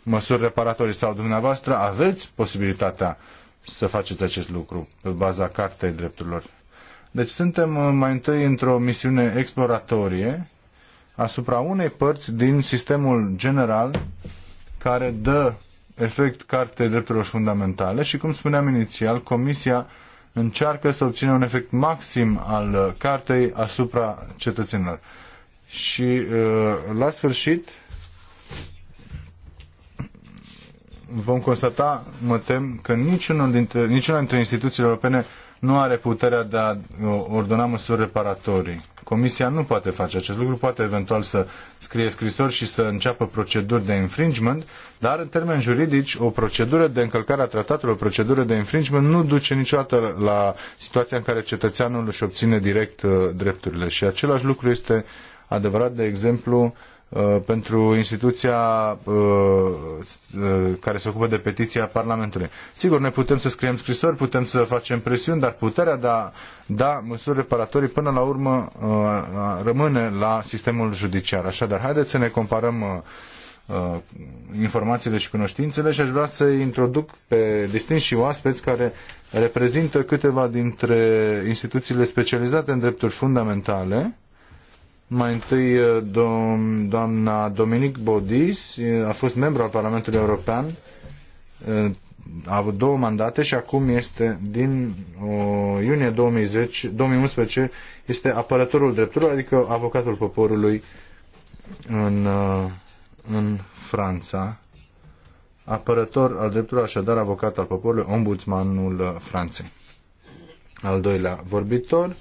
măsuri reparatorii sau dumneavoastră aveți posibilitatea să faceți acest lucru pe baza Cartei Drepturilor. Deci suntem uh, mai întâi într-o misiune exploratorie asupra unei părți din sistemul general care dă efect Cartei Drepturilor Fundamentale și, cum spuneam inițial, Comisia încearcă să obțină un efect maxim al uh, Cartei asupra cetățenilor. Și uh, la sfârșit, vom constata, mă tem, că niciunul dintre, niciuna dintre instituțiile europene nu are puterea de a ordona măsuri reparatorii. Comisia nu poate face acest lucru, poate eventual să scrie scrisori și să înceapă proceduri de infringement, dar în termeni juridici, o procedură de încălcare a tratatului, o procedură de infringement nu duce niciodată la situația în care cetățeanul își obține direct uh, drepturile. Și același lucru este adevărat, de exemplu, Uh, pentru instituția uh, uh, care se ocupă de petiția Parlamentului. Sigur, noi putem să scriem scrisori, putem să facem presiuni, dar puterea de a da măsuri reparatorii până la urmă rămâne la sistemul judiciar. Așadar, haideți să ne comparăm informațiile și cunoștințele și aș vrea să introduc pe distinși oaspeți care reprezintă câteva dintre instituțiile specializate în drepturi fundamentale mai întâi, uh, dom- doamna Dominic Bodis uh, a fost membru al Parlamentului European, uh, a avut două mandate și acum este, din iunie 2010, 2011, este apărătorul drepturilor, adică avocatul poporului în, în Franța. Apărător al drepturilor, așadar avocat al poporului, ombudsmanul Franței. Al doilea vorbitor,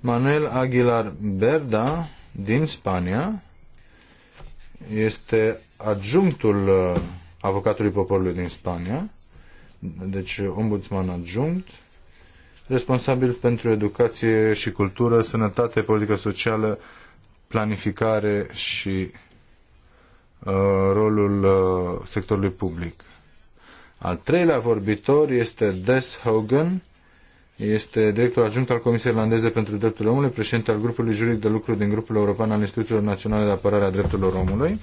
Manuel Aguilar Berda, din Spania, este adjunctul uh, avocatului poporului din Spania, deci ombudsman adjunct, responsabil pentru educație și cultură, sănătate, politică socială, planificare și uh, rolul uh, sectorului public. Al treilea vorbitor este Des Hogan, este director adjunct al Comisiei Irlandeze pentru Drepturile Omului, președinte al grupului juridic de lucru din grupul european al Instituțiilor Naționale de Apărare a Drepturilor Omului.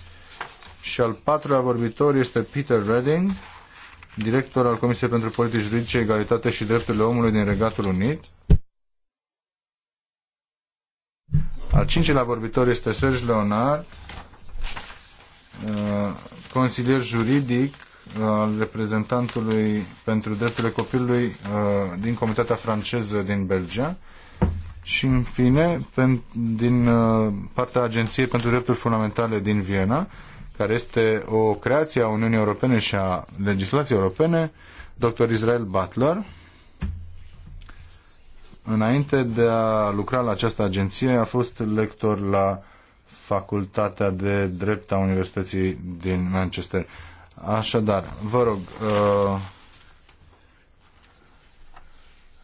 Și al patrulea vorbitor este Peter Redding, director al Comisiei pentru Politici Juridice, Egalitate și Drepturile Omului din Regatul Unit. Al cincilea vorbitor este Serge Leonard, uh, consilier juridic al reprezentantului pentru drepturile copilului uh, din Comitatea franceză din Belgia și, în fine, din uh, partea Agenției pentru Drepturi Fundamentale din Viena, care este o creație a Uniunii Europene și a legislației europene, dr. Israel Butler. Înainte de a lucra la această agenție, a fost lector la Facultatea de Drept a Universității din Manchester. Așadar, vă rog, uh,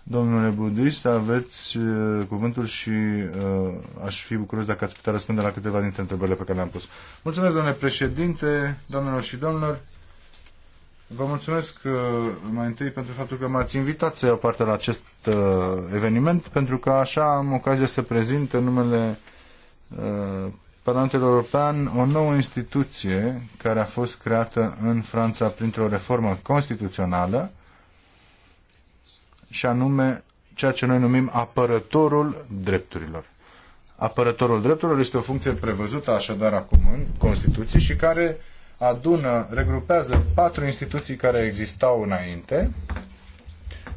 domnule Budui, aveți uh, cuvântul și uh, aș fi bucuros dacă ați putea răspunde la câteva dintre întrebările pe care le-am pus. Mulțumesc, domnule președinte, domnilor și domnilor. Vă mulțumesc uh, mai întâi pentru faptul că m-ați invitat să iau parte la acest uh, eveniment, pentru că așa am ocazia să prezint în numele uh, Parlamentul European o nouă instituție care a fost creată în Franța printr-o reformă constituțională și anume ceea ce noi numim apărătorul drepturilor. Apărătorul drepturilor este o funcție prevăzută așadar acum în Constituție și care adună, regrupează patru instituții care existau înainte,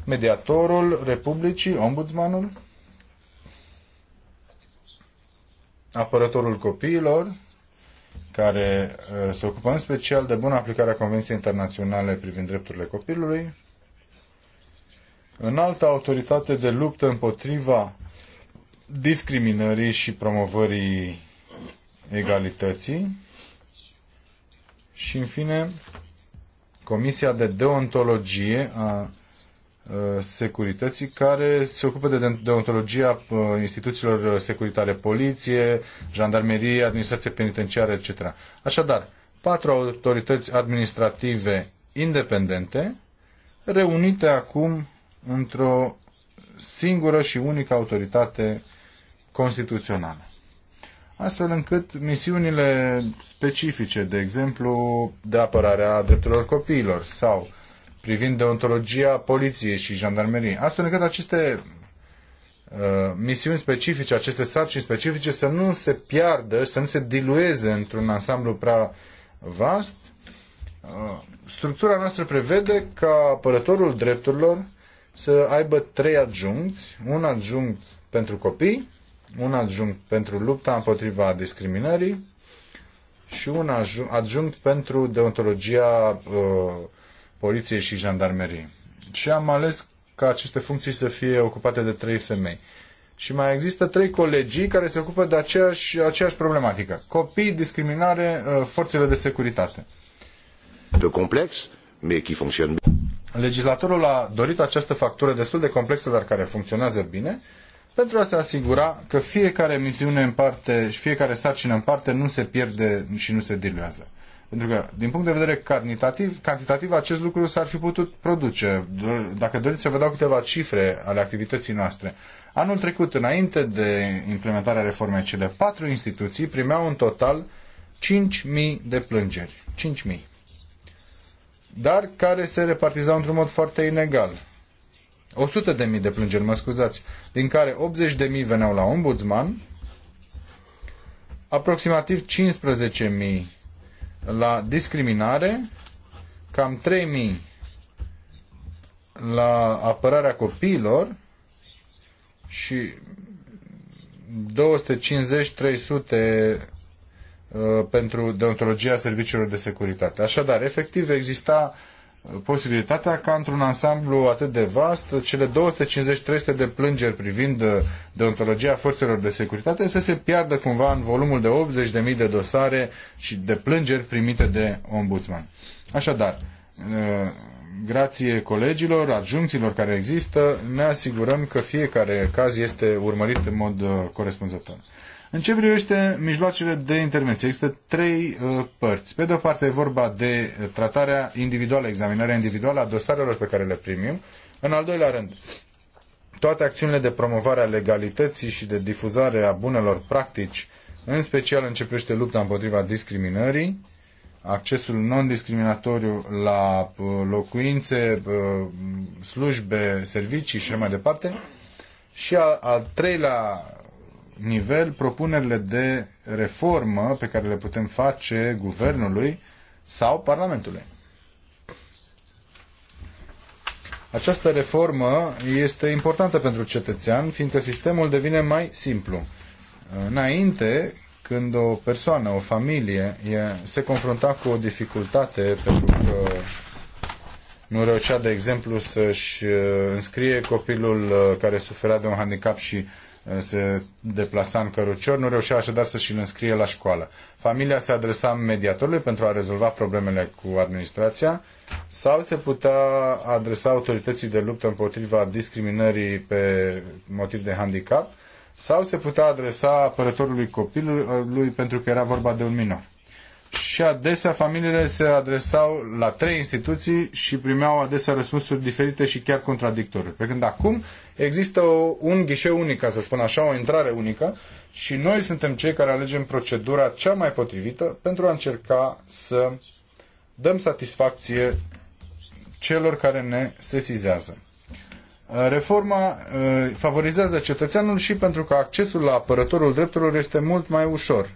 mediatorul Republicii, ombudsmanul, apărătorul copiilor, care uh, se ocupă în special de bună aplicare a Convenției Internaționale privind drepturile copilului, alta autoritate de luptă împotriva discriminării și promovării egalității și, în fine, Comisia de Deontologie a Uh, securității care se ocupă de deontologia uh, instituțiilor uh, securitare, poliție, jandarmerie, administrație penitenciară, etc. Așadar, patru autorități administrative independente reunite acum într-o singură și unică autoritate constituțională. Astfel încât misiunile specifice, de exemplu, de apărare a drepturilor copiilor sau privind deontologia poliției și jandarmeriei, astfel încât aceste uh, misiuni specifice, aceste sarcini specifice să nu se piardă, să nu se dilueze într-un ansamblu prea vast. Uh, structura noastră prevede ca apărătorul drepturilor să aibă trei adjuncți, un adjunct pentru copii, un adjunct pentru lupta împotriva discriminării și un adjunct pentru deontologia uh, poliției și jandarmeriei. Și am ales ca aceste funcții să fie ocupate de trei femei. Și mai există trei colegii care se ocupă de aceeași, aceeași problematică. Copii, discriminare, uh, forțele de securitate. Peu complex, mais qui fonctionne Legislatorul a dorit această factură destul de complexă, dar care funcționează bine, pentru a se asigura că fiecare misiune în parte și fiecare sarcină în parte nu se pierde și nu se diluează. Pentru că, din punct de vedere cantitativ, cantitativ acest lucru s-ar fi putut produce. Dacă doriți să vă dau câteva cifre ale activității noastre. Anul trecut, înainte de implementarea reformei, cele patru instituții primeau în total 5.000 de plângeri. 5.000. Dar care se repartizau într-un mod foarte inegal. 100.000 de plângeri, mă scuzați, din care 80.000 veneau la ombudsman, aproximativ 15.000 la discriminare, cam 3000 la apărarea copiilor și 250-300 uh, pentru deontologia serviciilor de securitate. Așadar, efectiv exista posibilitatea ca într-un ansamblu atât de vast, cele 250-300 de plângeri privind uh, deontologia forțelor de securitate să se piardă cumva în volumul de 80.000 de dosare și de plângeri primite de ombudsman. Așadar, uh, grație colegilor, adjuncților care există, ne asigurăm că fiecare caz este urmărit în mod uh, corespunzător. În ce privește mijloacele de intervenție, există trei uh, părți. Pe de o parte e vorba de tratarea individuală, examinarea individuală a dosarelor pe care le primim. În al doilea rând, toate acțiunile de promovare a legalității și de difuzare a bunelor practici, în special în ce privește lupta împotriva discriminării, accesul non-discriminatoriu la uh, locuințe, uh, slujbe, servicii și mai departe. Și al, al treilea nivel, propunerile de reformă pe care le putem face guvernului sau Parlamentului. Această reformă este importantă pentru cetățean, fiindcă sistemul devine mai simplu. Înainte, când o persoană, o familie, se confrunta cu o dificultate pentru că nu reușea, de exemplu, să-și uh, înscrie copilul uh, care suferea de un handicap și se deplasa în cărucior, nu reușea așadar să și-l înscrie la școală. Familia se adresa mediatorului pentru a rezolva problemele cu administrația sau se putea adresa autorității de luptă împotriva discriminării pe motiv de handicap sau se putea adresa apărătorului copilului pentru că era vorba de un minor și adesea familiile se adresau la trei instituții și primeau adesea răspunsuri diferite și chiar contradictorii. Pe când acum există o, un ghișeu unic, ca să spun așa, o intrare unică și noi suntem cei care alegem procedura cea mai potrivită pentru a încerca să dăm satisfacție celor care ne sesizează. Reforma eh, favorizează cetățeanul și pentru că accesul la apărătorul drepturilor este mult mai ușor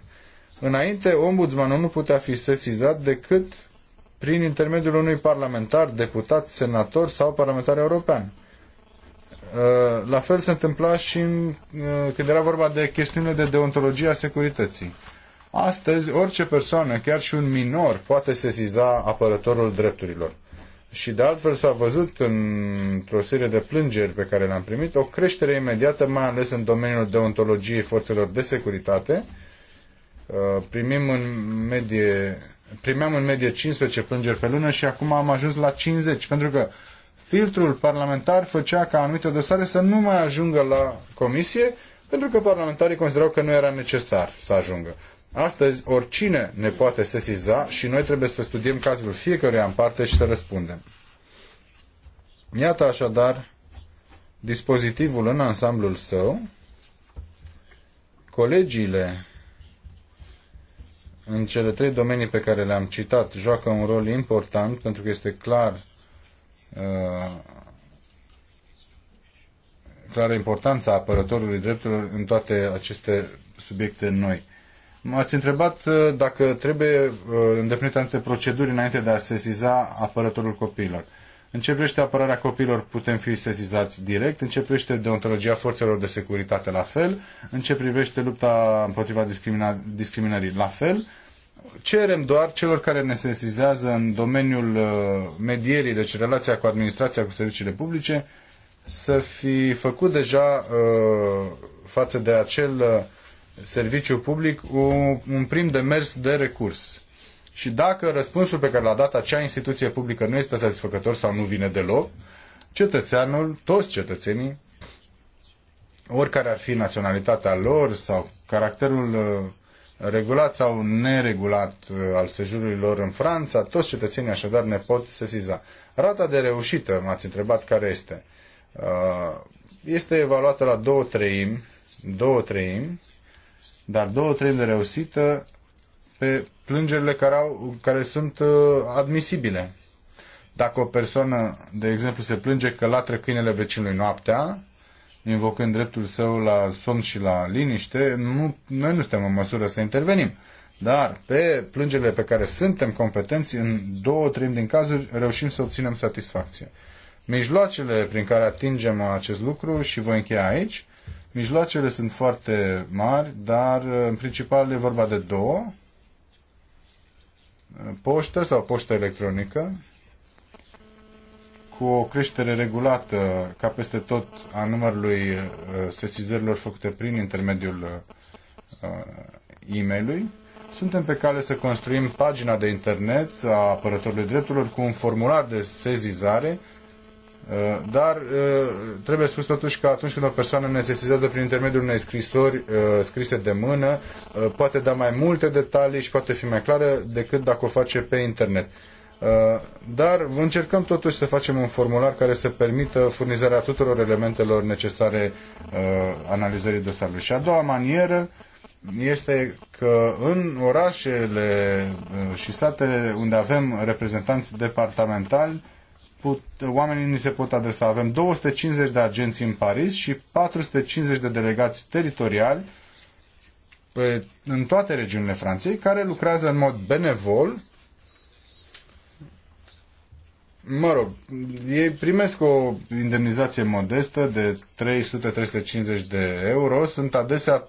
Înainte, ombudsmanul nu putea fi sesizat decât prin intermediul unui parlamentar, deputat, senator sau parlamentar european. Uh, la fel se întâmpla și în, uh, când era vorba de chestiune de deontologie a securității. Astăzi, orice persoană, chiar și un minor, poate sesiza apărătorul drepturilor. Și de altfel s-a văzut într-o serie de plângeri pe care le-am primit o creștere imediată, mai ales în domeniul deontologiei forțelor de securitate, Uh, primim în medie, primeam în medie 15 plângeri pe lună și acum am ajuns la 50, pentru că filtrul parlamentar făcea ca anumite dosare să nu mai ajungă la comisie, pentru că parlamentarii considerau că nu era necesar să ajungă. Astăzi, oricine ne poate sesiza și noi trebuie să studiem cazul fiecăruia în parte și să răspundem. Iată așadar dispozitivul în ansamblul său, colegiile în cele trei domenii pe care le-am citat joacă un rol important pentru că este clar uh, clară importanța apărătorului drepturilor în toate aceste subiecte noi. M-ați întrebat uh, dacă trebuie uh, îndeplinite anumite proceduri înainte de a sesiza apărătorul copiilor. În ce privește apărarea copiilor, putem fi sesizați direct. În ce privește deontologia forțelor de securitate, la fel. În ce privește lupta împotriva discriminării, la fel. Cerem doar celor care ne sesizează în domeniul uh, medierii, deci relația cu administrația, cu serviciile publice, să fi făcut deja uh, față de acel uh, serviciu public un prim demers de recurs și dacă răspunsul pe care l-a dat acea instituție publică nu este satisfăcător sau nu vine deloc, cetățeanul, toți cetățenii, oricare ar fi naționalitatea lor sau caracterul uh, regulat sau neregulat uh, al sejurului lor în Franța, toți cetățenii așadar ne pot sesiza. Rata de reușită, m-ați întrebat care este, uh, este evaluată la două treimi, două treimi, dar două treimi de reușită pe plângerile care, au, care sunt uh, admisibile. Dacă o persoană, de exemplu, se plânge că latră câinele vecinului noaptea, invocând dreptul său la somn și la liniște, nu, noi nu suntem în măsură să intervenim. Dar pe plângerile pe care suntem competenți, în două treimi din cazuri, reușim să obținem satisfacție. Mijloacele prin care atingem acest lucru, și voi încheia aici, mijloacele sunt foarte mari, dar uh, în principal e vorba de două poștă sau poștă electronică cu o creștere regulată ca peste tot a numărului uh, sesizărilor făcute prin intermediul uh, e mail Suntem pe cale să construim pagina de internet a apărătorului drepturilor cu un formular de sezizare Uh, dar uh, trebuie spus totuși că atunci când o persoană necesizează prin intermediul unei scrisori uh, scrise de mână, poate da mai multe detalii și poate fi mai clară decât dacă o face pe internet. Dar încercăm totuși să facem un formular care să permită furnizarea tuturor elementelor necesare analizării dosarului. Și a doua manieră este că în orașele și satele unde avem reprezentanți departamentali, put, oamenii ni se pot adresa. Avem 250 de agenții în Paris și 450 de delegați teritoriali pe, în toate regiunile Franței care lucrează în mod benevol. Mă rog, ei primesc o indemnizație modestă de 300-350 de euro, sunt adesea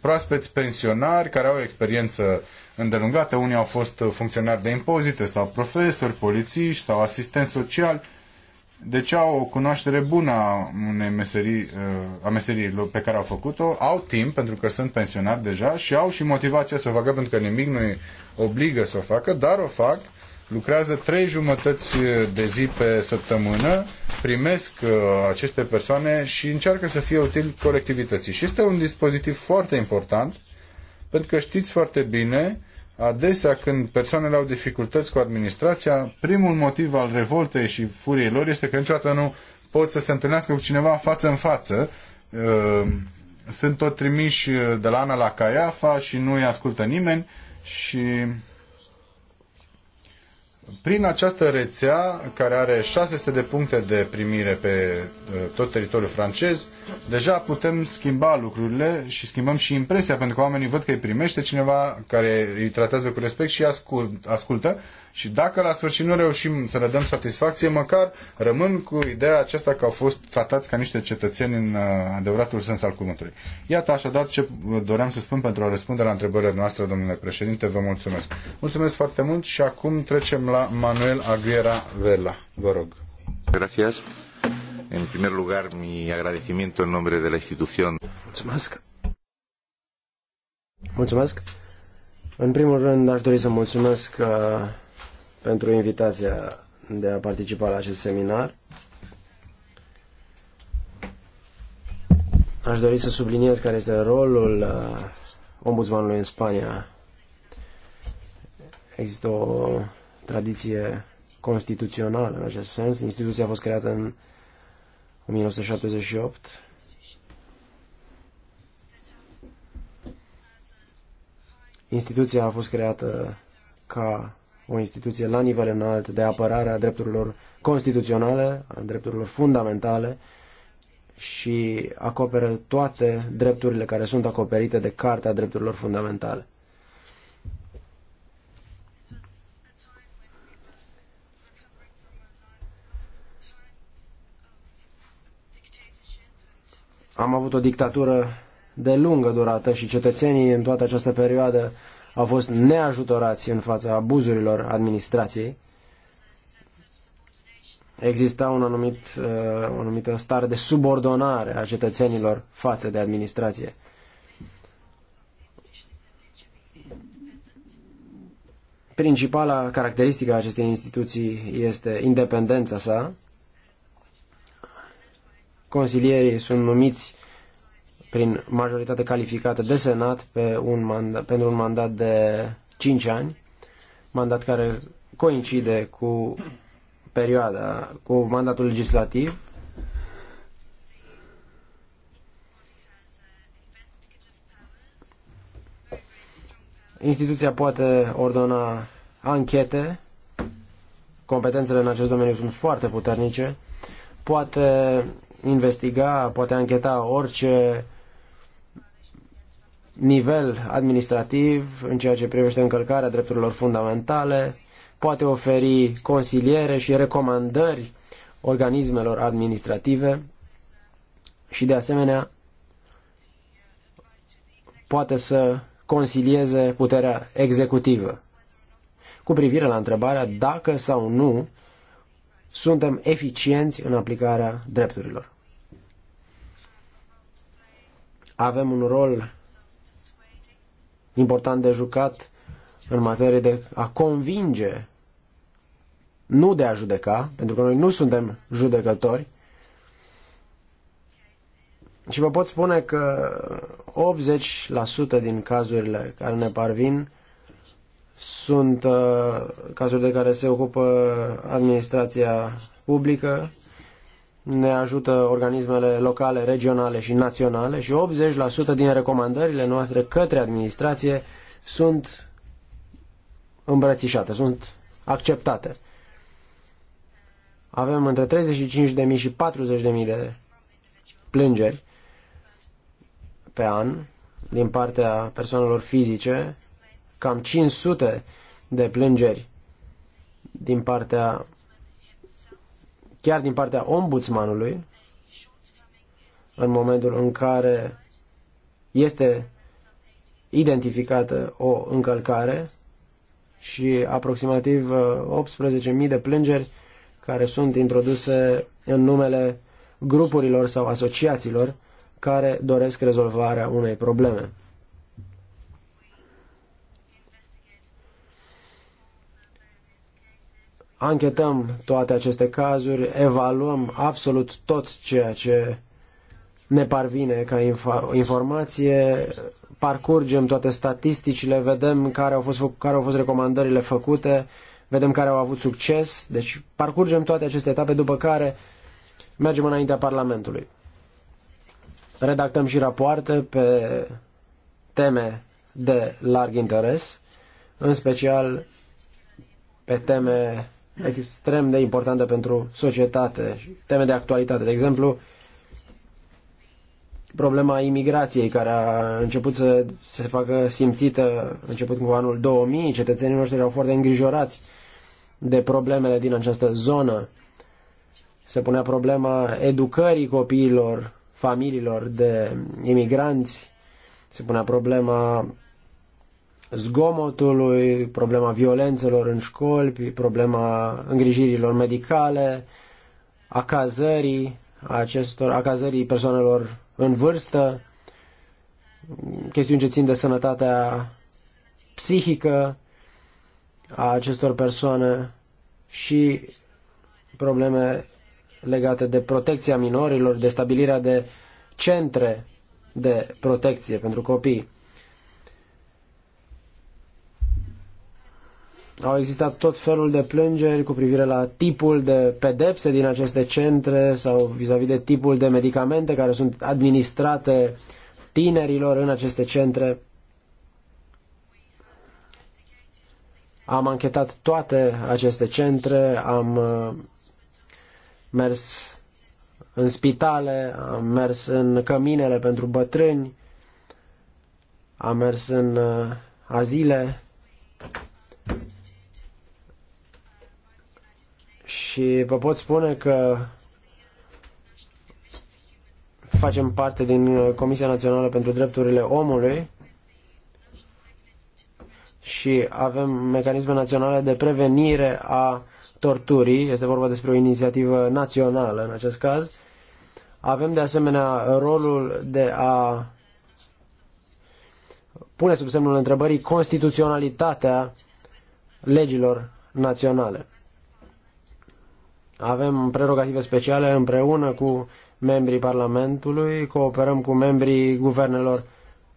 proaspeți pensionari care au experiență îndelungată. Unii au fost funcționari de impozite sau profesori, polițiști sau asistenți sociali. Deci au o cunoaștere bună a, unei meserii, uh, a meseriilor pe care au făcut-o, au timp pentru că sunt pensionari deja și au și motivația să o facă pentru că nimic nu îi obligă să o facă, dar o fac lucrează trei jumătăți de zi pe săptămână, primesc uh, aceste persoane și încearcă să fie util colectivității. Și este un dispozitiv foarte important, pentru că știți foarte bine, adesea când persoanele au dificultăți cu administrația, primul motiv al revoltei și furiei lor este că niciodată nu pot să se întâlnească cu cineva față în față. Uh, sunt tot trimiși de la Ana la Caiafa și nu îi ascultă nimeni și prin această rețea, care are 600 de puncte de primire pe uh, tot teritoriul francez, deja putem schimba lucrurile și schimbăm și impresia, pentru că oamenii văd că îi primește cineva care îi tratează cu respect și ascultă și dacă la sfârșit nu reușim să le dăm satisfacție, măcar rămân cu ideea aceasta că au fost tratați ca niște cetățeni în uh, adevăratul sens al cuvântului. Iată așadar ce doream să spun pentru a răspunde la întrebările noastre, domnule președinte. Vă mulțumesc. Mulțumesc foarte mult și acum trecem la Manuel Aguera Vela. Vă rog. Gracias. En primer lugar, mi agradecimiento en nombre de la institución. Mulțumesc. Mulțumesc. În primul rând, aș dori să mulțumesc uh pentru invitația de a participa la acest seminar. Aș dori să subliniez care este rolul uh, ombudsmanului în Spania. Există o tradiție constituțională în acest sens. Instituția a fost creată în 1978 Instituția a fost creată ca o instituție la nivel înalt de apărare a drepturilor constituționale, a drepturilor fundamentale și acoperă toate drepturile care sunt acoperite de Carta Drepturilor Fundamentale. Am avut o dictatură de lungă durată și cetățenii în toată această perioadă au fost neajutorați în fața abuzurilor administrației. Exista un anumit, uh, o anumită stare de subordonare a cetățenilor față de administrație. Principala caracteristică a acestei instituții este independența sa. Consilierii sunt numiți prin majoritate calificată de Senat pe un mandat, pentru un mandat de 5 ani, mandat care coincide cu perioada, cu mandatul legislativ. Instituția poate ordona anchete, competențele în acest domeniu sunt foarte puternice, poate investiga, poate ancheta orice nivel administrativ în ceea ce privește încălcarea drepturilor fundamentale, poate oferi consiliere și recomandări organismelor administrative și de asemenea poate să consilieze puterea executivă cu privire la întrebarea dacă sau nu suntem eficienți în aplicarea drepturilor. Avem un rol important de jucat în materie de a convinge, nu de a judeca, pentru că noi nu suntem judecători. Și vă pot spune că 80% din cazurile care ne parvin sunt uh, cazuri de care se ocupă administrația publică ne ajută organismele locale, regionale și naționale și 80% din recomandările noastre către administrație sunt îmbrățișate, sunt acceptate. Avem între 35.000 și 40.000 de plângeri pe an din partea persoanelor fizice, cam 500 de plângeri din partea chiar din partea ombudsmanului, în momentul în care este identificată o încălcare și aproximativ 18.000 uh, de plângeri care sunt introduse în numele grupurilor sau asociațiilor care doresc rezolvarea unei probleme. anchetăm toate aceste cazuri, evaluăm absolut tot ceea ce ne parvine ca info- informație, parcurgem toate statisticile, vedem care au, fost, care au fost recomandările făcute, vedem care au avut succes, deci parcurgem toate aceste etape, după care mergem înaintea Parlamentului. Redactăm și rapoarte pe teme de larg interes, în special pe teme extrem de importantă pentru societate și teme de actualitate. De exemplu, problema imigrației care a început să se facă simțită început cu anul 2000. Cetățenii noștri erau foarte îngrijorați de problemele din această zonă. Se punea problema educării copiilor, familiilor de imigranți, se punea problema zgomotului, problema violențelor în școli, problema îngrijirilor medicale, a cazării acestor, a cazării persoanelor în vârstă, chestiuni ce țin de sănătatea psihică a acestor persoane și probleme legate de protecția minorilor, de stabilirea de centre de protecție pentru copii. Au existat tot felul de plângeri cu privire la tipul de pedepse din aceste centre sau vis-a-vis -vis de tipul de medicamente care sunt administrate tinerilor în aceste centre. Am anchetat toate aceste centre, am uh, mers în spitale, am mers în căminele pentru bătrâni, am mers în uh, azile și vă pot spune că facem parte din Comisia Națională pentru Drepturile Omului și avem mecanisme naționale de prevenire a torturii. Este vorba despre o inițiativă națională în acest caz. Avem de asemenea rolul de a pune sub semnul întrebării constituționalitatea legilor naționale. Avem prerogative speciale împreună cu membrii Parlamentului, cooperăm cu membrii guvernelor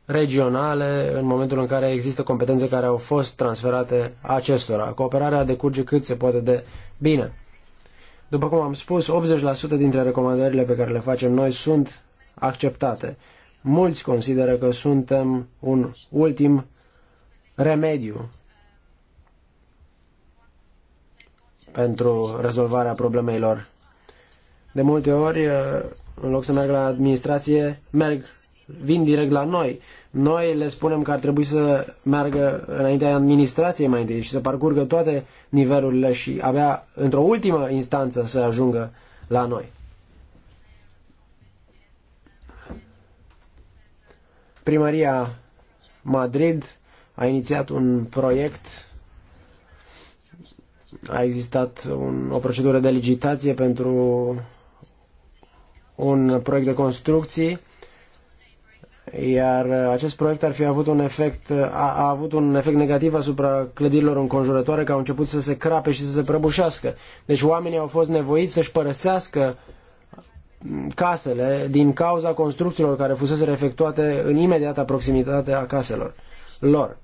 regionale în momentul în care există competențe care au fost transferate acestora. Cooperarea decurge cât se poate de bine. După cum am spus, 80% dintre recomandările pe care le facem noi sunt acceptate. Mulți consideră că suntem un ultim remediu pentru rezolvarea problemelor. De multe ori, eh, în loc să meargă la administrație, merg, vin direct la noi. Noi le spunem că ar trebui să meargă înaintea administrației mai întâi și să parcurgă toate nivelurile și abia într-o ultimă instanță să ajungă la noi. Primăria Madrid a inițiat un proiect a existat un, o procedură de licitație pentru un proiect de construcții, iar acest proiect ar fi avut un efect, a, a avut un efect negativ asupra clădirilor înconjurătoare care au început să se crape și să se prăbușească. Deci oamenii au fost nevoiți să-și părăsească casele din cauza construcțiilor care fusese efectuate în imediata proximitate a caselor lor.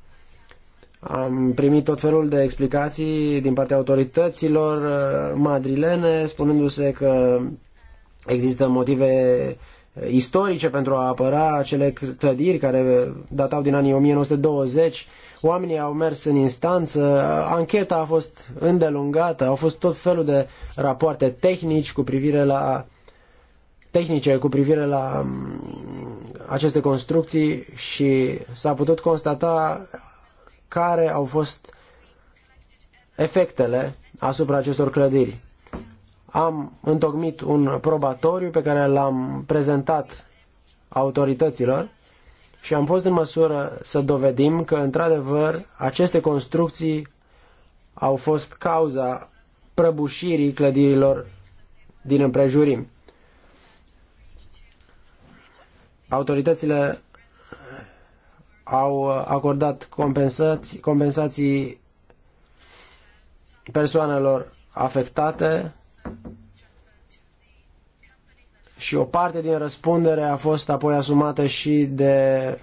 Am primit tot felul de explicații din partea autorităților uh, madrilene, spunându-se că există motive istorice pentru a apăra acele clădiri care datau din anii 1920. Oamenii au mers în instanță, ancheta a fost îndelungată, au fost tot felul de rapoarte tehnici cu privire la tehnice cu privire la mm, aceste construcții și s-a putut constata care au fost efectele asupra acestor clădiri. Am întocmit un probatoriu pe care l-am prezentat autorităților și am fost în măsură să dovedim că, într-adevăr, aceste construcții au fost cauza prăbușirii clădirilor din împrejurim. Autoritățile au acordat compensații, compensații persoanelor afectate și o parte din răspundere a fost apoi asumată și de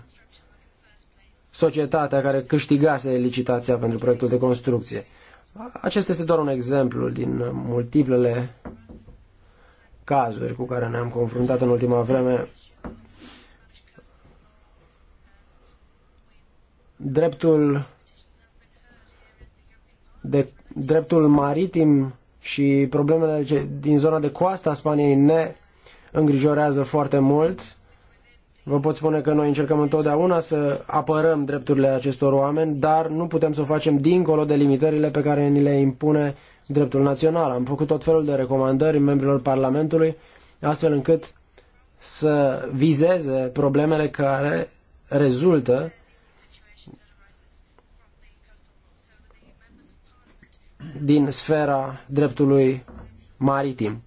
societatea care câștigase licitația pentru proiectul de construcție. Acesta este doar un exemplu din multiplele cazuri cu care ne-am confruntat în ultima vreme dreptul de dreptul maritim și problemele din zona de coastă a Spaniei ne îngrijorează foarte mult. Vă pot spune că noi încercăm întotdeauna să apărăm drepturile acestor oameni, dar nu putem să o facem dincolo de limitările pe care ni le impune dreptul național. Am făcut tot felul de recomandări membrilor Parlamentului, astfel încât să vizeze problemele care rezultă din sfera dreptului maritim.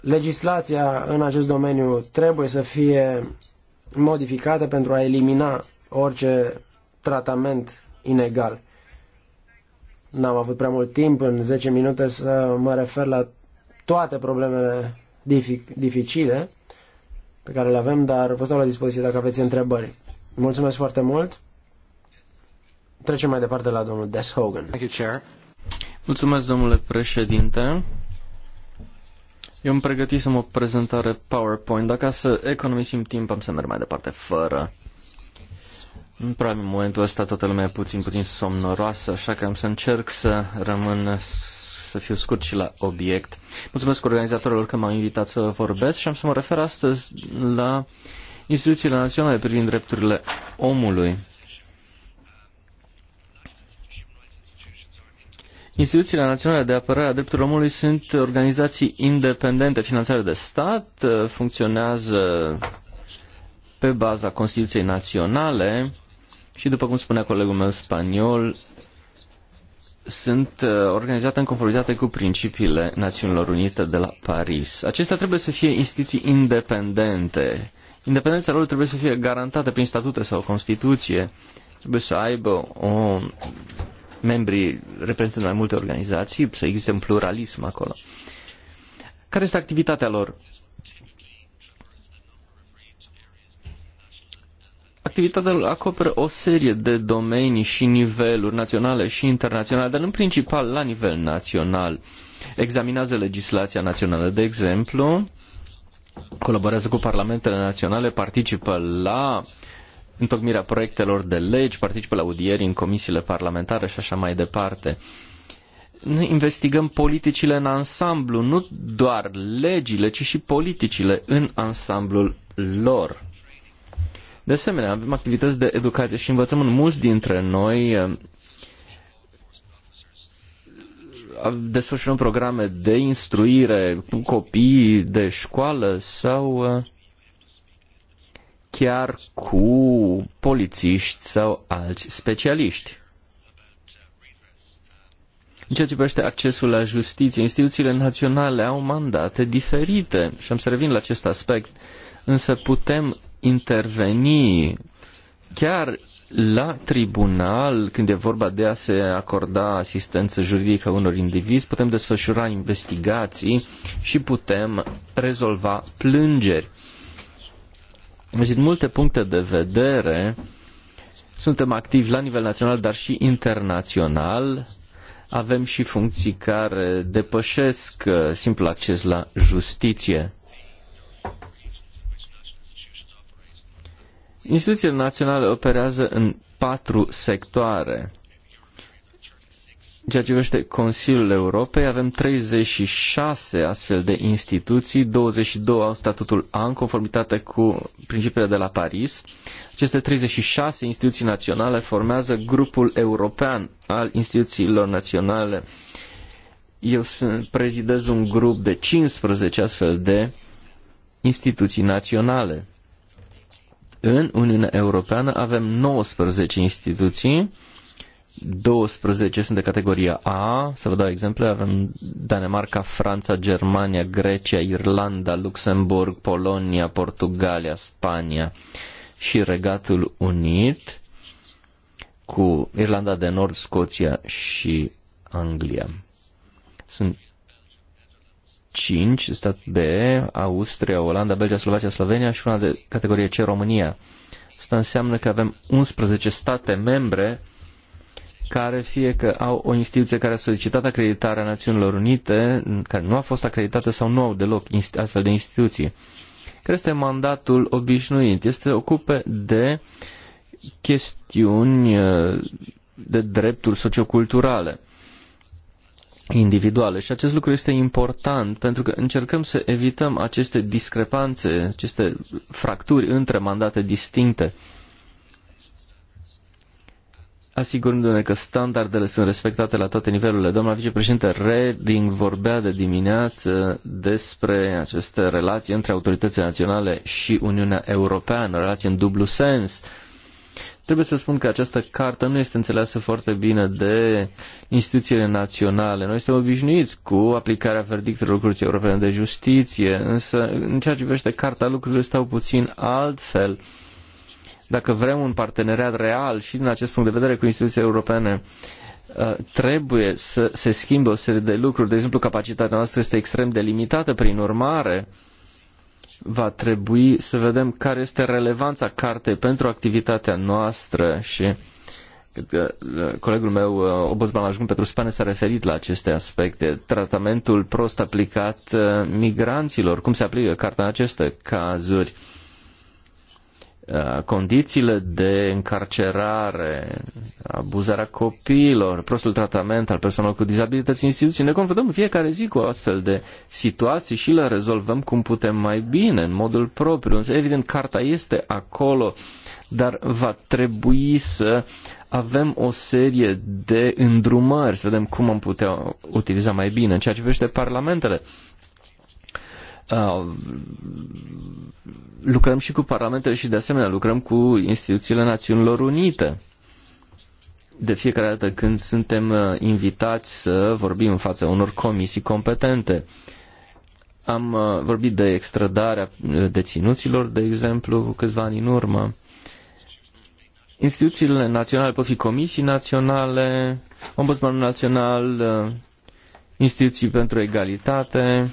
Legislația în acest domeniu trebuie să fie modificată pentru a elimina orice tratament inegal. N-am avut prea mult timp în 10 minute să mă refer la toate problemele dificile pe care le avem, dar vă stau la dispoziție dacă aveți întrebări. Mulțumesc foarte mult! Trecem mai departe la domnul Deshogan. Mulțumesc, domnule președinte. Eu îmi pregătisem o prezentare PowerPoint. Dacă să economisim timp, am să merg mai departe fără. În probabil în momentul ăsta toată lumea e puțin, puțin somnoroasă, așa că am să încerc să rămân să fiu scurt și la obiect. Mulțumesc organizatorilor că m-au invitat să vorbesc și am să mă refer astăzi la instituțiile naționale privind drepturile omului. Instituțiile Naționale de Apărare a Drepturilor Omului sunt organizații independente, finanțare de stat, uh, funcționează pe baza Constituției Naționale și, după cum spunea colegul meu spaniol, sunt uh, organizate în conformitate cu principiile Națiunilor Unite de la Paris. Acestea trebuie să fie instituții independente. Independența lor trebuie să fie garantată prin statute sau Constituție. Trebuie să aibă o membrii reprezintă mai multe organizații, să existe un pluralism acolo. Care este activitatea lor? Activitatea lor acoperă o serie de domenii și niveluri naționale și internaționale, dar în principal la nivel național. Examinează legislația națională, de exemplu, colaborează cu parlamentele naționale, participă la întocmirea proiectelor de legi, participă la audieri în comisiile parlamentare și așa mai departe. Noi investigăm politicile în ansamblu, nu doar legile, ci și politicile în ansamblul lor. De asemenea, avem activități de educație și învățăm în mulți dintre noi eh, desfășurăm programe de instruire cu copii de școală sau uh, chiar cu polițiști sau alți specialiști. În ceea ce privește accesul la justiție, instituțiile naționale au mandate diferite și am să revin la acest aspect, însă putem interveni chiar la tribunal, când e vorba de a se acorda asistență juridică unor indivizi, putem desfășura investigații și putem rezolva plângeri. Deci, din multe puncte de vedere, suntem activi la nivel național, dar și internațional. Avem și funcții care depășesc uh, simplu acces la justiție. Instituțiile naționale operează în patru sectoare ceea ce privește Consiliul Europei, avem 36 astfel de instituții, 22 au statutul A în conformitate cu principiile de la Paris. Aceste 36 instituții naționale formează grupul european al instituțiilor naționale. Eu sunt, prezidez un grup de 15 astfel de instituții naționale. În Uniunea Europeană avem 19 instituții, 12 sunt de categoria A, să vă dau exemple, avem Danemarca, Franța, Germania, Grecia, Irlanda, Luxemburg, Polonia, Portugalia, Spania și Regatul Unit cu Irlanda de Nord, Scoția și Anglia. Sunt 5 stat B, Austria, Olanda, Belgia, Slovacia, Slovenia și una de categorie C, România. Asta înseamnă că avem 11 state membre care fie că au o instituție care a solicitat acreditarea Națiunilor Unite, care nu a fost acreditată sau nu au deloc astfel de instituție, Care este mandatul obișnuit? Este ocupe de chestiuni uh, de drepturi socioculturale individuale și acest lucru este important pentru că încercăm să evităm aceste discrepanțe, aceste fracturi între mandate distincte asigurându-ne că standardele sunt respectate la toate nivelurile. Doamna vicepreședinte Reding vorbea de dimineață despre aceste relații între autoritățile naționale și Uniunea Europeană, relații în dublu sens. Trebuie să spun că această carte nu este înțeleasă foarte bine de instituțiile naționale. Noi suntem obișnuiți cu aplicarea verdictelor Curții Europene de Justiție, însă în ceea ce privește carta lucrurile stau puțin altfel. Uh, dacă vrem un parteneriat real și din acest punct de vedere cu instituțiile europene, uh, trebuie să se schimbe o serie de lucruri. De exemplu, capacitatea noastră este extrem de limitată, prin urmare, va trebui să vedem care este relevanța cartei pentru activitatea noastră și cred că uh, colegul meu, uh, Obozban Ajun Petru Spane, s-a referit la aceste aspecte. Tratamentul prost aplicat migranților, cum se aplică cartea în aceste cazuri. Uh, condițiile de încarcerare, abuzarea copiilor, prostul tratament al persoanelor cu dizabilități în instituții. Ne confruntăm în fiecare zi cu astfel de situații și le rezolvăm cum putem mai bine, în modul propriu. Însă, evident, carta este acolo, dar va trebui să avem o serie de îndrumări, să vedem cum am putea utiliza mai bine în ceea ce privește parlamentele. Uh, lucrăm și cu parlamentele și de asemenea lucrăm cu instituțiile Națiunilor Unite. De fiecare dată când suntem uh, invitați să vorbim în fața unor comisii competente. Am uh, vorbit de extradarea deținuților, de exemplu, câțiva ani în urmă. Instituțiile naționale pot fi comisii naționale, ombudsmanul național, instituții pentru egalitate,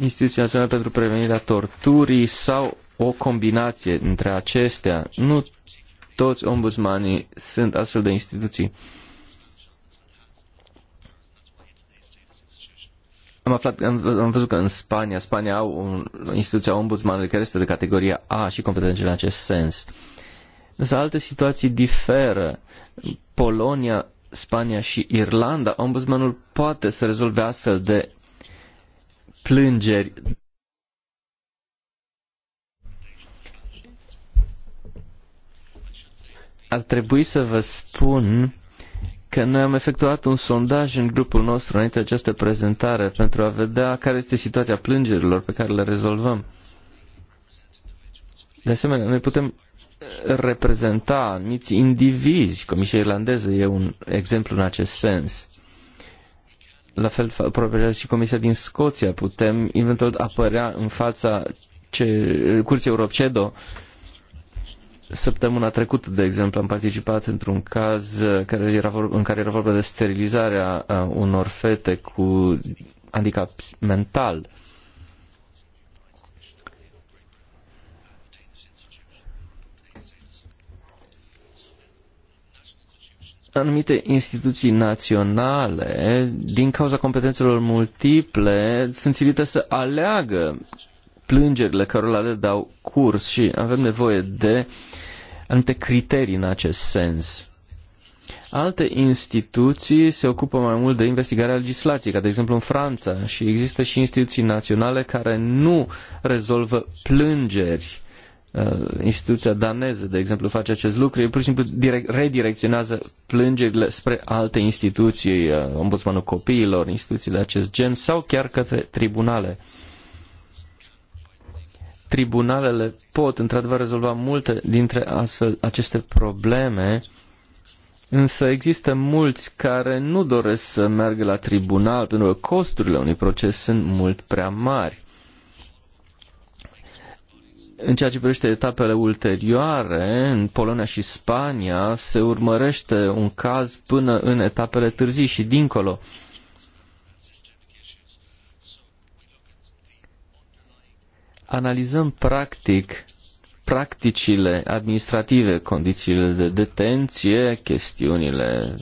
Instituția Națională pentru Prevenirea Torturii sau o combinație între acestea. Nu toți ombudsmanii sunt astfel de instituții. Am aflat, am, am văzut că în Spania, Spania au un, instituția ombudsmanului care este de categoria A și competențe în acest sens. Însă alte situații diferă. Polonia, Spania și Irlanda, ombudsmanul poate să rezolve astfel de plângeri. Ar trebui să vă spun că noi am efectuat un sondaj în grupul nostru înainte de această prezentare pentru a vedea care este situația plângerilor pe care le rezolvăm. De asemenea, noi putem reprezenta anumiți indivizi. Comisia irlandeză e un exemplu în acest sens. La fel, probabil și Comisia din Scoția, putem eventual apărea în fața ce, Curții Europcedo. Săptămâna trecută, de exemplu, am participat într-un caz care era vorba, în care era vorba de sterilizarea unor fete cu handicap mental. Uh, anumite instituții naționale, din cauza competențelor multiple, sunt silite să aleagă plângerile cărora le dau curs și avem nevoie de anumite criterii în acest sens. Alte instituții se ocupă mai mult de investigarea legislației, ca de exemplu în Franța, și există și instituții naționale care nu rezolvă plângeri Uh, instituția daneză, de exemplu, face acest lucru, el pur și simplu direct, redirecționează plângerile spre alte instituții, uh, ombudsmanul copiilor, instituții de acest gen, sau chiar către tribunale. Tribunalele pot, într-adevăr, rezolva multe dintre astfel aceste probleme, însă există mulți care nu doresc să meargă la tribunal, pentru că costurile unui proces sunt mult prea mari în ceea ce privește etapele ulterioare, în Polonia și Spania se urmărește un caz până în etapele târzii și dincolo. Analizăm practic practicile administrative, condițiile de detenție, chestiunile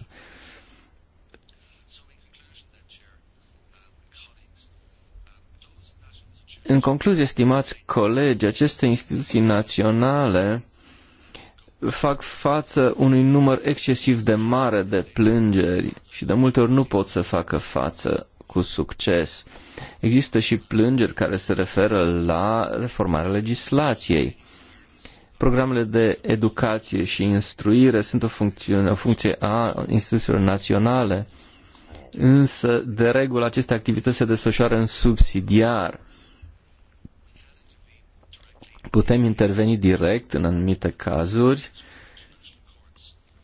În concluzie, stimați colegi, aceste instituții naționale fac față unui număr excesiv de mare de plângeri și de multe ori nu pot să facă față cu succes. Există și plângeri care se referă la reformarea legislației. Programele de educație și instruire sunt o funcție, o funcție a instituțiilor naționale, însă, de regulă, aceste activități se desfășoară în subsidiar Putem interveni direct în anumite cazuri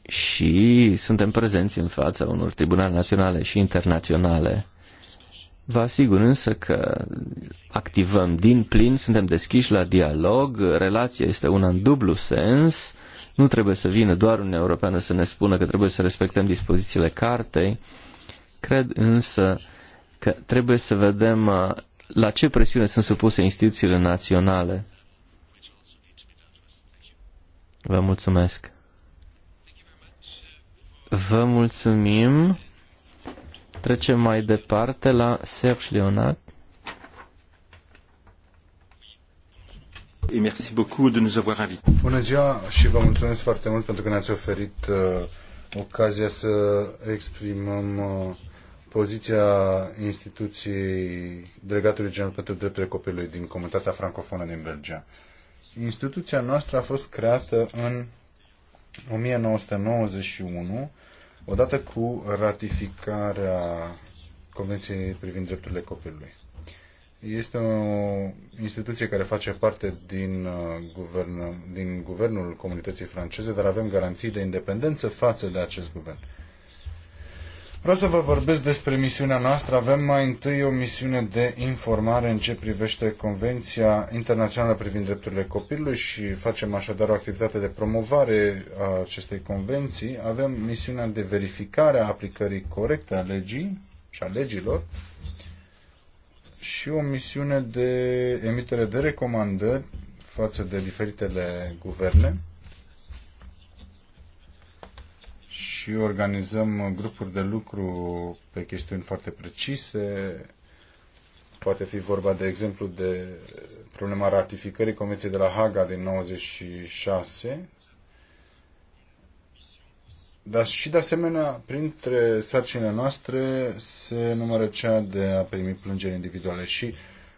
și suntem prezenți în fața unor tribunale naționale și internaționale. Vă asigur însă că activăm din plin, suntem deschiși la dialog, relația este una în dublu sens, nu trebuie să vină doar Uniunea Europeană să ne spună că trebuie să respectăm dispozițiile cartei. Cred însă că trebuie să vedem uh, la ce presiune sunt supuse instituțiile naționale. Vă mulțumesc. Vă mulțumim. Trecem mai departe la Serge Leonard. Bună ziua și vă mulțumesc foarte mult pentru că ne-ați oferit uh, ocazia să exprimăm uh, poziția instituției Delegatului General pentru Drepturile Copilului din Comunitatea Francofonă din Belgia. Uh, instituția noastră a fost creată în 1991, odată cu ratificarea Convenției privind drepturile copilului. Este o instituție care face parte din, uh, guvern, din guvernul comunității franceze, dar avem garanții de independență față de acest guvern. Vreau să vă vorbesc despre misiunea noastră. Avem mai întâi o misiune de informare în ce privește Convenția Internațională privind drepturile copilului și facem așadar o activitate de promovare a acestei convenții. Avem misiunea de verificare a aplicării corecte a legii și a legilor și o misiune de emitere de recomandări față de diferitele guverne și organizăm grupuri de lucru pe chestiuni foarte precise. Poate fi vorba, de exemplu, de problema ratificării Convenției de la Haga din 96, dar și de asemenea, printre sarcinile noastre se numără cea de a primi plângeri individuale și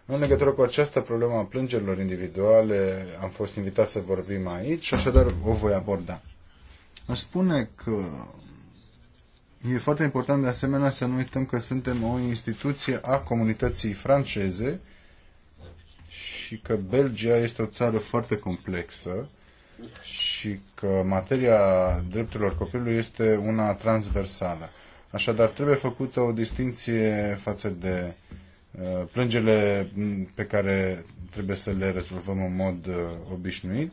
în legătură cu această problemă a plângerilor individuale am fost invitat să vorbim aici, așadar o voi aborda. Aș spune că e foarte important de asemenea să nu uităm că suntem o instituție a comunității franceze și că Belgia este o țară foarte complexă și că materia drepturilor copilului este una transversală. Așadar, trebuie făcută o distinție față de uh, plângele pe care trebuie să le rezolvăm în mod uh, obișnuit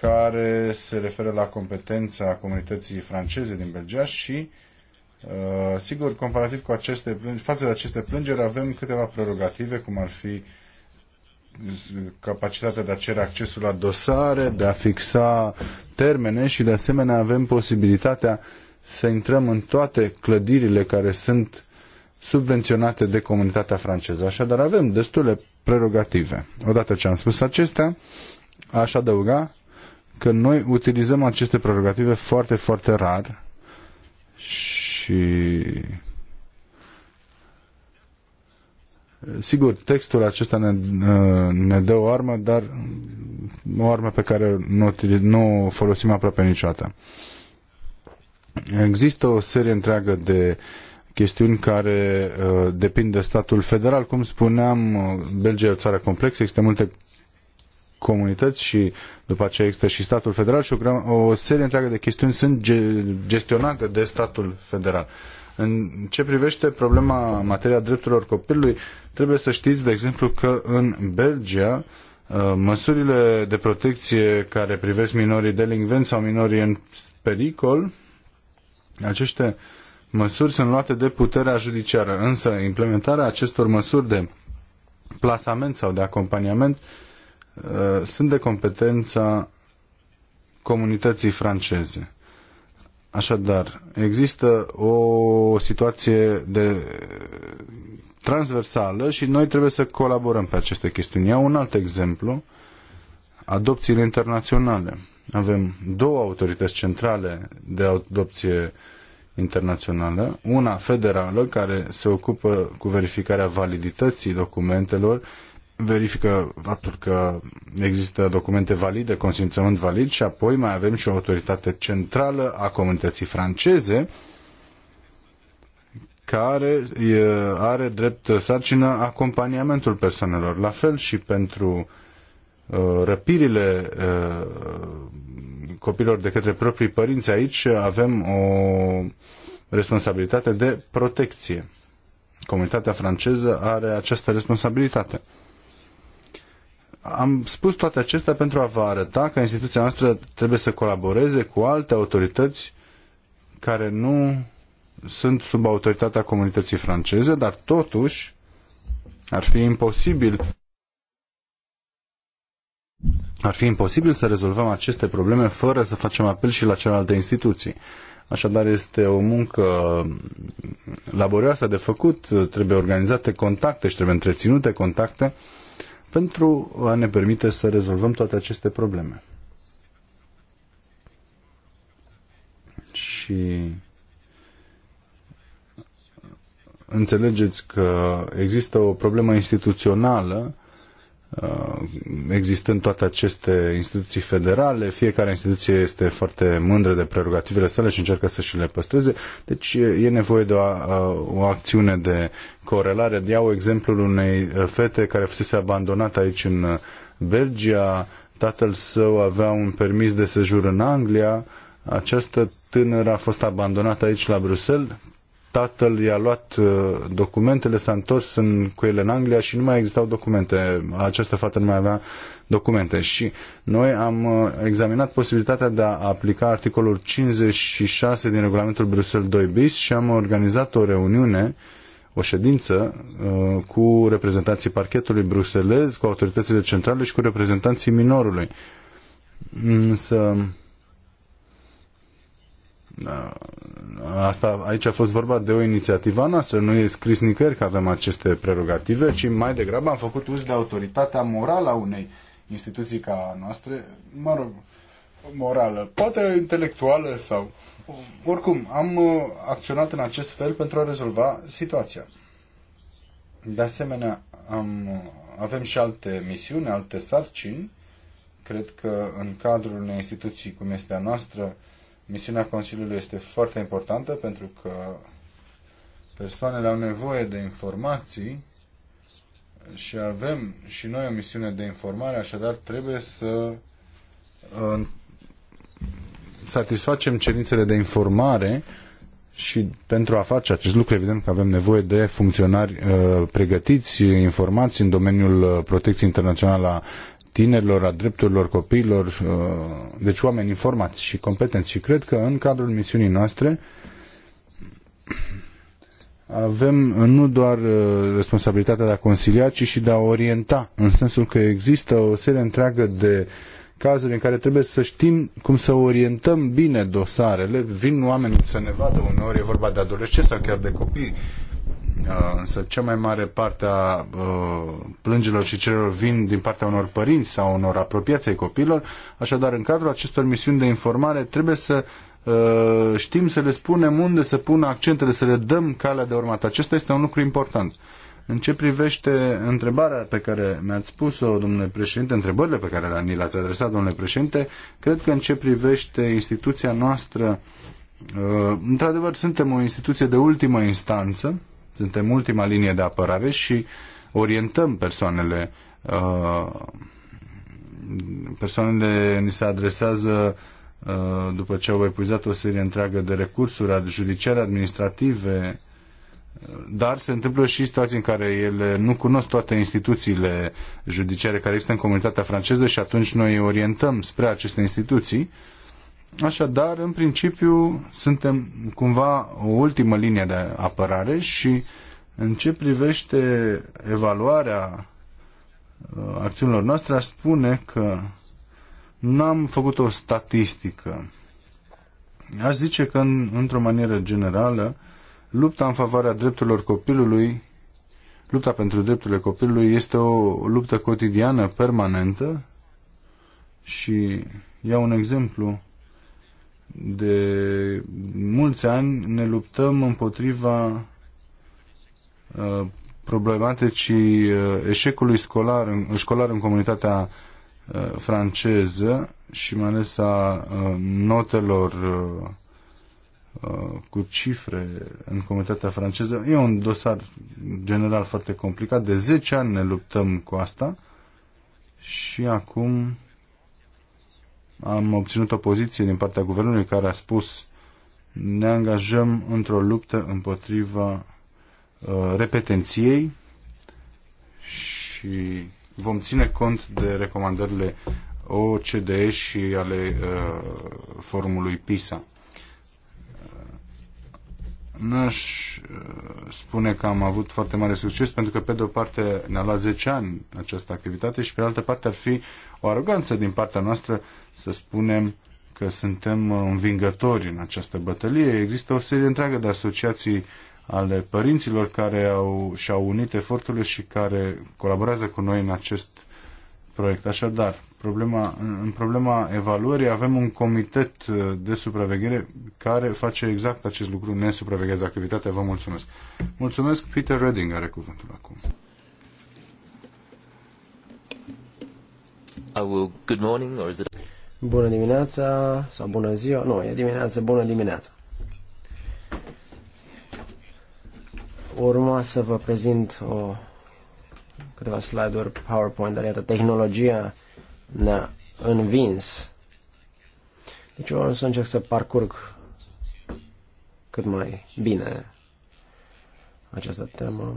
care se referă la competența comunității franceze din Belgia și Uh, sigur, comparativ cu aceste plângeri, față de aceste plângeri, avem câteva prerogative, cum ar fi capacitatea de a cere accesul la dosare, de a fixa termene și, de asemenea, avem posibilitatea să intrăm în toate clădirile care sunt subvenționate de comunitatea franceză. Așadar, avem destule prerogative. Odată ce am spus acestea, aș adăuga că noi utilizăm aceste prerogative foarte, foarte rar și Sigur, textul acesta ne, ne dă o armă, dar o armă pe care nu, nu o folosim aproape niciodată. Există o serie întreagă de chestiuni care uh, depind de statul federal. Cum spuneam, uh, Belgia e o țară complexă, există multe comunități și după aceea există și statul federal și o, o serie întreagă de chestiuni sunt ge, gestionate de statul federal. În ce privește problema materia drepturilor copilului, trebuie să știți, de exemplu, că în Belgia uh, măsurile de protecție care privesc minorii delinvenți sau minorii în pericol, aceste măsuri sunt luate de puterea judiciară, însă implementarea acestor măsuri de plasament sau de acompaniament uh, Uh, sunt de competența comunității franceze. Așadar, există o situație de transversală și noi trebuie să colaborăm pe aceste chestiuni. Iau un alt exemplu, adopțiile internaționale. Avem două autorități centrale de adopție internațională, una federală care se ocupă cu verificarea validității documentelor verifică faptul că există documente valide, consimțământ valid și apoi mai avem și o autoritate centrală a comunității franceze care are drept sarcină acompaniamentul persoanelor. La fel și pentru uh, răpirile uh, copilor de către proprii părinți aici avem o responsabilitate de protecție. Comunitatea franceză are această responsabilitate. Am spus toate acestea pentru a vă arăta că instituția noastră trebuie să colaboreze cu alte autorități care nu sunt sub autoritatea comunității franceze, dar totuși ar fi imposibil ar fi imposibil să rezolvăm aceste probleme fără să facem apel și la celelalte instituții. Așadar, este o muncă laborioasă de făcut, trebuie organizate contacte și trebuie întreținute contacte pentru a ne permite să rezolvăm toate aceste probleme. Și înțelegeți că există o problemă instituțională Uh, existând toate aceste instituții federale, fiecare instituție este foarte mândră de prerogativele sale și încearcă să și le păstreze. Deci e nevoie de o, o acțiune de corelare. Iau exemplul unei uh, fete care fusese abandonată aici în uh, Belgia, tatăl său avea un permis de sejur în Anglia, această tânără a fost abandonată aici la Bruxelles, tatăl i-a luat uh, documentele, s-a întors în, cu ele în Anglia și nu mai existau documente. Această fată nu mai avea documente. Și noi am uh, examinat posibilitatea de a aplica articolul 56 din regulamentul Bruxelles 2 bis și am organizat o reuniune o ședință uh, cu reprezentanții parchetului bruxelez, cu autoritățile centrale și cu reprezentanții minorului. Însă, da. Asta, aici a fost vorba de o inițiativă a noastră, nu e scris nicăieri că avem aceste prerogative, ci mai degrabă am făcut uz de autoritatea morală a unei instituții ca a noastră, mă rog, morală, poate intelectuală sau... Oricum, am uh, acționat în acest fel pentru a rezolva situația. De asemenea, am, uh, avem și alte misiuni, alte sarcini. Cred că în cadrul unei instituții cum este a noastră, Misiunea Consiliului este foarte importantă pentru că persoanele au nevoie de informații și avem și noi o misiune de informare, așadar trebuie să satisfacem cerințele de informare și pentru a face acest lucru, evident că avem nevoie de funcționari uh, pregătiți, informați în domeniul uh, protecției internaționale a tinerilor, a drepturilor copiilor, uh, deci oameni informați și competenți. Și cred că în cadrul misiunii noastre avem nu doar uh, responsabilitatea de a consilia, ci și de a orienta, în sensul că există o serie întreagă de cazuri în care trebuie să știm cum să orientăm bine dosarele. Vin oameni să ne vadă uneori, e vorba de adolescenți sau chiar de copii Uh, însă cea mai mare parte a uh, plângerilor și cererilor vin din partea unor părinți sau unor apropiați ai copiilor. Așadar, în cadrul acestor misiuni de informare trebuie să uh, știm să le spunem unde să pună accentele, să le dăm calea de urmat. Acesta este un lucru important. În ce privește întrebarea pe care mi-ați spus-o, domnule președinte, întrebările pe care ni le-ați adresat, domnule președinte, cred că în ce privește instituția noastră, într-adevăr suntem o instituție de ultimă instanță, suntem ultima linie de apărare și orientăm persoanele. Uh, persoanele ni se adresează uh, după ce au epuizat o serie întreagă de recursuri judiciare, administrative, uh, dar se întâmplă și situații în care ele nu cunosc toate instituțiile judiciare care există în comunitatea franceză și atunci noi orientăm spre aceste instituții Așadar, în principiu, suntem cumva o ultimă linie de apărare și în ce privește evaluarea uh, acțiunilor noastre, a spune că n-am făcut o statistică. Aș zice că, în, într-o manieră generală, lupta în favoarea drepturilor copilului, lupta pentru drepturile copilului este o luptă cotidiană, permanentă și iau un exemplu de mulți ani ne luptăm împotriva uh, problematicii uh, eșecului școlar, școlar în comunitatea uh, franceză și mai ales a notelor cu cifre în comunitatea franceză. E un dosar general foarte complicat. De 10 ani ne luptăm cu asta și acum am obținut o poziție din partea guvernului care a spus ne angajăm într-o luptă împotriva uh, repetenției și vom ține cont de recomandările OCDE și ale uh, forumului PISA n-aș uh, spune că am avut foarte mare succes, pentru că, pe de o parte, ne-a luat 10 ani această activitate și, pe de altă parte, ar fi o aroganță din partea noastră să spunem că suntem învingători în această bătălie. Există o serie întreagă de asociații ale părinților care au, și-au unit eforturile și care colaborează cu noi în acest proiect. Așadar, problema, în problema evaluării avem un comitet uh, de supraveghere care face exact acest lucru, ne supraveghează activitatea. Vă mulțumesc. Mulțumesc. Peter Redding are cuvântul acum. Good morning, or is it... Bună dimineața sau bună ziua. Nu, e dimineața, bună dimineața. Urma să vă prezint o, câteva slide-uri PowerPoint, dar iată, tehnologia ne-a învins. Deci eu o să încerc să parcurg cât mai bine această temă.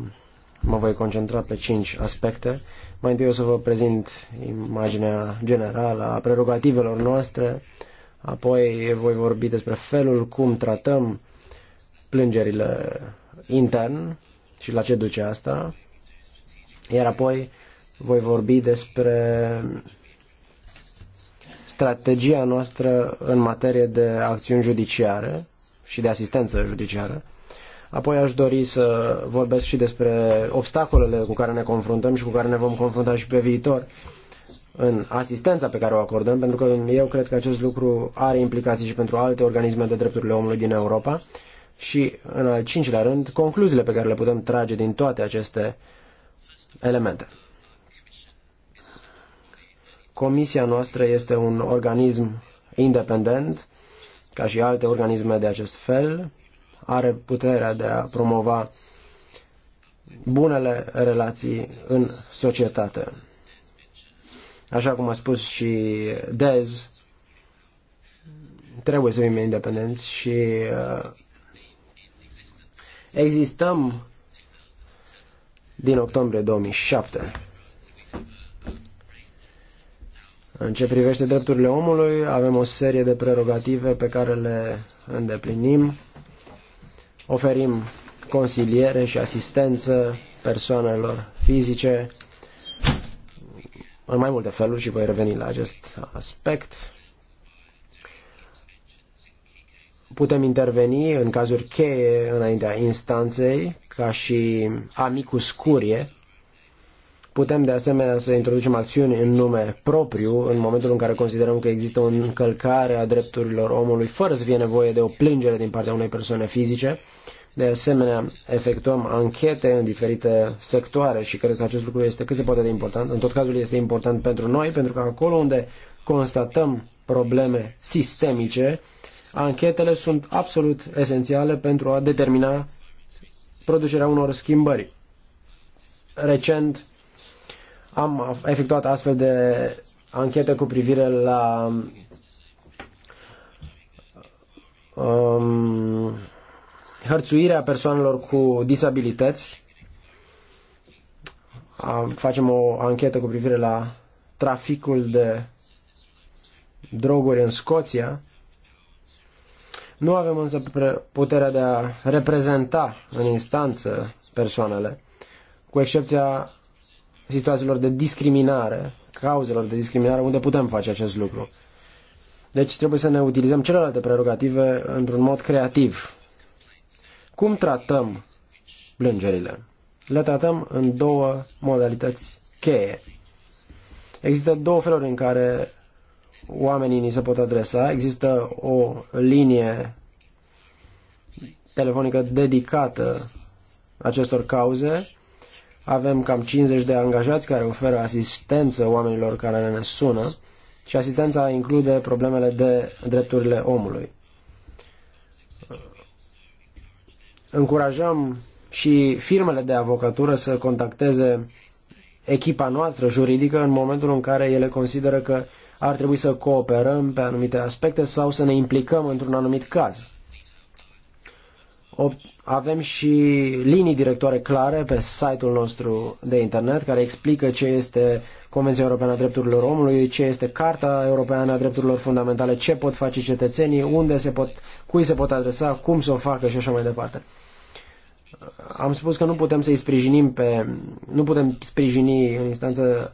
Mă voi concentra pe cinci aspecte. Mai întâi o să vă prezint imaginea generală a prerogativelor noastre, apoi voi vorbi despre felul cum tratăm plângerile intern și la ce duce asta, iar apoi voi vorbi despre strategia noastră în materie de acțiuni judiciare și de asistență judiciară. Apoi aș dori să vorbesc și despre obstacolele cu care ne confruntăm și cu care ne vom confrunta și pe viitor în asistența pe care o acordăm, pentru că eu cred că acest lucru are implicații și pentru alte organisme de drepturile omului din Europa. Și, în al cincilea rând, concluziile pe care le putem trage din toate aceste elemente. Comisia noastră este un organism independent, ca și alte organisme de acest fel, are puterea de a promova bunele relații în societate. Așa cum a spus și Dez, trebuie să fim independenți și uh, existăm din octombrie 2007. În ce privește drepturile omului, avem o serie de prerogative pe care le îndeplinim. Oferim consiliere și asistență persoanelor fizice în mai multe feluri și voi reveni la acest aspect. Putem interveni în cazuri cheie înaintea instanței, ca și amicus curie, Putem de asemenea să introducem acțiuni în nume propriu în momentul în care considerăm că există o încălcare a drepturilor omului fără să fie nevoie de o plângere din partea unei persoane fizice. De asemenea, efectuăm anchete în diferite sectoare și cred că acest lucru este cât se poate de important. În tot cazul este important pentru noi, pentru că acolo unde constatăm probleme sistemice, anchetele sunt absolut esențiale pentru a determina producerea unor schimbări. Recent am efectuat astfel de anchete cu privire la um, hărțuirea persoanelor cu disabilități. Facem o anchetă cu privire la traficul de droguri în Scoția. Nu avem însă puterea de a reprezenta în instanță persoanele, cu excepția situațiilor de discriminare, cauzelor de discriminare, unde putem face acest lucru. Deci trebuie să ne utilizăm celelalte prerogative într-un mod creativ. Cum tratăm plângerile? Le tratăm în două modalități cheie. Există două feluri în care oamenii ni se pot adresa. Există o linie telefonică dedicată acestor cauze avem cam 50 de angajați care oferă asistență oamenilor care ne sună și asistența include problemele de drepturile omului. Încurajăm și firmele de avocatură să contacteze echipa noastră juridică în momentul în care ele consideră că ar trebui să cooperăm pe anumite aspecte sau să ne implicăm într-un anumit caz avem și linii directoare clare pe site-ul nostru de internet care explică ce este Convenția Europeană a Drepturilor Omului, ce este Carta Europeană a Drepturilor Fundamentale, ce pot face cetățenii, unde se pot, cui se pot adresa, cum să o facă și așa mai departe. Am spus că nu putem să-i sprijinim pe, nu putem sprijini în instanță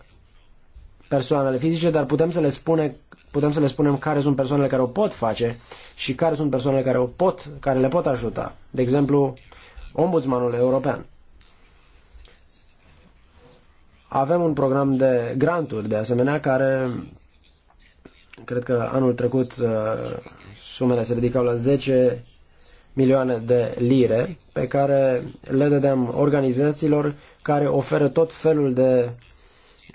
persoanele fizice, dar putem să le spunem putem să le spunem care sunt persoanele care o pot face și care sunt persoanele care, o pot, care le pot ajuta. De exemplu, Ombudsmanul European. Avem un program de granturi, de asemenea, care cred că anul trecut uh, sumele se ridicau la 10 milioane de lire pe care le dădeam organizațiilor care oferă tot felul de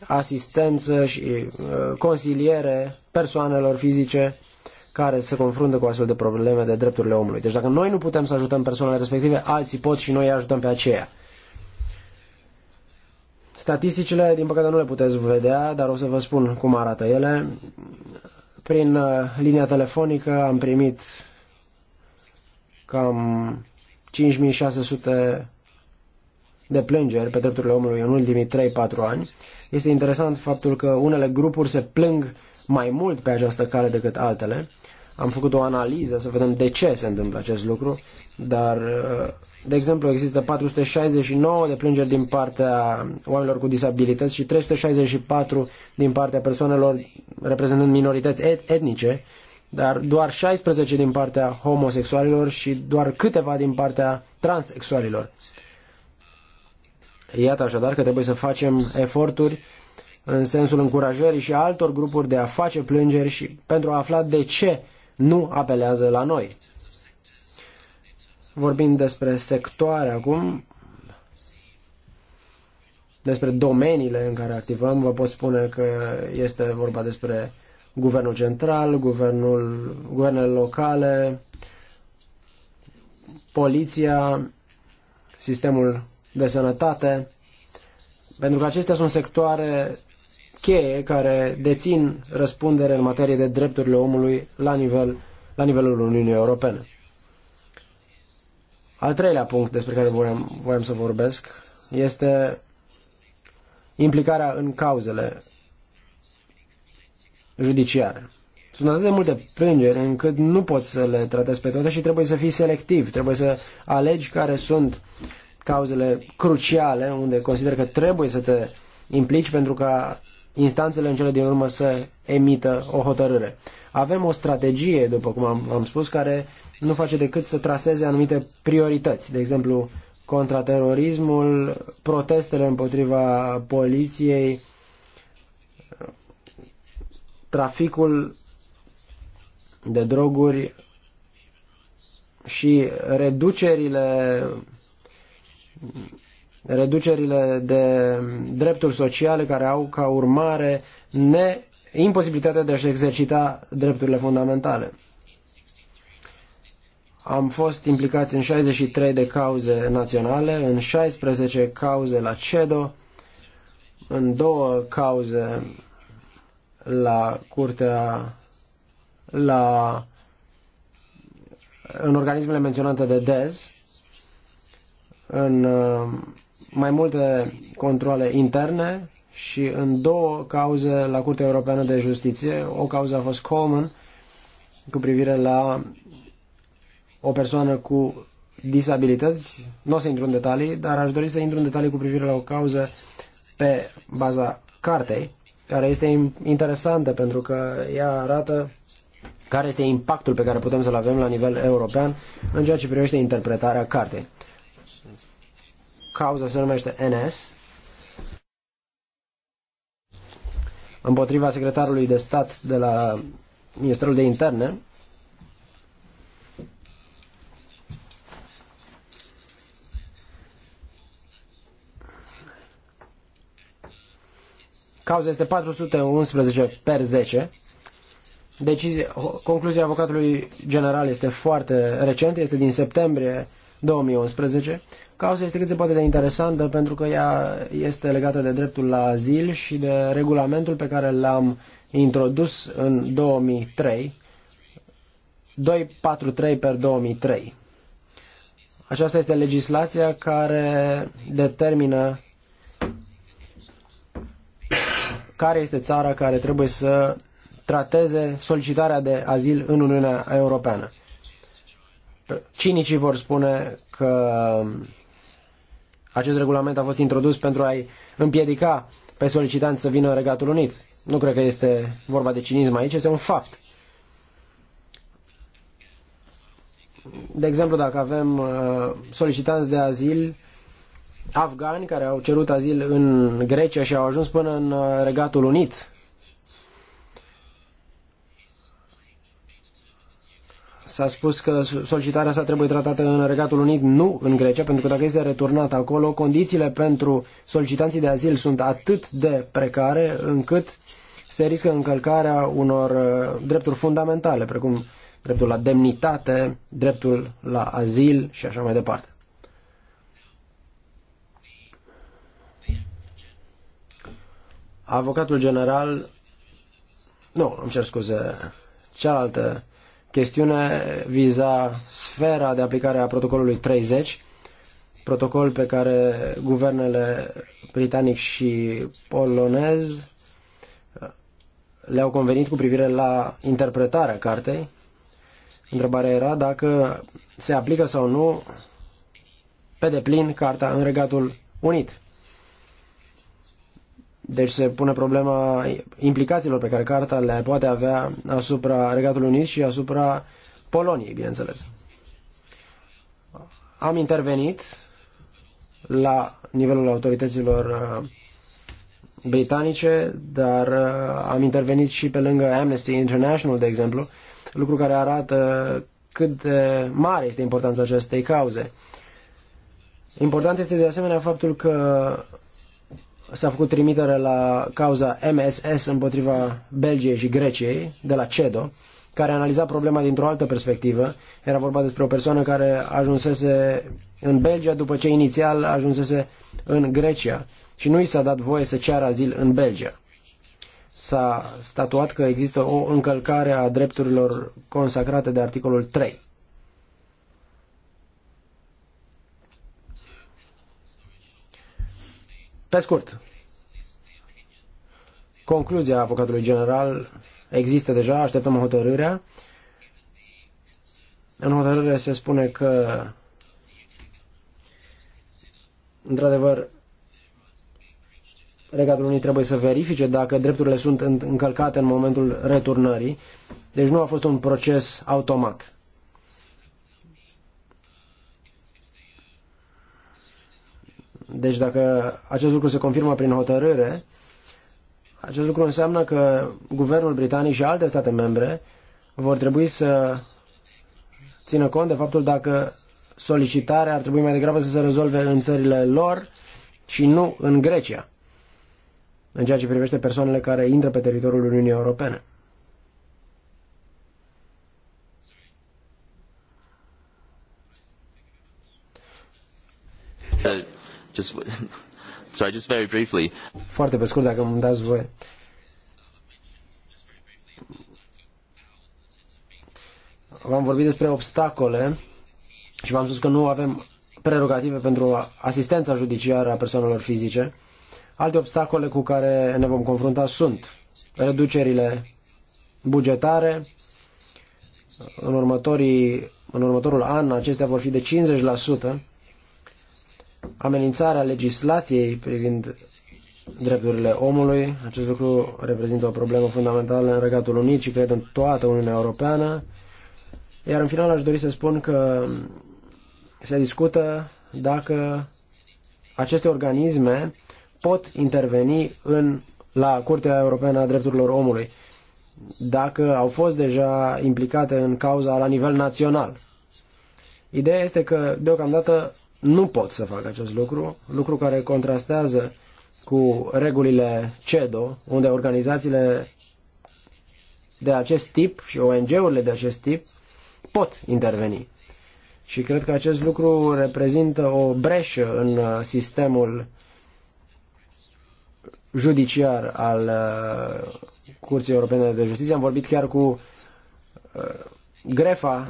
asistență și uh, consiliere persoanelor fizice care se confruntă cu astfel de probleme de drepturile omului. Deci dacă noi nu putem să ajutăm persoanele respective, alții pot și noi îi ajutăm pe aceea. Statisticile, din păcate, nu le puteți vedea, dar o să vă spun cum arată ele. Prin uh, linia telefonică am primit cam 5600 de plângeri pe drepturile omului în ultimii 3-4 ani. Este interesant faptul că unele grupuri se plâng mai mult pe această cale decât altele. Am făcut o analiză să vedem de ce se întâmplă acest lucru, dar, uh, de exemplu, există 469 de plângeri din partea oamenilor cu disabilități și 364 din partea persoanelor reprezentând minorități etnice, dar doar 16 din partea homosexualilor și doar câteva din partea transexualilor. Iată așadar că trebuie să facem eforturi în sensul încurajării și altor grupuri de a face plângeri și pentru a afla de ce nu apelează la noi. Vorbim despre sectoare acum, despre domeniile în care activăm, vă pot spune că este vorba despre guvernul central, guvernul, guvernele locale, poliția, sistemul de sănătate, pentru că acestea sunt sectoare cheie care dețin răspundere în materie de drepturile omului la, nivel, la nivelul Uniunii Europene. Al treilea punct despre care voiam, voiam să vorbesc este implicarea în cauzele judiciare. Sunt atât de multe plângeri încât nu poți să le tratezi pe toate și trebuie să fii selectiv, trebuie să alegi care sunt cauzele cruciale unde consider că trebuie să te implici pentru ca instanțele în cele din urmă să emită o hotărâre. Avem o strategie, după cum am, am spus, care nu face decât să traseze anumite priorități, de exemplu contraterorismul, protestele împotriva poliției, traficul de droguri și reducerile reducerile de drepturi sociale care au ca urmare ne imposibilitatea de a-și exercita drepturile fundamentale. Am fost implicați în 63 de cauze naționale, în 16 cauze la CEDO, în două cauze la curtea la în organismele menționate de DEZ, în mai multe controle interne și în două cauze la Curtea Europeană de Justiție. O cauză a fost Coleman cu privire la o persoană cu disabilități. Nu o să intru în detalii, dar aș dori să intru în detalii cu privire la o cauză pe baza cartei, care este interesantă pentru că ea arată care este impactul pe care putem să-l avem la nivel european în ceea ce privește interpretarea cartei cauza se numește NS, împotriva secretarului de stat de la Ministerul de Interne. Cauza este 411 per 10. Decizie, concluzia avocatului general este foarte recentă, este din septembrie 2011. Cauza este cât se poate de interesantă pentru că ea este legată de dreptul la azil și de regulamentul pe care l-am introdus în 2003, 243 per 2003. Aceasta este legislația care determină care este țara care trebuie să trateze solicitarea de azil în Uniunea Europeană. Cinicii vor spune că acest regulament a fost introdus pentru a-i împiedica pe solicitanți să vină în Regatul Unit. Nu cred că este vorba de cinism aici, este un fapt. De exemplu, dacă avem uh, solicitanți de azil afgani care au cerut azil în Grecia și au ajuns până în uh, Regatul Unit, S-a spus că solicitarea sa trebuie tratată în Regatul Unit, nu în Grecia, pentru că dacă este returnată acolo, condițiile pentru solicitanții de azil sunt atât de precare încât se riscă încălcarea unor uh, drepturi fundamentale, precum dreptul la demnitate, dreptul la azil și așa mai departe. Avocatul general, nu, îmi cer scuze, cealaltă chestiune viza sfera de aplicare a protocolului 30, protocol pe care guvernele britanic și polonez le-au convenit cu privire la interpretarea cartei. Întrebarea era dacă se aplică sau nu pe deplin carta în Regatul Unit. Deci se pune problema implicațiilor pe care carta le poate avea asupra Regatului Unit și asupra Poloniei, bineînțeles. Am intervenit la nivelul autorităților uh, britanice, dar uh, am intervenit și pe lângă Amnesty International, de exemplu, lucru care arată cât de mare este importanța acestei cauze. Important este de asemenea faptul că s-a făcut trimitere la cauza MSS împotriva Belgiei și Greciei de la CEDO, care analiza problema dintr-o altă perspectivă. Era vorba despre o persoană care ajunsese în Belgia după ce inițial ajunsese în Grecia și nu i s-a dat voie să ceară azil în Belgia. S-a statuat că există o încălcare a drepturilor consacrate de articolul 3. Pe scurt, concluzia avocatului general există deja, așteptăm hotărârea. În hotărâre se spune că, într-adevăr, Regatul Unii trebuie să verifice dacă drepturile sunt încălcate în momentul returnării, deci nu a fost un proces automat. Deci dacă acest lucru se confirmă prin hotărâre, acest lucru înseamnă că guvernul britanic și alte state membre vor trebui să țină cont de faptul dacă solicitarea ar trebui mai degrabă să se rezolve în țările lor și nu în Grecia, în ceea ce privește persoanele care intră pe teritoriul Uniunii Europene. just, sorry, just very briefly. Foarte pe scurt, dacă îmi dați voie. V-am vorbit despre obstacole și v-am spus că nu avem prerogative pentru asistența judiciară a persoanelor fizice. Alte obstacole cu care ne vom confrunta sunt reducerile bugetare. În, următorii, în următorul an acestea vor fi de 50% amenințarea legislației privind drepturile omului. Acest lucru reprezintă o problemă fundamentală în Regatul Unit și cred în toată Uniunea Europeană. Iar în final aș dori să spun că se discută dacă aceste organisme pot interveni în, la Curtea Europeană a Drepturilor Omului, dacă au fost deja implicate în cauza la nivel național. Ideea este că deocamdată nu pot să fac acest lucru, lucru care contrastează cu regulile CEDO, unde organizațiile de acest tip și ONG-urile de acest tip pot interveni. Și cred că acest lucru reprezintă o breșă în uh, sistemul judiciar al uh, Curții Europene de Justiție. Am vorbit chiar cu uh, Grefa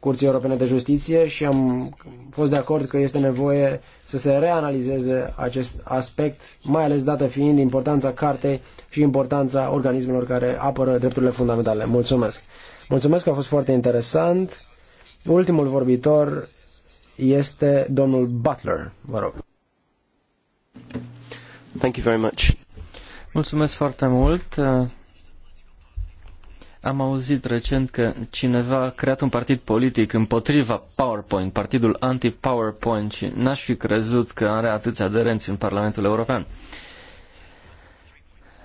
Curții Europene de Justiție și am fost de acord că este nevoie să se reanalizeze acest aspect, mai ales dată fiind importanța cartei și importanța organismelor care apără drepturile fundamentale. Mulțumesc! Mulțumesc că a fost foarte interesant. Ultimul vorbitor este domnul Butler. Vă rog. Thank you very much. Mulțumesc foarte mult. Am auzit recent că cineva a creat un partid politic împotriva PowerPoint, partidul anti-PowerPoint și n-aș fi crezut că are atâți aderenți în Parlamentul European.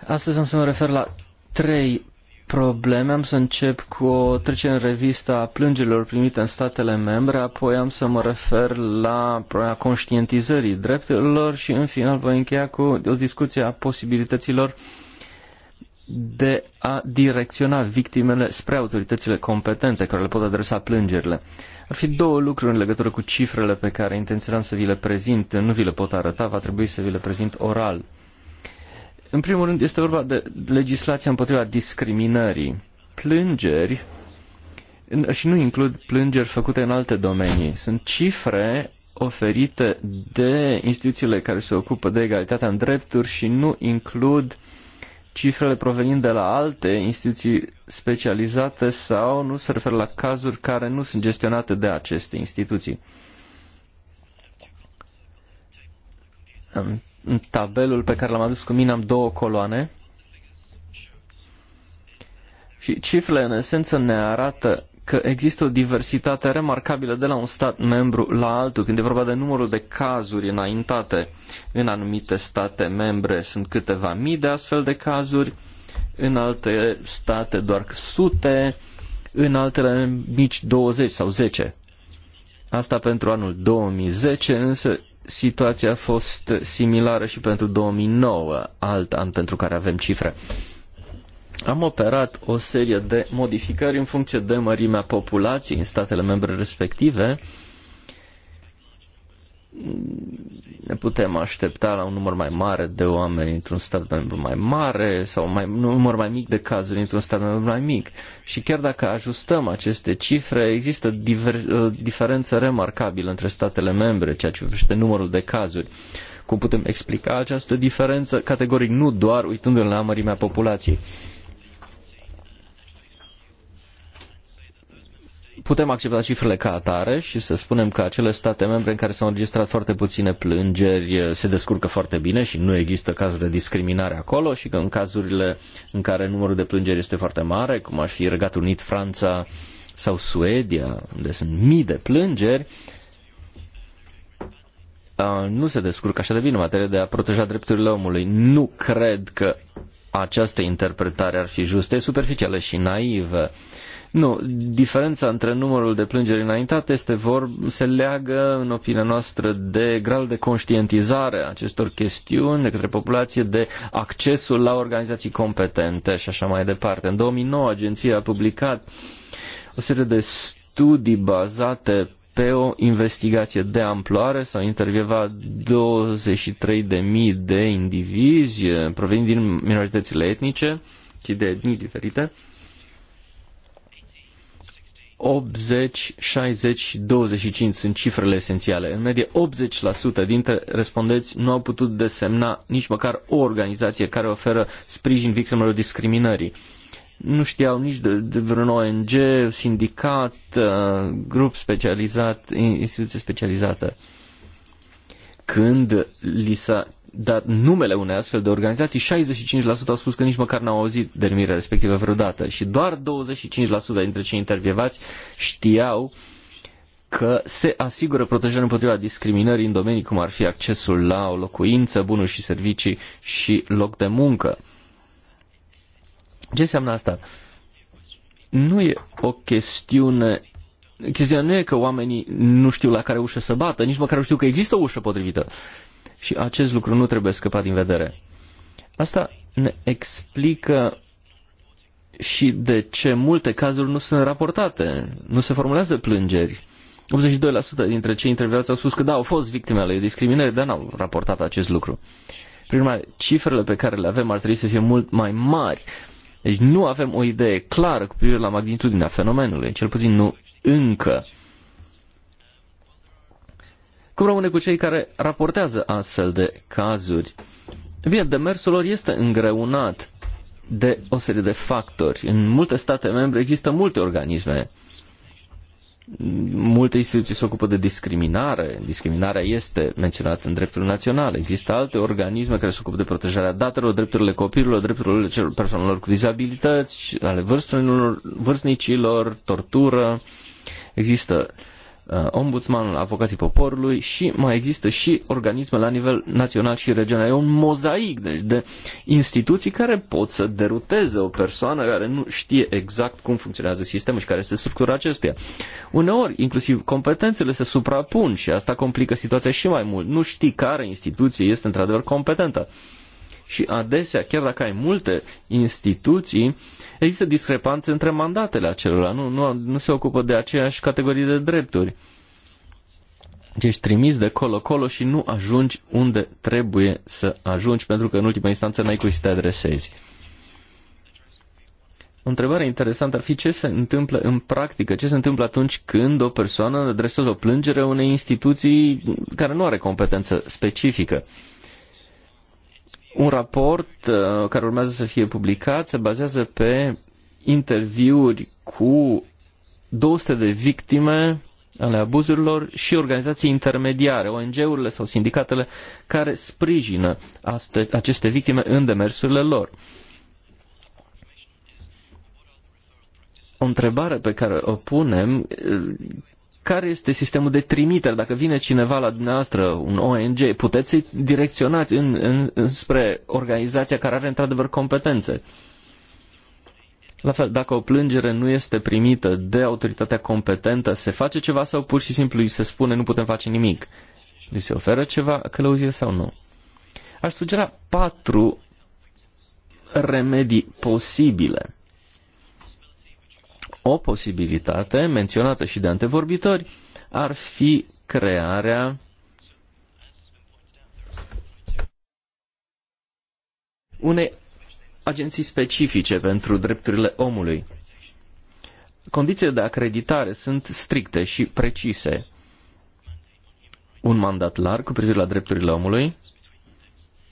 Astăzi am să mă refer la trei probleme. Am să încep cu o trecere în revista a plângerilor primite în statele membre, apoi am să mă refer la problema conștientizării drepturilor și în final voi încheia cu o discuție a posibilităților uh, de a direcționa victimele spre autoritățile competente care le pot adresa plângerile. Ar fi două lucruri în legătură cu cifrele pe care intenționam să vi le prezint, nu vi le pot arăta, va trebui să vi le prezint oral. În primul rând este vorba de legislația împotriva discriminării. Plângeri și nu includ plângeri făcute în alte domenii. Sunt cifre oferite de instituțiile care se ocupă de egalitatea în drepturi și nu includ uh, cifrele provenind de la alte instituții specializate sau nu se referă la cazuri care nu sunt gestionate de aceste instituții. În tabelul pe care l-am adus cu mine am două coloane și cifrele în esență ne arată că există o diversitate remarcabilă de la un stat membru la altul, când e vorba de numărul de cazuri înaintate în anumite state membre, sunt câteva mii de astfel de cazuri, în alte state doar sute, în altele mici 20 sau 10. Asta pentru anul 2010, însă situația a fost similară și pentru 2009, alt an pentru care avem cifre am operat o serie de modificări în funcție de mărimea populației în statele membre respective. Ne putem aștepta la un număr mai mare de oameni într-un stat membru mai mare sau mai, un număr mai mic de cazuri într-un stat membru mai mic. Și chiar dacă ajustăm aceste cifre, există diver, uh, diferență remarcabilă între statele membre, ceea ce privește numărul de cazuri. Cum putem explica această diferență? Categoric nu doar uitându-ne la mărimea populației. putem accepta cifrele ca atare și să spunem că acele state membre în care s-au înregistrat foarte puține plângeri eh, se descurcă foarte bine și nu există cazuri de discriminare acolo și că în cazurile în care numărul de plângeri este foarte mare, cum ar fi Regatul Unit, Franța sau Suedia, unde sunt mii de plângeri, nu se descurcă așa de bine în materie de a proteja drepturile omului. Nu cred că această interpretare ar fi justă, e superficială și naivă. Uh, nu, diferența între numărul de plângeri înaintate este vor, se leagă, în opinia noastră, de grad de conștientizare a acestor chestiuni de către populație, de accesul la organizații competente și așa mai departe. În 2009, agenția a publicat o serie de studii bazate pe o investigație de amploare, s-au intervievat 23.000 de indivizi eh, provenind din minoritățile etnice și de etnii diferite 80, 60 și 25 sunt cifrele esențiale. În medie 80% dintre respondenți nu au putut desemna nici măcar o organizație care oferă sprijin victimelor discriminării. Nu știau nici de, de vreun ONG, sindicat, uh, grup specializat, instituție specializată. Când li s-a dat numele unei astfel de organizații, 65% au spus că nici măcar n-au auzit de numirea respectivă vreodată și doar 25% dintre cei intervievați știau că se asigură protejarea împotriva discriminării în domenii cum ar fi accesul la o locuință, bunuri și servicii și loc de muncă. Ce înseamnă asta? Nu e o chestiune Chestia nu e că oamenii nu știu la care ușă să bată, nici măcar nu știu că există o ușă potrivită. Uh, și acest lucru nu trebuie scăpat din vedere. Asta ne explică și de ce multe cazuri nu sunt raportate, nu se formulează plângeri. 82% dintre cei intervievați au spus că da, au fost victime ale discriminării, dar n-au raportat acest lucru. Prin urmare, cifrele pe care le avem ar trebui să fie mult mai mari. Deci nu avem o idee clară cu privire la magnitudinea fenomenului, cel puțin nu încă. Cum rămâne cu cei care raportează astfel de cazuri? Bine, demersul lor este îngreunat de o serie de factori. În multe state membre există multe organisme. Multe instituții se ocupă de discriminare. Discriminarea este menționată în dreptul național. Există alte organisme care se ocupă de protejarea datelor, drepturile copiilor, drepturile celor persoanelor cu dizabilități, ale vârstnicilor, tortură. Există Uh, ombudsmanul avocații poporului și mai există și organisme la nivel național și regional. E un mozaic deci, de instituții care pot să deruteze o persoană care nu știe exact cum funcționează sistemul și care este structura acestuia. Uneori, inclusiv competențele se suprapun și asta complică situația și mai mult. Nu știi care instituție este într-adevăr competentă și adesea, chiar dacă ai multe instituții, există discrepanțe între mandatele acelora. Nu, nu, nu se ocupă de aceeași categorie de drepturi. Deci ești trimis de colo-colo și nu ajungi unde trebuie să ajungi, pentru că în ultima instanță n-ai cu să te adresezi. O întrebare interesantă ar fi ce se întâmplă în practică, ce se întâmplă atunci când o persoană adresează o plângere unei instituții care nu are competență specifică. Un raport uh, care urmează să fie publicat se bazează pe interviuri cu 200 de victime ale abuzurilor și organizații intermediare, ONG-urile sau sindicatele care sprijină aceste victime în demersurile lor. O întrebare pe care o punem uh, care este sistemul de trimitere. Dacă vine cineva la dumneavoastră, un ONG, puteți să-i direcționați în, în, spre organizația care are într-adevăr competențe. La fel, dacă o plângere nu este primită de autoritatea competentă, se face ceva sau pur și simplu îi se spune nu putem face nimic? Li se oferă ceva călăuzie sau nu? Aș sugera patru remedii posibile. O posibilitate menționată și de antevorbitori ar fi crearea unei agenții specifice pentru drepturile omului. Condițiile de acreditare sunt stricte și precise. Un mandat larg cu privire la drepturile omului,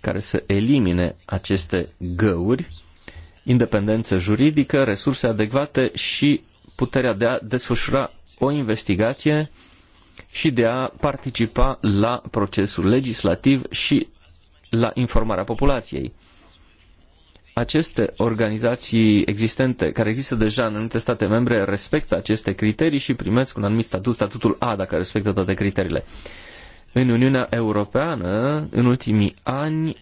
care să elimine aceste găuri independență juridică, resurse adecvate și puterea de a desfășura o investigație și de a participa la procesul legislativ și la informarea populației. Aceste organizații existente, care există deja în anumite state membre, respectă aceste criterii și primesc un anumit statut, statutul A, dacă respectă toate criteriile. În Uniunea Europeană, în ultimii ani,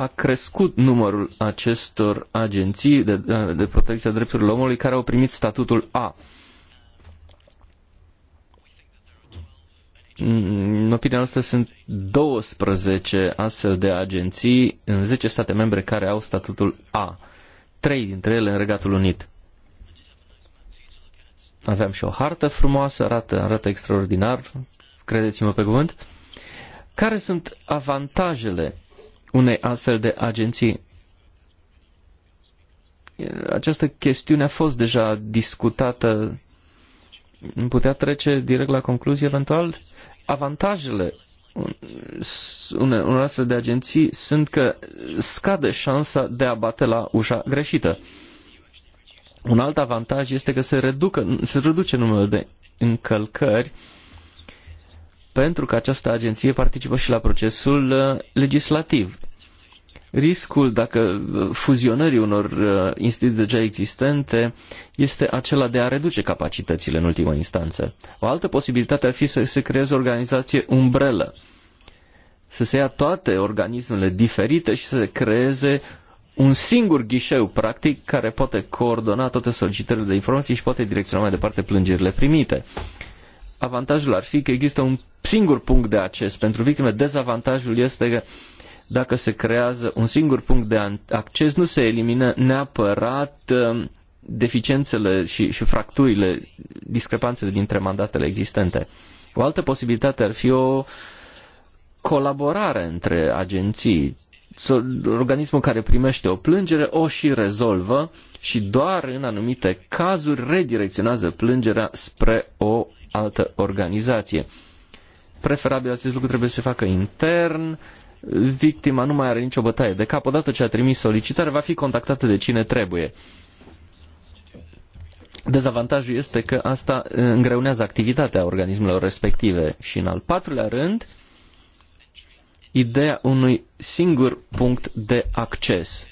a crescut numărul acestor agenții de, de protecție a drepturilor omului care au primit statutul A. În opinia noastră sunt 12 astfel de agenții în 10 state membre care au statutul A. Trei dintre ele în Regatul Unit. Aveam și o hartă frumoasă, arată, arată extraordinar, credeți-mă pe cuvânt. Care sunt avantajele unei astfel de agenții. Această chestiune a fost deja discutată. Putea trece direct la concluzie eventual? Avantajele unor astfel de agenții sunt că scade șansa de a bate la ușa greșită. Un alt avantaj este că se, reducă, se reduce numărul de încălcări uh, pentru că această agenție participă și la procesul uh, legislativ. Riscul, dacă uh, fuzionării unor uh, instituții deja existente, este acela de a reduce capacitățile în ultimă instanță. O altă posibilitate ar fi să se creeze o organizație umbrelă, să se ia toate organismele diferite și să se creeze un singur ghișeu, practic, care poate coordona toate solicitările de informații și poate direcționa mai departe plângerile primite. Uh, avantajul ar fi că există un singur punct de acces pentru victime. Dezavantajul este că dacă se creează un singur punct de acces, nu se elimină neapărat um, deficiențele și, și fracturile, discrepanțele dintre mandatele existente. O altă posibilitate ar fi o colaborare între agenții. Organismul care primește o plângere o și rezolvă și doar în anumite cazuri redirecționează plângerea spre o altă organizație. Preferabil acest lucru trebuie să se facă intern, victima nu mai are nicio bătaie de cap, odată ce a trimis solicitare va fi contactată de cine trebuie. Dezavantajul este că asta îngreunează activitatea organismelor respective. Și în al patrulea rând, ideea unui singur punct de acces.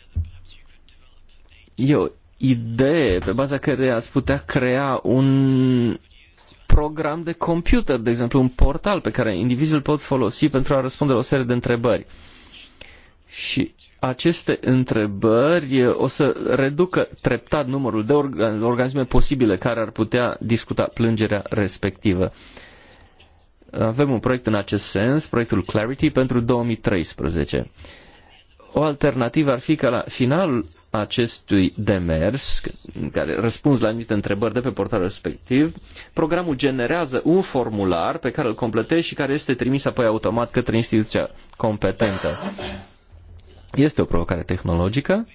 E o idee pe baza care ați putea crea un program de computer, de exemplu un portal pe care indivizul pot folosi pentru a răspunde la o serie de întrebări. Și aceste întrebări o să reducă treptat numărul de organisme posibile care ar putea discuta plângerea respectivă. Avem un proiect în acest sens, proiectul Clarity pentru 2013. O alternativă ar fi ca la finalul acestui demers, care răspuns la anumite întrebări de pe portalul respectiv, programul generează un formular pe care îl completezi și care este trimis apoi automat către instituția competentă. Este o provocare tehnologică,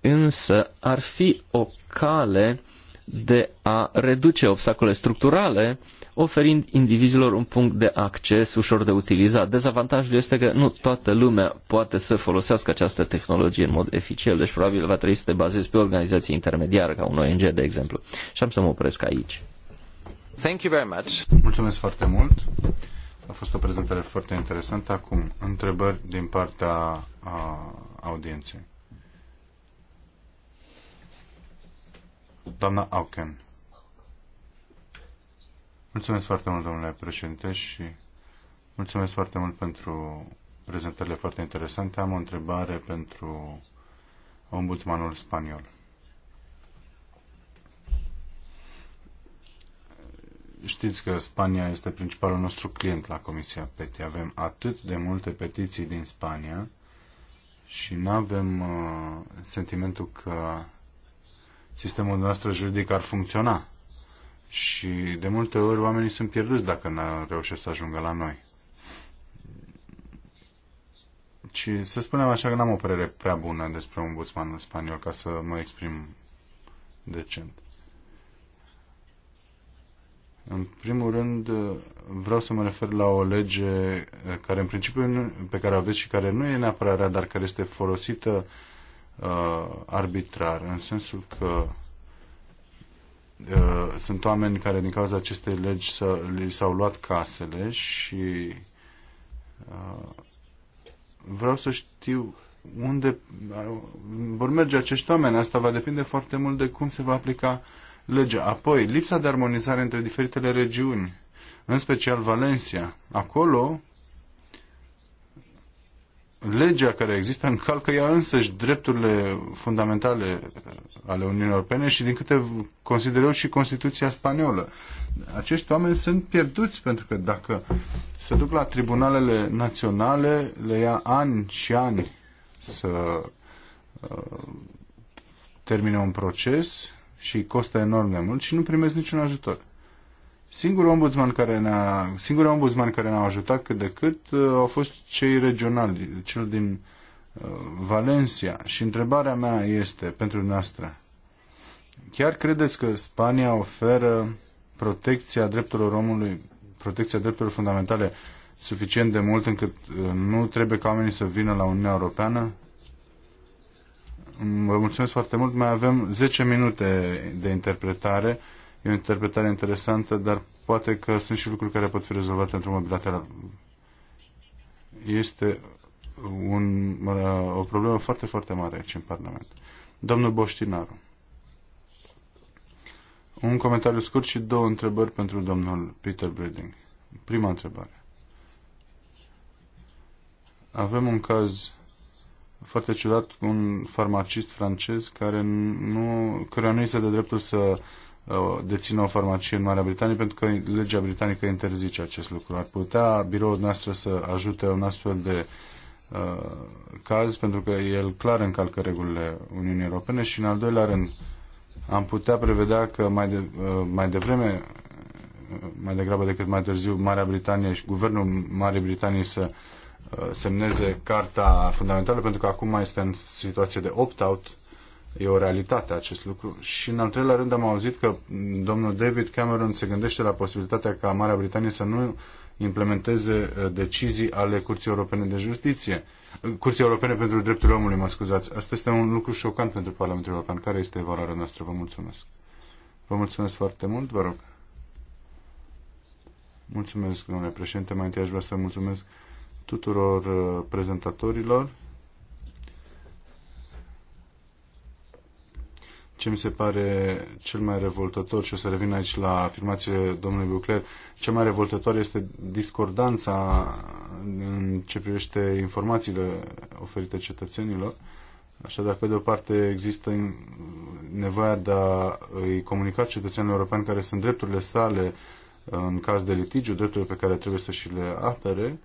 însă ar fi o cale de a reduce obstacole structurale oferind indivizilor un punct de acces ușor de utilizat. Dezavantajul este că nu toată lumea poate să folosească această tehnologie în mod eficient, deci probabil va trebui să te bazezi pe o organizație intermediară, ca un ONG, de exemplu. Și am să mă opresc aici. Thank you very much. Mulțumesc foarte mult. A fost o prezentare foarte interesantă. Acum, întrebări din partea a audienței. Doamna Auken. Mulțumesc foarte mult, domnule președinte, și mulțumesc foarte mult pentru prezentările foarte interesante. Am o întrebare pentru ombudsmanul spaniol. Știți că Spania este principalul nostru client la Comisia PETI. Avem atât de multe petiții din Spania și nu avem uh, sentimentul că sistemul nostru juridic ar funcționa și de multe ori oamenii sunt pierduți dacă nu reușesc să ajungă la noi. Și să spunem așa că n-am o părere prea bună despre un în spaniol, ca să mă exprim decent. În primul rând, vreau să mă refer la o lege care în principiu pe care o aveți și care nu e neapărat rea, dar care este folosită uh, arbitrar, în sensul că Uh, sunt oameni care din cauza acestei legi să, li s-au luat casele și uh, vreau să știu unde uh, vor merge acești oameni. Asta va depinde foarte mult de cum se va aplica legea. Apoi, lipsa de armonizare între diferitele regiuni, în special Valencia. Acolo legea care există încalcă ea însăși drepturile fundamentale ale Uniunii Europene și din câte consider eu și Constituția spaniolă. Acești oameni sunt pierduți pentru că dacă se duc la tribunalele naționale, le ia ani și ani să uh, termine un proces și costă enorm de mult și nu primesc niciun ajutor. Singurul ombudsman care ne-a, singurul ombudsman care ne-a ajutat cât de cât uh, au fost cei regionali, cel din uh, Valencia. Și întrebarea mea este pentru noastră. Chiar credeți că Spania oferă protecția drepturilor omului, protecția drepturilor fundamentale suficient de mult încât uh, nu trebuie ca oamenii să vină la Uniunea Europeană? Vă mulțumesc foarte mult. Mai avem 10 minute de interpretare. E o interpretare interesantă, dar poate că sunt și lucruri care pot fi rezolvate într-un mod bilateral. Este un, o problemă foarte, foarte mare aici în Parlament. Domnul Boștinaru. Un comentariu scurt și două întrebări pentru domnul Peter Breeding. Prima întrebare. Avem un caz foarte ciudat, un farmacist francez care nu, care nu este de dreptul să Uh, dețină o farmacie în Marea Britanie pentru că legea britanică interzice acest lucru. Ar putea biroul noastră să ajute un astfel de uh, caz pentru că el clar încalcă regulile Uniunii Europene și în al doilea rând am putea prevedea că mai, de, uh, mai devreme uh, mai degrabă decât mai târziu Marea Britanie și guvernul Marii Britanii să uh, semneze Carta Fundamentală pentru că acum mai este în situație de opt-out E o realitate acest lucru. Și în al treilea rând am auzit că domnul David Cameron se gândește la posibilitatea ca Marea Britanie să nu implementeze uh, decizii ale Curții Europene de Justiție. Uh, Curții Europene pentru Drepturile Omului, mă scuzați. Asta este un lucru șocant pentru Parlamentul European. Care este evaluarea noastră? Vă mulțumesc. Vă mulțumesc foarte mult, vă rog. Mulțumesc, domnule președinte. Mai întâi aș vrea să mulțumesc tuturor uh, prezentatorilor ce mi se pare cel mai revoltător, și o să revin aici la afirmațiile domnului Bucler, cel mai revoltător este discordanța în ce privește informațiile oferite cetățenilor. Așadar, pe de o parte există nevoia de a îi comunica cetățenilor europeni care sunt drepturile sale uh, în caz de litigiu, drepturile pe care trebuie să și le apere,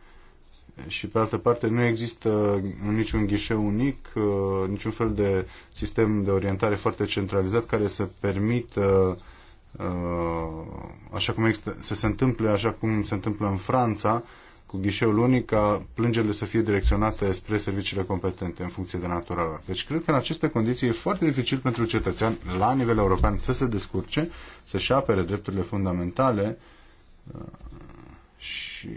și pe altă parte nu există niciun ghișeu unic, uh, niciun fel de sistem de orientare foarte centralizat care să permită uh, așa cum există, să se întâmple așa cum se întâmplă în Franța cu ghișeul unic ca plângerile să fie direcționate spre serviciile competente în funcție de natura lor. Deci cred că în aceste condiții e foarte dificil pentru cetățean la nivel european să se descurce, să-și apere drepturile fundamentale uh, și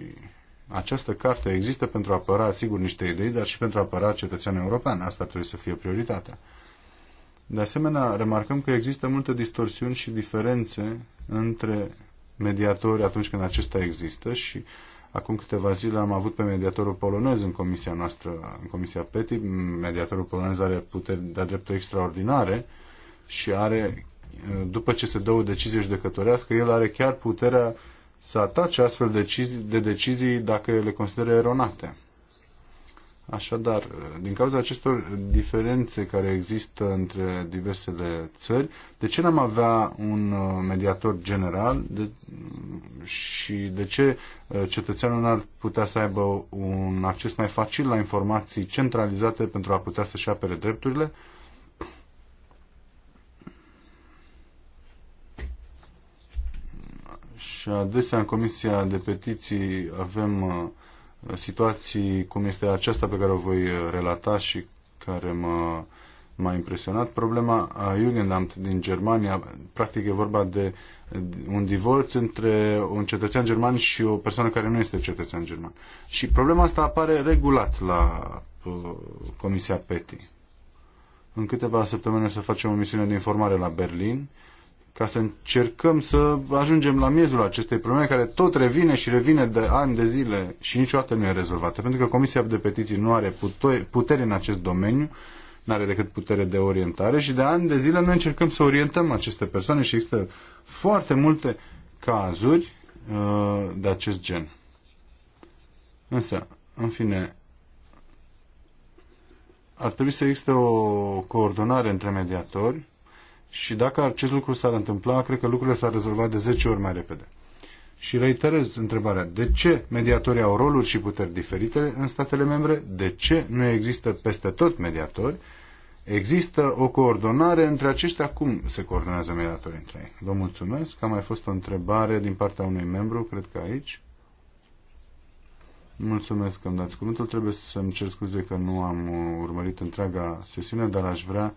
această carte există pentru a apăra, sigur, niște idei, dar și pentru a apăra cetățeanul european. Asta trebuie să fie prioritatea. De asemenea, remarcăm că există multe distorsiuni și diferențe între mediatori atunci când acesta există și acum câteva zile am avut pe mediatorul polonez în comisia noastră, în comisia PETI. Mediatorul polonez are puteri de-a dreptul extraordinare și are, după ce se dă o decizie judecătorească, el are chiar puterea să atace astfel de decizii, de decizii dacă le consideră eronate. Așadar, din cauza acestor diferențe care există între diversele țări, de ce n-am avea un uh, mediator general de, și de ce uh, cetățeanul n-ar putea să aibă un acces mai facil la informații centralizate pentru a putea să-și apere drepturile? și adesea în Comisia de Petiții avem uh, situații cum este aceasta pe care o voi uh, relata și care mă, m-a impresionat. Problema a uh, Jugendamt din Germania, practic e vorba de un divorț între un cetățean german și o persoană care nu este cetățean german. Și problema asta apare regulat la Comisia PETI. În câteva săptămâni o să facem o misiune de informare la Berlin ca să încercăm să ajungem la miezul acestei probleme care tot revine și revine de ani de zile și niciodată nu e rezolvată. Pentru că Comisia de Petiții nu are putere în acest domeniu, nu are decât putere de orientare și de ani de zile noi încercăm să orientăm aceste persoane și există foarte multe cazuri uh, de acest gen. Însă, în fine, ar trebui să existe o coordonare între mediatori și dacă acest lucru s-ar întâmpla, cred că lucrurile s-ar rezolva de 10 ori mai repede. Și reiterez întrebarea, de ce mediatorii au roluri și puteri diferite în statele membre? De ce nu există peste tot mediatori? Există o coordonare între aceștia? Cum se coordonează mediatorii între ei? Vă mulțumesc. A mai fost o întrebare din partea unui membru, cred că aici. Mulțumesc că îmi dați cuvântul. Trebuie să-mi cer scuze că nu am urmărit întreaga sesiune, dar aș vrea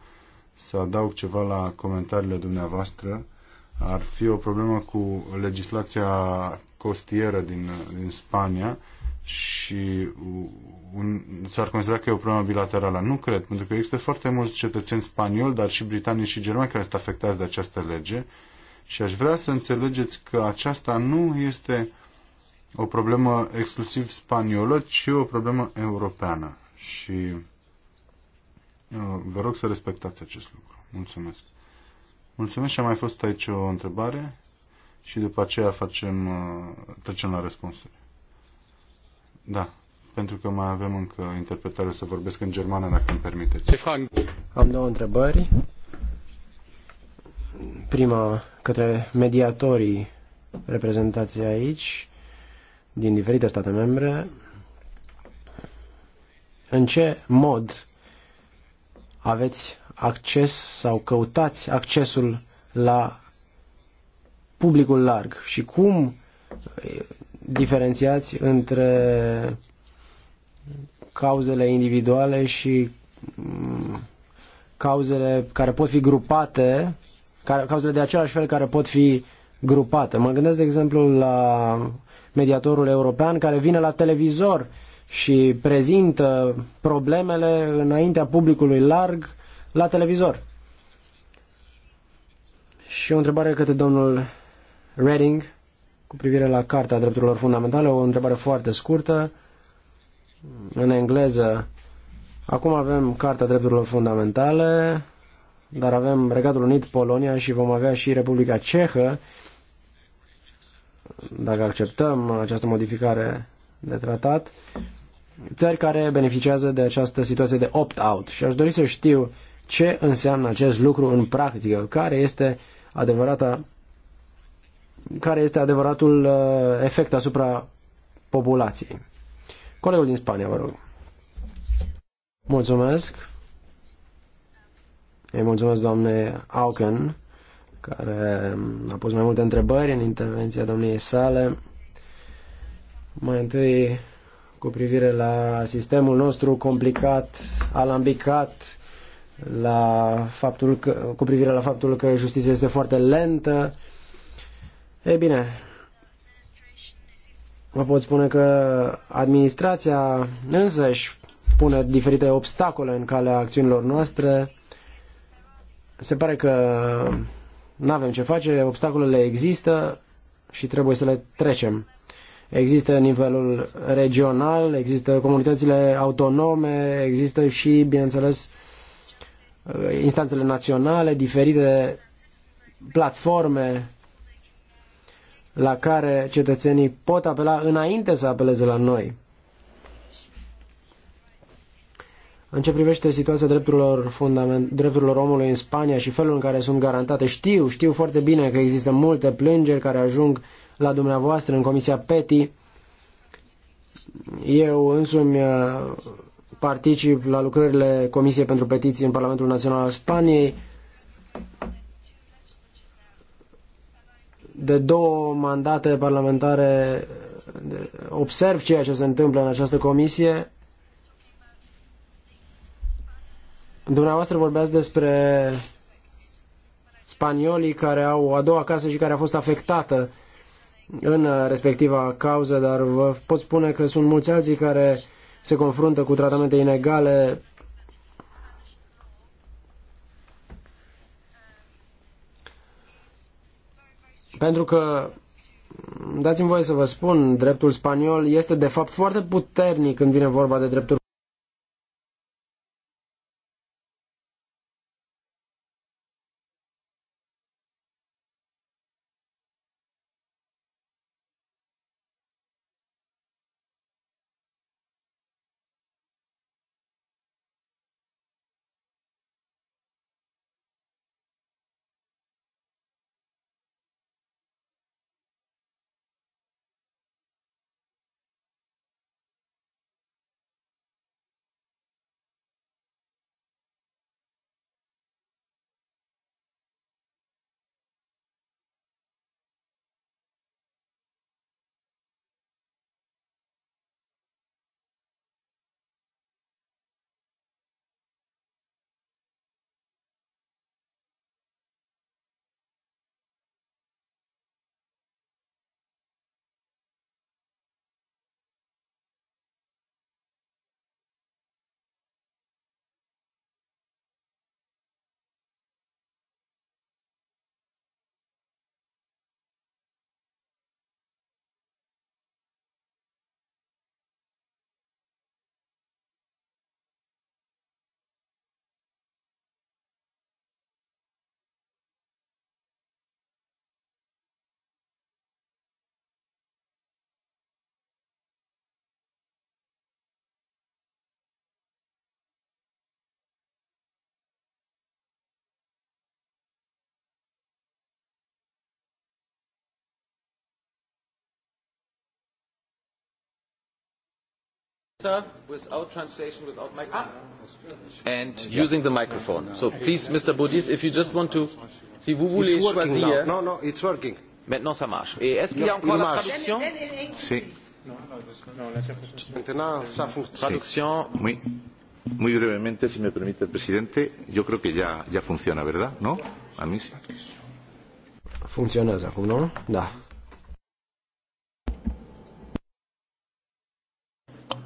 să adaug ceva la comentariile dumneavoastră. Ar fi o problemă cu legislația costieră din, din Spania și un, s-ar considera că e o problemă bilaterală. Nu cred, pentru că există foarte mulți cetățeni spanioli, dar și britanici și germani care sunt afectați de această lege și aș vrea să înțelegeți că aceasta nu este o problemă exclusiv spaniolă, ci o problemă europeană. Și Uh, vă rog să respectați acest lucru. Mulțumesc. Mulțumesc și a mai fost aici o întrebare și după aceea facem, uh, trecem la răspunsuri. Da, pentru că mai avem încă interpretare să vorbesc în germană, dacă îmi permiteți. Am două întrebări. Prima, către mediatorii reprezentați aici, din diferite state membre, în ce mod aveți acces sau căutați accesul la publicul larg și cum eh, diferențiați între cauzele individuale și mm, cauzele care pot fi grupate, care, cauzele de același fel care pot fi grupate. Mă gândesc, de exemplu, la mediatorul european care vine la televizor și prezintă problemele înaintea publicului larg la televizor. Și o întrebare către domnul Reading cu privire la Carta Drepturilor Fundamentale, o întrebare foarte scurtă în engleză. Acum avem Carta Drepturilor Fundamentale, dar avem Regatul Unit, Polonia și vom avea și Republica Cehă. Dacă acceptăm această modificare de tratat, țări care beneficiază de această situație de opt-out și aș dori să știu ce înseamnă acest lucru în practică, care este adevărata care este adevăratul uh, efect asupra populației. Colegul din Spania, vă rog. Mulțumesc. Îi mulțumesc doamne Auken, care a pus mai multe întrebări în intervenția domniei sale. Mai întâi cu privire la sistemul nostru complicat, alambicat, la faptul că, cu privire la faptul că justiția este foarte lentă. Ei bine, vă pot spune că administrația însăși pune diferite obstacole în calea acțiunilor noastre. Se pare că nu avem ce face, obstacolele există și trebuie să le trecem. Există nivelul regional, există comunitățile autonome, există și, bineînțeles, instanțele naționale, diferite platforme la care cetățenii pot apela înainte să apeleze la noi. În ce privește situația drepturilor, fundament, drepturilor omului în Spania și felul în care sunt garantate, știu, știu foarte bine că există multe plângeri care ajung uh, la dumneavoastră în Comisia PETI. Eu însumi uh, particip la lucrările Comisiei pentru Petiții în Parlamentul Național al Spaniei. De două mandate parlamentare observ ceea ce se întâmplă în această comisie. Dumneavoastră vorbeați despre spaniolii care au a doua casă și care a fost afectată în uh, respectiva cauză, dar vă pot spune că sunt mulți alții care se confruntă cu tratamente inegale pentru că dați-mi voie să vă spun, dreptul spaniol este de fapt foarte puternic când vine vorba de drepturi sir, without translation, without Ah. And yeah. using the microphone. So please, Mr. Boudis, if you just want to... Si vous voulez it's working choisir... Now. No, no, it's working. Maintenant, ça marche. Et est-ce qu'il y a encore la traduction Si. Maintenant, ça fonctionne. Traduction. Oui. Muy brevemente, si me permite el presidente, yo creo que ya, ya funciona, ¿verdad? ¿No? A mí sí. Funciona, ¿no? nu? Da.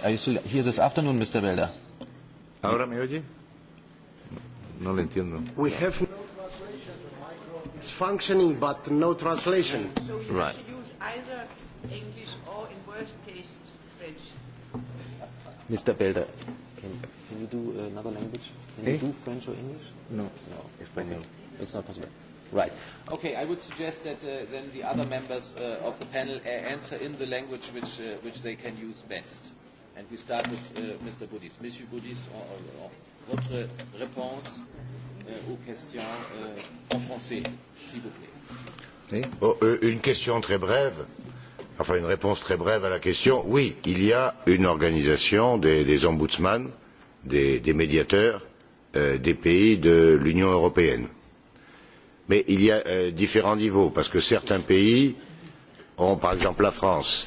are you here this afternoon, Mr. Belda? ¿Ahora me oye? No, no le entiendo. We have no translation. It's functioning, but no translation. So you right. use either English or, in worst case, French. Mr. Belder, can, can you do another language? Can eh? you do French or English? No. No. Español. Okay. It's not possible. Right. Okay, I would suggest that uh, then the other members uh, of the panel uh, answer in the language which, uh, which they can use best. And we start with uh, Mr. Boudis. Monsieur Boudis, votre réponse euh, aux questions euh, en français, s'il vous plaît. Oui. Bon, oh, euh, une question très brève, enfin une réponse très brève à la question. Oui, il y a une organisation des, des ombudsman, des, des médiateurs euh, des pays de l'Union européenne. Mais il y a euh, différents niveaux, parce que certains pays ont, par exemple la France,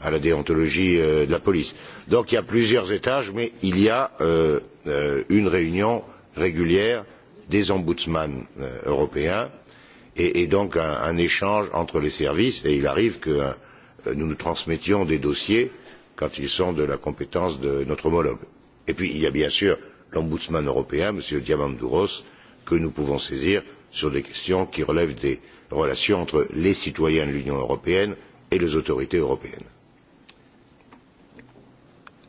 à la déontologie euh, de la police. Donc il y a plusieurs étages, mais il y a euh, euh, une réunion régulière des ombudsman euh, européens et, et donc un, un échange entre les services et il arrive que euh, nous nous transmettions des dossiers quand ils sont de la compétence de notre homologue. Et puis il y a bien sûr l'ombudsman européen, M. Diamandouros, que nous pouvons saisir sur des questions qui relèvent des relations entre les citoyens de l'Union européenne et les autorités européennes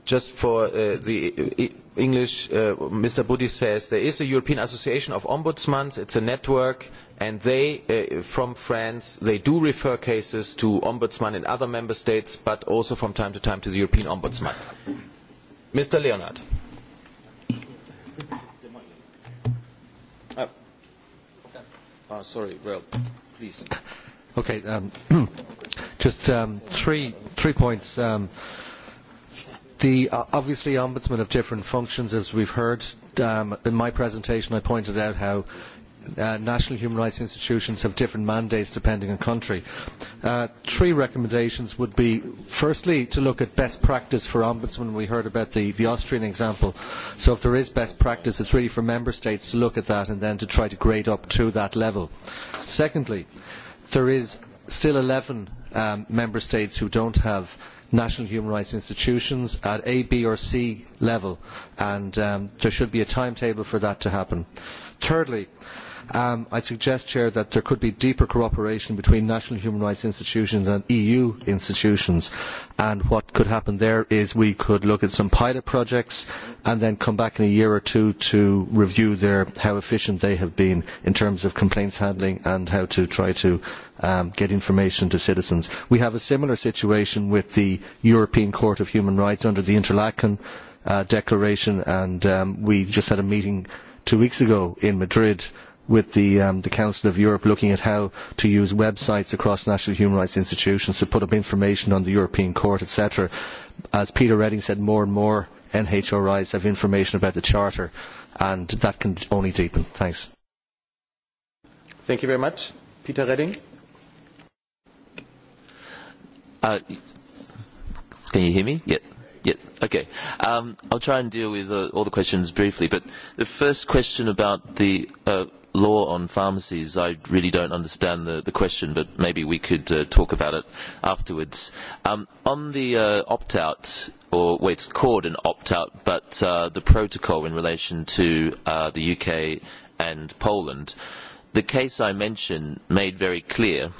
just for uh, the uh, English, uh, Mr. Budi says there is a European Association of Ombudsmen. It's a network, and they, uh, from France, they do refer cases to ombudsmen in other member states, but also from time to time to the European Ombudsman. Mr. Leonard. oh ah, sorry. Well, please. Okay. Um, just um, three three points. Um, The, uh, obviously, ombudsmen have different functions, as we've heard. Um, in my presentation, I pointed out how uh, national human rights institutions have different mandates depending on country. Uh, three recommendations would be, firstly, to look at best practice for ombudsmen. We heard about the, the Austrian example. So if there is best practice, it's really for member states to look at that and then to try to grade up to that level. Secondly, there is still 11 um, member states who don't have national human rights institutions at A, B or C level and um, there should be a timetable for that to happen. Thirdly, um, I suggest, Chair, that there could be deeper cooperation between national human rights institutions and EU institutions. And what could happen there is we could look at some pilot projects and then come back in a year or two to review their, how efficient they have been in terms of complaints handling and how to try to um, get information to citizens. We have a similar situation with the European Court of Human Rights under the Interlaken uh, Declaration, and um, we just had a meeting two weeks ago in Madrid with the, um, the Council of Europe looking at how to use websites across national human rights institutions to put up information on the European Court, etc. As Peter Redding said, more and more NHRIs have information about the Charter, and that can only deepen. Thanks. Thank you very much. Peter Redding. Uh, can you hear me? Yeah. Yeah. Okay. Um, I'll try and deal with uh, all the questions briefly. But the first question about the uh, law on pharmacies, I really don't understand the, the question, but maybe we could uh, talk about it afterwards. Um, on the uh, opt-out, or well, it's called an opt-out, but uh, the protocol in relation to uh, the UK and Poland, the case I mentioned made very clear –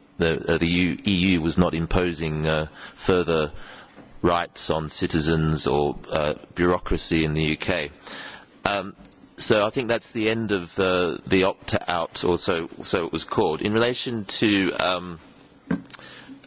the, uh, the EU, EU was not imposing uh, further rights on citizens or uh, bureaucracy in the UK. Um, so I think that's the end of uh, the opt-out, or so, so it was called. In relation to um,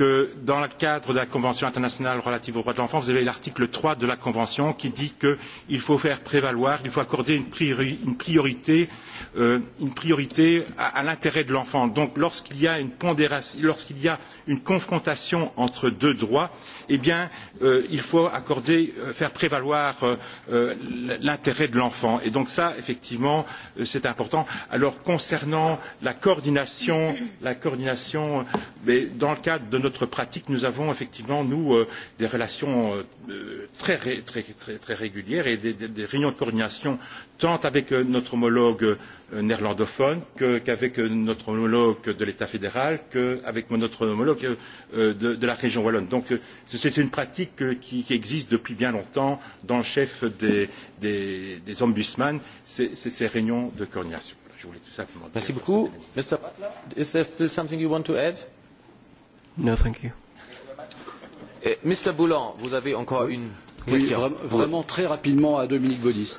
que dans le cadre de la Convention internationale relative aux droits de l'enfant, vous avez l'article 3 de la Convention qui dit qu'il faut faire prévaloir, il faut accorder une, priori, une priorité, euh, une priorité à, à l'intérêt de l'enfant. Donc lorsqu'il y a une pondération, lorsqu'il y a une confrontation entre deux droits, eh bien euh, il faut accorder, euh, faire prévaloir euh, euh l'intérêt de l'enfant. Et donc ça, effectivement, euh, c'est important. Alors concernant la coordination, la coordination, euh, mais dans le cadre de notre notre pratique, Nous avons effectivement, nous, euh, des relations euh, très, très, très, très régulières et des, des, des réunions de coordination tant avec euh, notre homologue euh, néerlandophone qu'avec qu euh, notre homologue de l'État fédéral qu'avec notre homologue euh, de, de la région wallonne. Donc euh, c'est une pratique euh, qui, qui existe depuis bien longtemps dans le chef des, des, des ombudsman, c'est ces réunions de coordination. Je voulais tout simplement Merci dire beaucoup. Mr. Butler, is there still something you want to add? No, thank eh, vous avez encore une question. vraiment très rapidement à Dominique Baudis.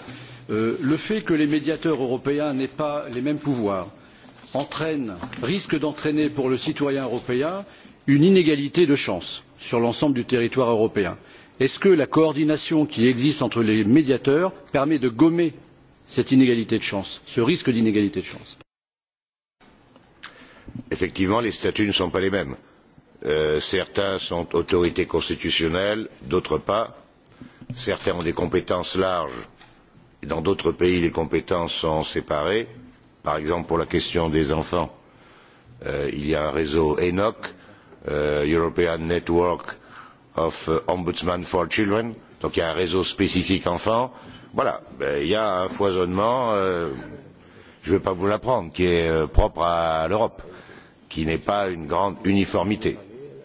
Euh, le fait que les médiateurs européens n'aient pas les mêmes pouvoirs risque d'entraîner pour le citoyen européen une inégalité de chance sur l'ensemble du territoire européen. Est-ce que la coordination qui existe entre les médiateurs permet de gommer cette inégalité de chance, ce risque d'inégalité de chance Effectivement, les statuts ne sont pas les mêmes Euh, certains sont autorités constitutionnelles, d'autres pas. Certains ont des compétences larges et dans d'autres pays les compétences sont séparées. Par exemple pour la question des enfants, euh, il y a un réseau ENOC, euh, European Network of euh, Ombudsman for Children, donc il y a un réseau spécifique enfants. Voilà, ben, il y a un foisonnement, euh, je ne vais pas vous l'apprendre, qui est euh, propre à l'Europe, qui n'est pas une grande uniformité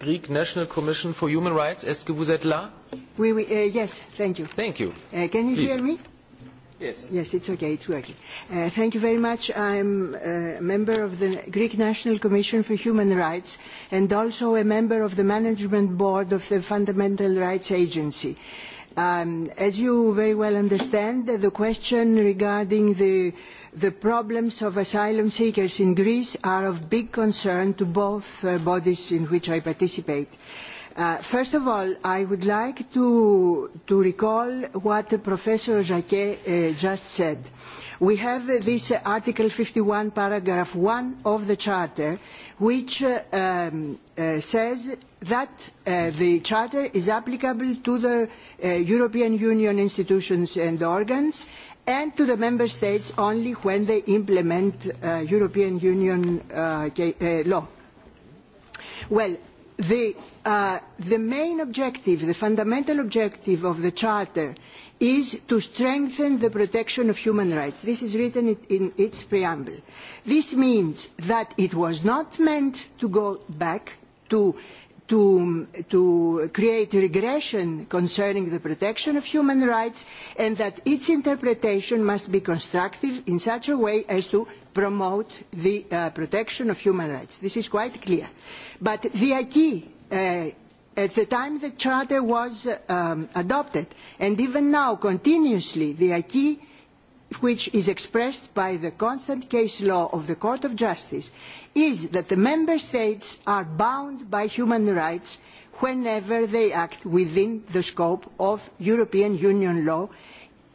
Greek National Commission for Human Rights. Est-ce que vous êtes là? Oui, oui, uh, yes, thank you. Thank you. Uh, can you Please. hear me? Yes. Yes, it's okay, it's working. Uh, thank you very much. I'm a member of the Greek National Commission for Human Rights and also a member of the Management Board of the Fundamental Rights Agency. Um, as you very well understand, the question regarding the uh, the problems of asylum seekers in Greece are of big concern to both uh, bodies in which I participate. Uh, first of all, I would like to, to recall what Professor Jacquet uh, just said. We have uh, this Article 51, paragraph 1 of the Charter, which uh, um, says that uh, the Charter is applicable to the uh, European Union institutions and organs and to the member states only when they implement uh, European Union uh, uh, law. Well, the, uh, the main objective, the fundamental objective of the Charter is to strengthen the protection of human rights. This is written in its preamble. This means that it was not meant to go back to to, to create regression concerning the protection of human rights and that its interpretation must be constructive in such a way as to promote the uh, protection of human rights. This is quite clear. But the acquis uh, at the time the Charter was um, adopted, and even now continuously the acquis which is expressed by the constant case law of the Court of Justice is that the member states are bound by human rights whenever they act within the scope of European Union law.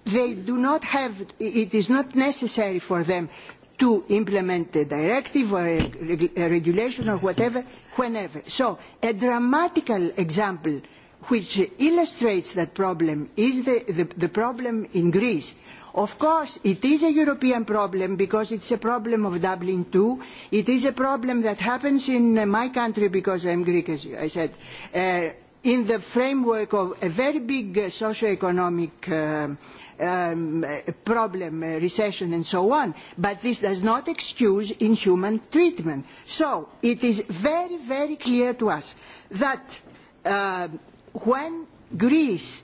They do not have, it is not necessary for them to implement a directive or a, a regulation or whatever, whenever. So a dramatical example which illustrates that problem is the, the, the problem in Greece Of course, it is a European problem because it's a problem of Dublin too. It is a problem that happens in uh, my country because I'm Greek, as I said, uh, in the framework of a very big uh, socio-economic uh, um, uh, problem, uh, recession and so on. But this does not excuse inhuman treatment. So it is very, very clear to us that uh, when Greece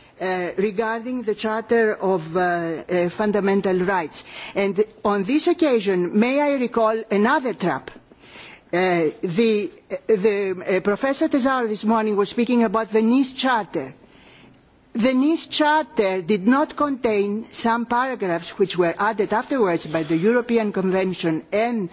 Uh, regarding the Charter of uh, uh, Fundamental Rights. And on this occasion, may I recall another trap? Uh, the, uh, the Professor Tesaro this morning was speaking about the Nice Charter. The Nice Charter did not contain some paragraphs which were added afterwards by the European Convention and uh,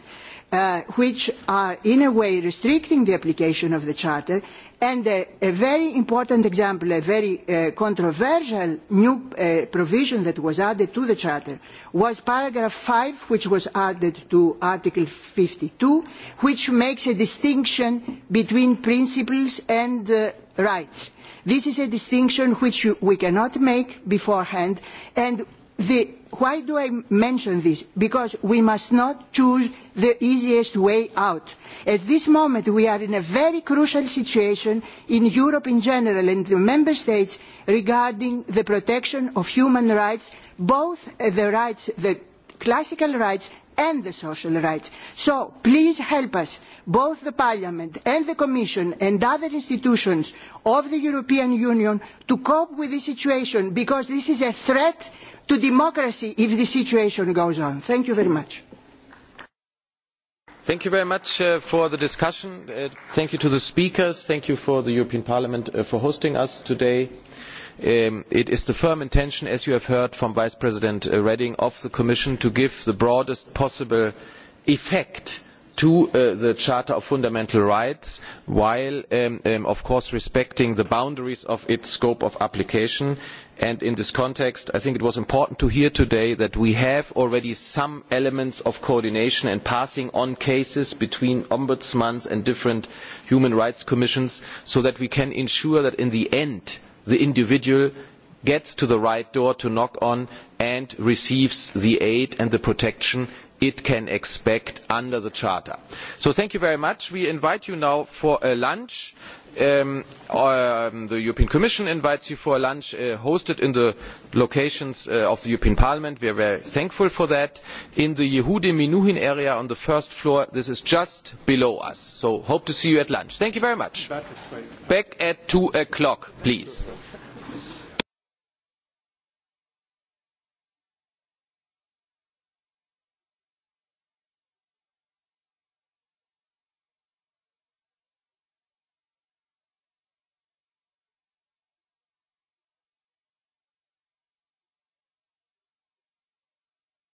Uh, which are in a way restricting the application of the Charter. And a very important example, a very uh, controversial new uh, provision that was added to the Charter was paragraph 5, which was added to Article 52, which makes a distinction between principles and rights. This is a distinction which we cannot make beforehand, and the Why do I mention this? Because we must not choose the easiest way out. At this moment we are in a very crucial situation in Europe in general and the Member States regarding the protection of human rights, both the rights, the classical rights and the social rights. So please help us, both the Parliament and the Commission and other institutions of the European Union to cope with this situation because this is a threat to democracy if the situation goes on. Thank you very much. Thank you very much uh, for the discussion. Uh, thank you to the speakers. Thank you for the European Parliament uh, for hosting us today. Um, it is the firm intention, as you have heard from Vice President uh, Reding, of the Commission to give the broadest possible effect to uh, the Charter of Fundamental Rights while um, um, of course respecting the boundaries of its scope of application And in this context, I think it was important to hear today that we have already some elements of coordination and passing on cases between ombudsmen and different human rights commissions so that we can ensure that in the end the individual gets to the right door to knock on and receives the aid and the protection it can expect under the Charter. So thank you very much. We invite you now for a lunch. Um, uh, um, the European Commission invites you for lunch uh, hosted in the locations uh, of the European Parliament. We are very thankful for that. In the Yehudi Minuhin area on the first floor, this is just below us. So hope to see you at lunch. Thank you very much. Back at 2 o'clock, please.